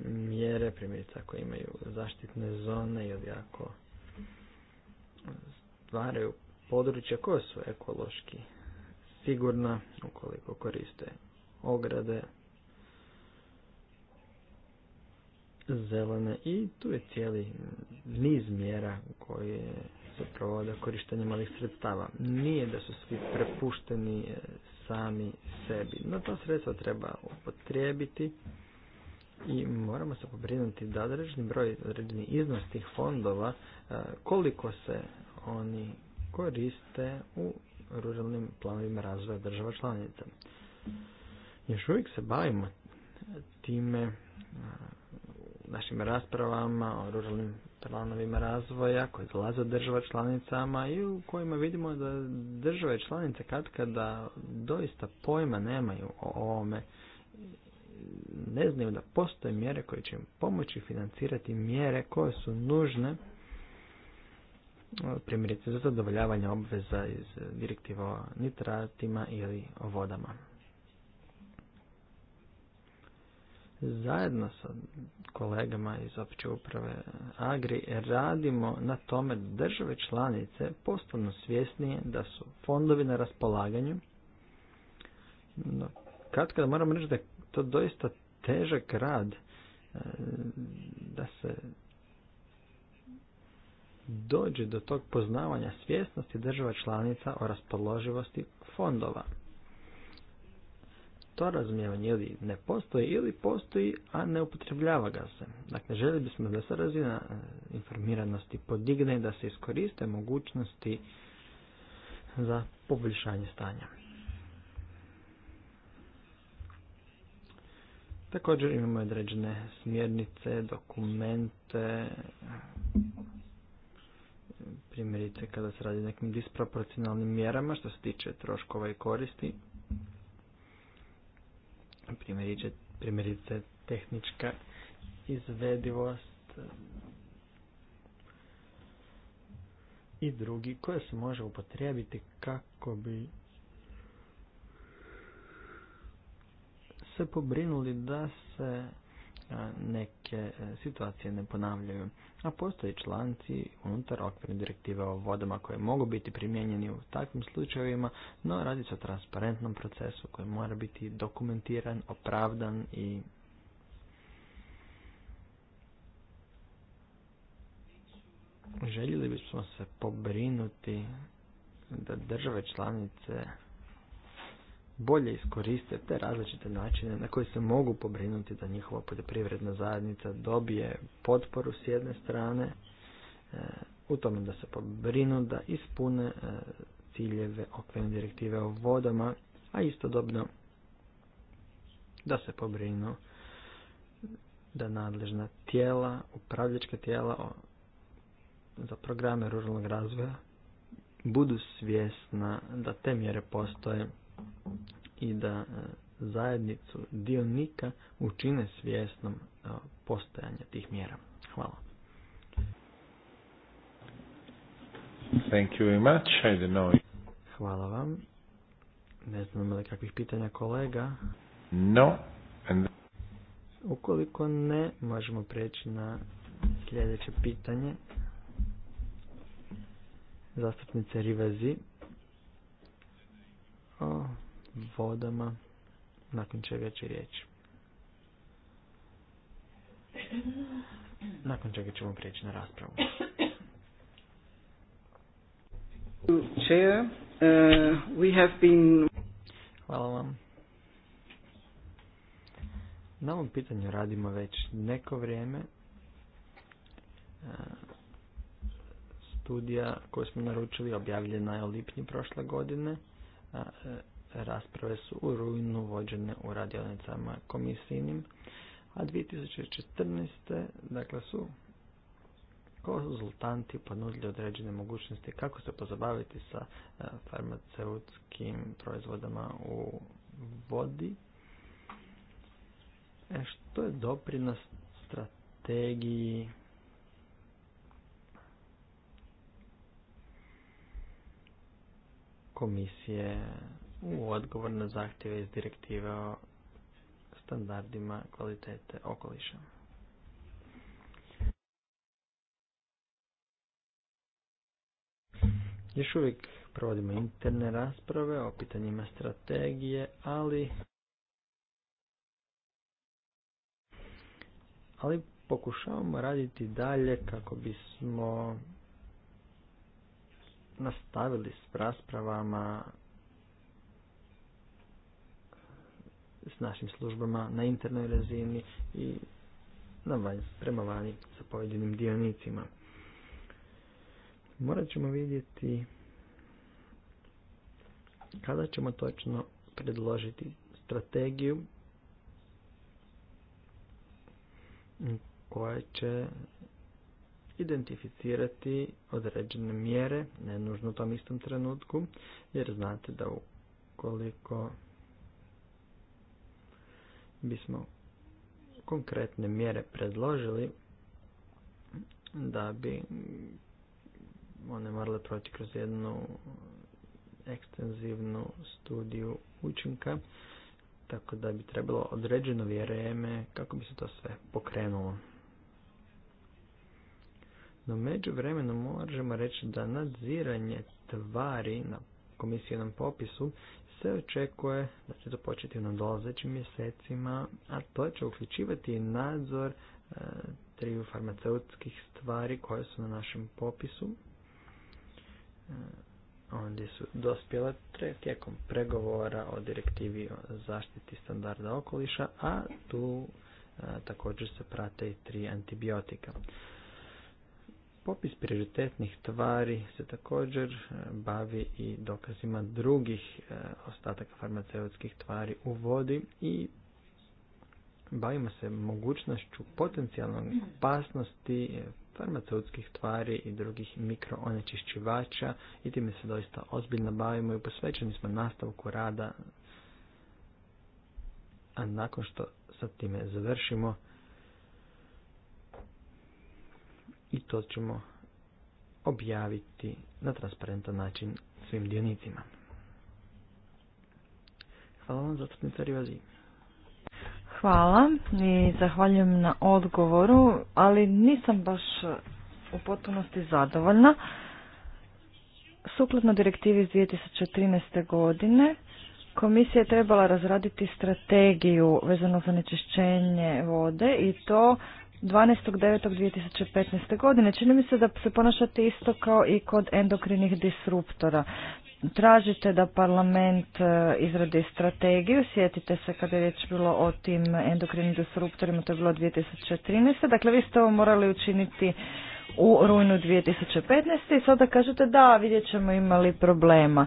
mjere, primjerice ako imaju zaštitne zone i odjako stvaraju područja koje su ekološki sigurna ukoliko koriste ograde zelene i tu je cijeli niz mjera koje se provode korištenjem malih sredstava. Nije da su svi prepušteni e, sami sebi, no to sredstvo treba upotrijebiti i moramo se pobrinuti da određeni broj, određeni iznos tih fondova, e, koliko se oni koriste u ruralnim planovima razvoja država članica. Još uvijek se bavimo time našim raspravama o ruralnim planovima razvoja koje zalaze od država članicama i u kojima vidimo da države članice kad kada doista pojma nemaju o ovome ne znaju da postoje mjere koje će im pomoći financirati mjere koje su nužne primjerice za zadovoljavanje obveza iz direktiva o nitratima ili o vodama. Zajedno sa kolegama iz opće uprave Agri radimo na tome da države članice postavno svjesnije da su fondovi na raspolaganju. No, kad kada moram reći da je to doista težak rad e, da se dođe do tog poznavanja svjesnosti država članica o raspoloživosti fondova. To razumijevanje ili ne postoji ili postoji, a ne upotrebljava ga se. Dakle, želi bismo da se razina e, informiranosti podigne i da se iskoriste mogućnosti za poboljšanje stanja. Također imamo određene smjernice, dokumente primjerice kada se radi nekim disproporcionalnim mjerama što se tiče troškova i koristi. Primjerice, primjerice tehnička izvedivost i drugi koje se može upotrijebiti kako bi se pobrinuli da se neke e, situacije ne ponavljaju, a postoje članci unutar okvirne direktive o vodama koje mogu biti primijenjeni u takvim slučajevima, no radi se o transparentnom procesu koji mora biti dokumentiran, opravdan i željeli bismo se pobrinuti da države članice bolje iskoriste te različite načine na koji se mogu pobrinuti da njihova poljoprivredna zajednica dobije potporu s jedne strane e, u tome da se pobrinu da ispune e, ciljeve okvirne direktive o vodama, a istodobno da se pobrinu da nadležna tijela, upravljačka tijela za programe ruralnog razvoja budu svjesna da te mjere postoje i da e, zajednicu dionika učine svjesnom e, postojanja tih mjera. Hvala. Thank you very much. Hvala vam. Ne znamo li kakvih pitanja kolega. No. Ukoliko ne, možemo preći na sljedeće pitanje. Zastupnice Rivazi o vodama, nakon čega će riječ. Nakon čega ćemo prijeći na raspravu. Uh, have Hvala vam. Na ovom pitanju radimo već neko vrijeme. E, studija koju smo naručili objavljena je u lipnju prošle godine. E, rasprave su u rujnu vođene u radionicama komisijnim, a 2014. dakle su konzultanti ponudili određene mogućnosti kako se pozabaviti sa e, farmaceutskim proizvodama u vodi, e, što je doprinos strategiji komisije u odgovor na zahtjeve iz direktive o standardima kvalitete okoliša. Još uvijek provodimo interne rasprave o pitanjima strategije, ali ali pokušavamo raditi dalje kako bismo nastavili s raspravama s našim službama na internoj razini i na vanj, prema vani sa pojedinim dionicima. Morat ćemo vidjeti kada ćemo točno predložiti strategiju koja će identificirati određene mjere, ne nužno u tom istom trenutku, jer znate da ukoliko bismo konkretne mjere predložili, da bi one morale proći kroz jednu ekstenzivnu studiju učinka, tako da bi trebalo određeno vrijeme kako bi se to sve pokrenulo. No među vremenom možemo reći da nadziranje tvari na komisijenom popisu se očekuje da će započeti u nadolazećim mjesecima, a to će uključivati nadzor tri e, triju farmaceutskih stvari koje su na našem popisu. E, su dospjela tijekom pregovora o direktivi o zaštiti standarda okoliša, a tu e, također se prate i tri antibiotika. Popis prioritetnih tvari se također e, bavi i dokazima drugih e, ostataka farmaceutskih tvari u vodi i bavimo se mogućnošću potencijalne opasnosti e, farmaceutskih tvari i drugih mikroonečišćivača i time se doista ozbiljno bavimo i posvećeni smo nastavku rada. A nakon što sa time završimo, i to ćemo objaviti na transparentan način svim dionicima. Hvala vam, zastupnica Rivazi. Hvala i zahvaljujem na odgovoru, ali nisam baš u potpunosti zadovoljna. Sukladno direktivi iz 2013. godine, Komisija je trebala razraditi strategiju vezano za nečišćenje vode i to 12.9.2015. godine. Čini mi se da se ponašate isto kao i kod endokrinih disruptora. Tražite da parlament e, izradi strategiju, sjetite se kada je riječ bilo o tim endokrinim disruptorima, to je bilo 2013. Dakle, vi ste ovo morali učiniti u rujnu 2015. i sada kažete da, vidjet ćemo imali problema.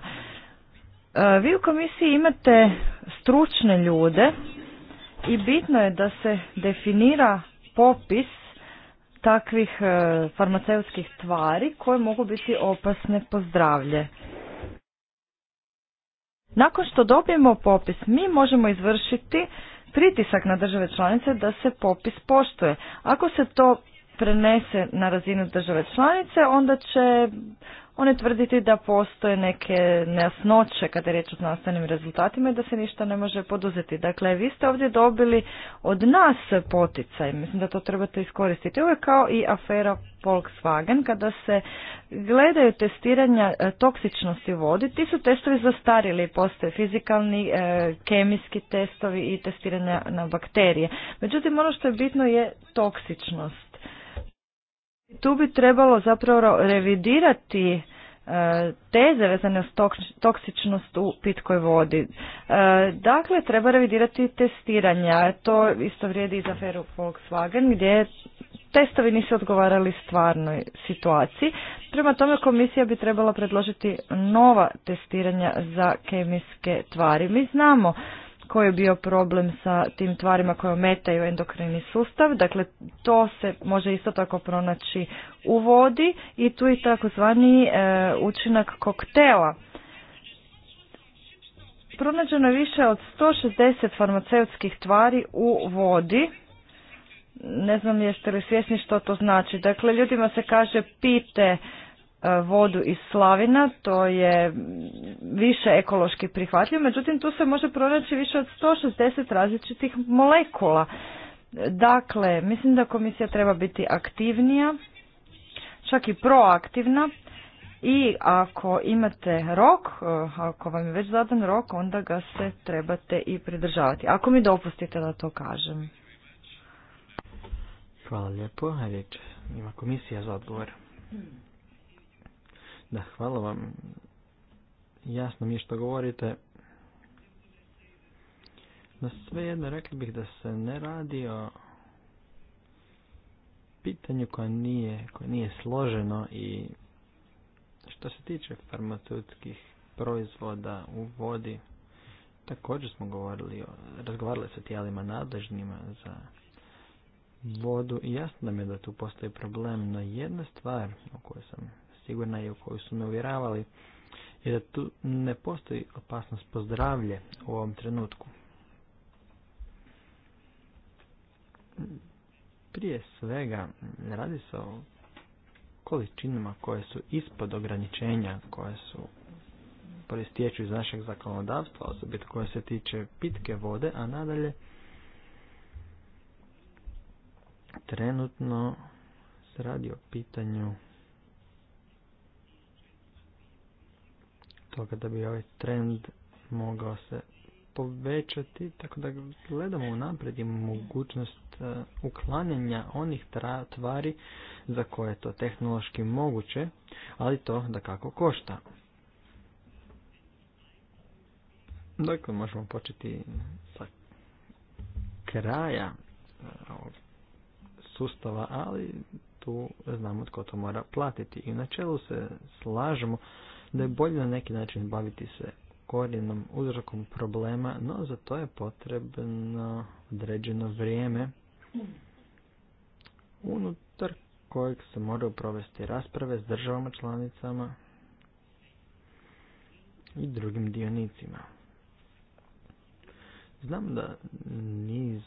E, vi u komisiji imate stručne ljude i bitno je da se definira popis takvih e, farmaceutskih tvari koje mogu biti opasne po zdravlje. Nakon što dobijemo popis, mi možemo izvršiti pritisak na države članice da se popis poštuje. Ako se to prenese na razinu države članice, onda će one tvrditi da postoje neke nejasnoće kada je riječ o znanstvenim rezultatima i da se ništa ne može poduzeti. Dakle, vi ste ovdje dobili od nas poticaj, mislim da to trebate iskoristiti. Ovo je kao i afera Volkswagen, kada se gledaju testiranja e, toksičnosti vodi, ti su testovi zastarili, postoje fizikalni, e, kemijski testovi i testiranja na bakterije. Međutim, ono što je bitno je toksičnost. Tu bi trebalo zapravo revidirati e, teze vezane s toksičnost u pitkoj vodi. E, dakle, treba revidirati testiranja. To isto vrijedi i za aferu Volkswagen gdje testovi nisu odgovarali stvarnoj situaciji. Prema tome komisija bi trebala predložiti nova testiranja za kemijske tvari. Mi znamo koji je bio problem sa tim tvarima koje ometaju endokrini sustav. Dakle, to se može isto tako pronaći u vodi i tu je takozvani e, učinak koktela. Pronađeno je više od 160 farmaceutskih tvari u vodi. Ne znam jeste li svjesni što to znači. Dakle, ljudima se kaže pite E, vodu iz slavina, to je više ekološki prihvatljivo, međutim tu se može pronaći više od 160 različitih molekula. Dakle, mislim da komisija treba biti aktivnija, čak i proaktivna i ako imate rok, e, ako vam je već zadan rok, onda ga se trebate i pridržavati. Ako mi dopustite da to kažem. Hvala lijepo. Riječ ima komisija za odgovor. Da, hvala vam. Jasno mi je što govorite. sve jedno rekli bih da se ne radi o pitanju koje nije, koje nije složeno i što se tiče farmaceutskih proizvoda u vodi, također smo govorili, o, razgovarali sa tijelima nadležnima za vodu i jasno nam je da tu postoji problem, no jedna stvar o kojoj sam sigurna i u koju su me uvjeravali je da tu ne postoji opasnost pozdravlje u ovom trenutku. Prije svega radi se o količinama koje su ispod ograničenja, koje su proistječu iz našeg zakonodavstva, osobito koje se tiče pitke vode, a nadalje trenutno se radi o pitanju da bi ovaj trend mogao se povećati, tako da gledamo unaprijed mogućnost e, uklanjanja onih tvari za koje je to tehnološki moguće, ali to da kako košta. Dakle, možemo početi sa kraja e, sustava, ali tu znamo tko to mora platiti. I u načelu se slažemo da je bolje na neki način baviti se korijenom, uzrokom problema, no za to je potrebno određeno vrijeme unutar kojeg se moraju provesti rasprave s državama članicama i drugim dionicima. Znam da niz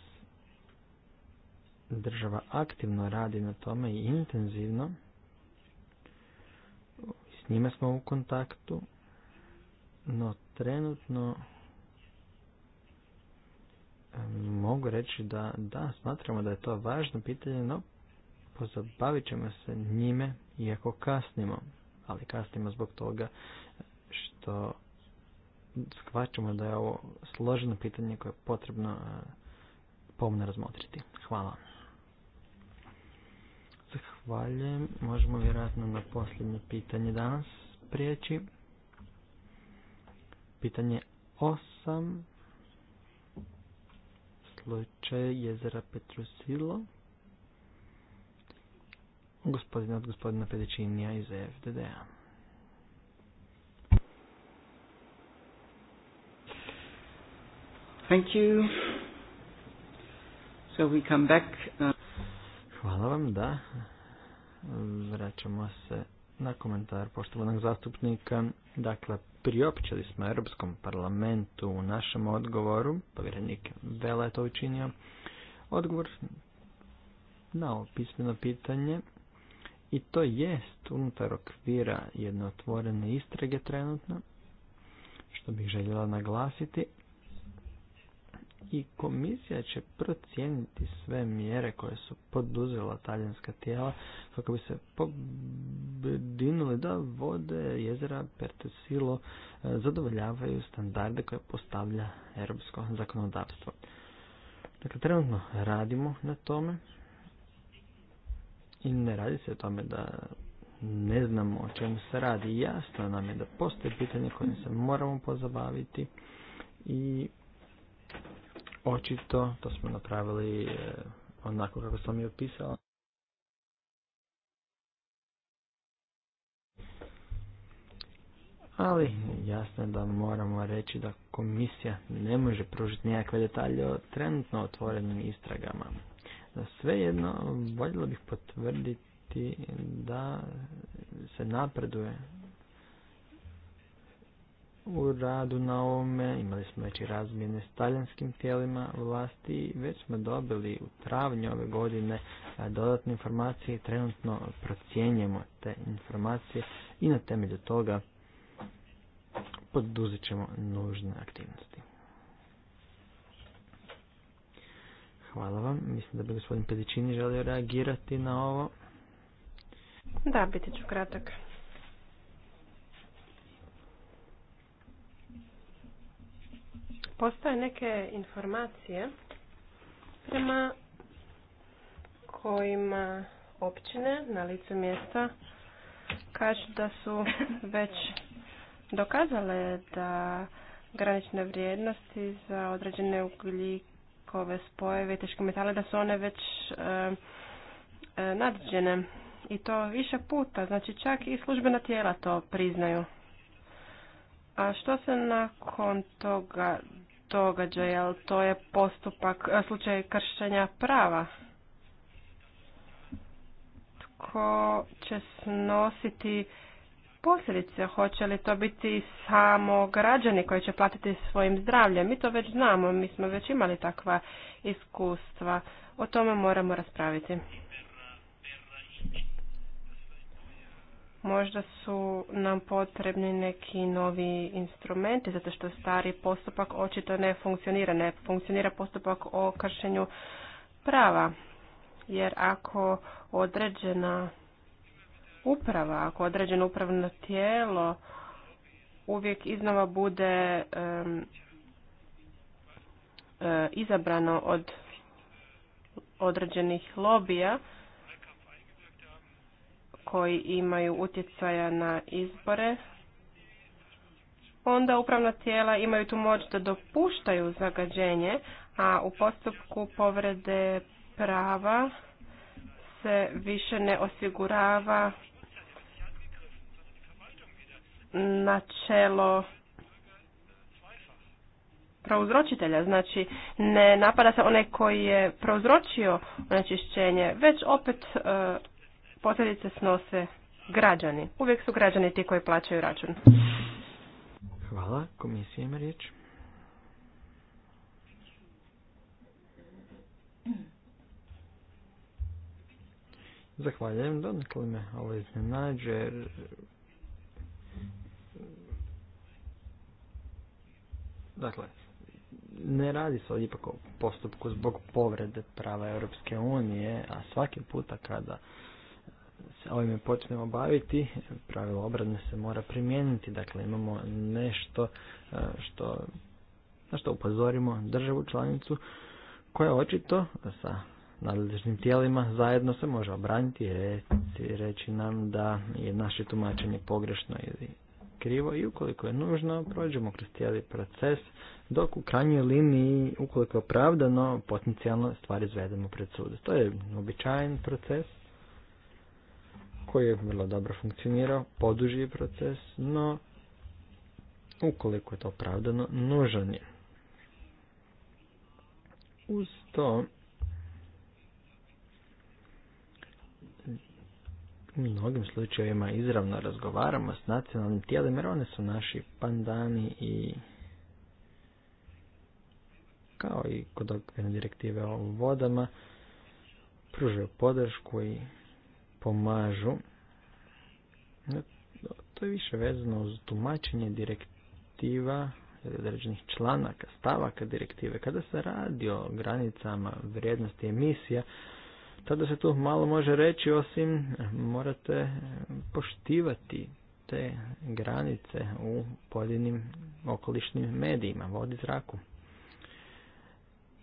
država aktivno radi na tome i intenzivno, njima njime smo u kontaktu, no trenutno mogu reći da da, smatramo da je to važno pitanje, no pozabavit ćemo se njime iako kasnimo, ali kasnimo zbog toga što shvaćamo da je ovo složeno pitanje koje je potrebno pomno razmotriti. Hvala. Zahvaljujem. Možemo vjerojatno na posljednje pitanje danas prijeći. Pitanje osam. Slučaj jezera Petrusilo. Gospodina od gospodina Pedičinija iz e FDD-a. Thank you. So we come back. Uh, Hvala vam, da. Vraćamo se na komentar poštovanog zastupnika. Dakle, priopćili smo Europskom parlamentu u našem odgovoru, povjerenik Vela je to učinio, odgovor na ovo pismeno pitanje i to jest unutar okvira jedne otvorene istrage trenutno, što bih željela naglasiti, i komisija će procijeniti sve mjere koje su poduzela talijanska tijela kako bi se pobedinuli da vode jezera Pertusilo e, zadovoljavaju standarde koje postavlja europsko zakonodavstvo. Dakle, trenutno radimo na tome i ne radi se o tome da ne znamo o čemu se radi. Jasno nam je da postoje pitanje kojim se moramo pozabaviti i očito to smo napravili eh, onako kako sam mi opisala. Ali jasno je da moramo reći da komisija ne može pružiti nijakve detalje o trenutno otvorenim istragama. Svejedno, voljelo bih potvrditi da se napreduje u radu na ovome, imali smo već i razmjene s talijanskim tijelima vlasti već smo dobili u travnju ove godine dodatne informacije i trenutno procjenjujemo te informacije i na temelju toga poduzet ćemo nužne aktivnosti. Hvala vam. Mislim da bi gospodin Pedičini želio reagirati na ovo. Da, biti ću kratak. Postoje neke informacije prema kojima općine na licu mjesta kažu da su već dokazale da granične vrijednosti za određene ugljikove spojeve i teške metale da su one već e, e i to više puta, znači čak i službena tijela to priznaju. A što se nakon toga događaj, to je postupak, e, slučaj kršćenja prava. Tko će snositi posljedice? Hoće li to biti samo građani koji će platiti svojim zdravljem? Mi to već znamo, mi smo već imali takva iskustva. O tome moramo raspraviti. Možda su nam potrebni neki novi instrumenti, zato što stari postupak očito ne funkcionira, ne funkcionira postupak o kršenju prava. Jer ako određena uprava, ako određeno upravno tijelo uvijek iznova bude e, izabrano od određenih lobija, koji imaju utjecaja na izbore, onda upravna tijela imaju tu moć da dopuštaju zagađenje, a u postupku povrede prava se više ne osigurava načelo prouzročitelja, znači ne napada se onaj koji je prouzročio onečišćenje, već opet e, Posljedice snose građani. Uvijek su građani ti koji plaćaju račun. Hvala. Komisija ima riječ. Zahvaljujem, donekle me ovo iznenađe, Dakle, ne radi se ovdje ipak o postupku zbog povrede prava Europske unije, a svaki puta kada ovime počnemo baviti, pravilo obradne se mora primijeniti, dakle imamo nešto e, što, na što upozorimo državu članicu koja očito sa nadležnim tijelima zajedno se može obraniti i reći, nam da je naše tumačenje pogrešno ili krivo i ukoliko je nužno prođemo kroz cijeli proces dok u krajnjoj liniji ukoliko je opravdano potencijalno stvari izvedemo pred sud. To je običajen proces koji je vrlo dobro funkcionirao, poduži proces, no ukoliko je to opravdano, nužan je. Uz to u mnogim slučajevima izravno razgovaramo s nacionalnim tijelima jer one su naši pandani i kao i kod direktive o vodama pružaju podršku i pomažu. To je više vezano uz tumačenje direktiva određenih članaka, stavaka direktive. Kada se radi o granicama vrijednosti emisija, tada se tu malo može reći osim morate poštivati te granice u pojedinim okolišnim medijima, vodi zraku.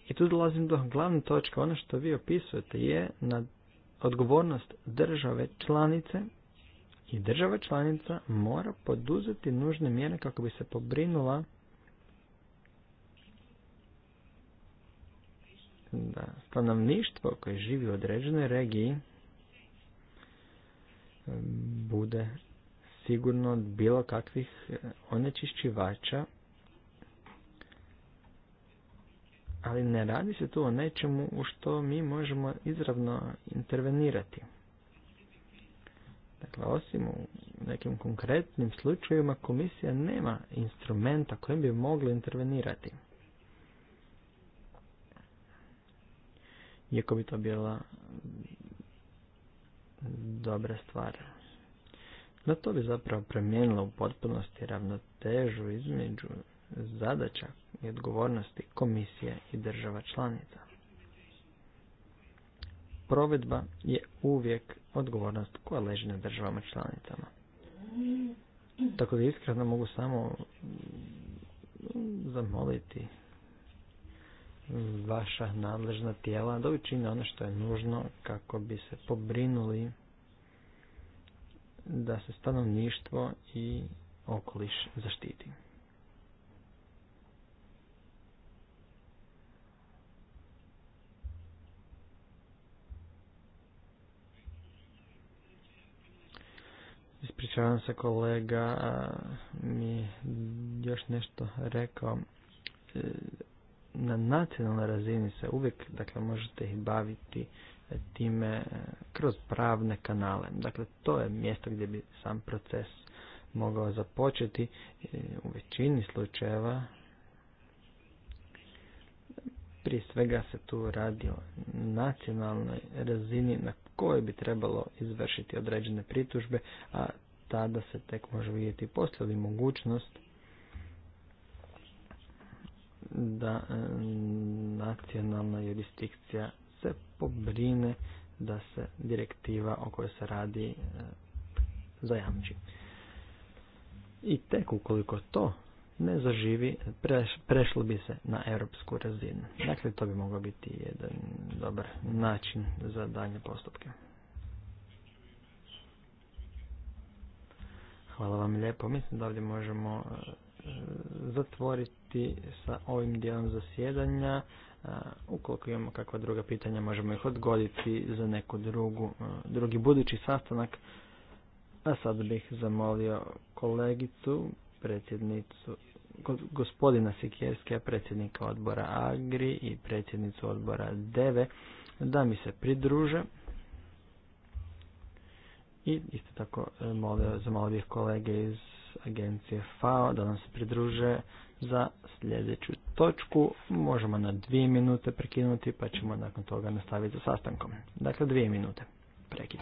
I tu dolazim do glavne točke. Ono što vi opisujete je na odgovornost države članice i država članica mora poduzeti nužne mjere kako bi se pobrinula da stanovništvo koje živi u određenoj regiji e, bude sigurno od bilo kakvih e, onečišćivača ali ne radi se tu o nečemu u što mi možemo izravno intervenirati. Dakle, osim u nekim konkretnim slučajevima, komisija nema instrumenta kojim bi mogla intervenirati. Iako bi to bila dobra stvar. No to bi zapravo promijenilo u potpunosti ravnotežu između zadaća i odgovornosti komisije i država članica. Provedba je uvijek odgovornost koja leži na državama članicama. Tako da iskreno mogu samo zamoliti vaša nadležna tijela da učine ono što je nužno kako bi se pobrinuli da se stanovništvo i okoliš zaštiti. Ispričavam se kolega, mi još nešto rekao. E, na nacionalnoj razini se uvijek, dakle, možete ih baviti e, time e, kroz pravne kanale. Dakle, to je mjesto gdje bi sam proces mogao započeti u većini slučajeva. Prije svega se tu radi o nacionalnoj razini na koje bi trebalo izvršiti određene pritužbe, a tada se tek može vidjeti postoji mogućnost da mm, nacionalna jurisdikcija se pobrine da se direktiva o kojoj se radi e, zajamči. I tek ukoliko to ne zaživi, prešlo bi se na europsku razinu. Dakle, to bi moglo biti jedan dobar način za dalje postupke. Hvala vam lijepo. Mislim da ovdje možemo e, zatvoriti sa ovim dijelom zasjedanja. E, ukoliko imamo kakva druga pitanja, možemo ih odgoditi za neku drugu, e, drugi budući sastanak. A sad bih zamolio kolegicu, predsjednicu gospodina Sikjerske, predsjednika odbora Agri i predsjednicu odbora Deve, da mi se pridruže. I isto tako e, molio, zamolio bih kolege iz agencije FAO da nam se pridruže za sljedeću točku. Možemo na dvije minute prekinuti pa ćemo nakon toga nastaviti sa sastankom. Dakle, dvije minute. Prekid.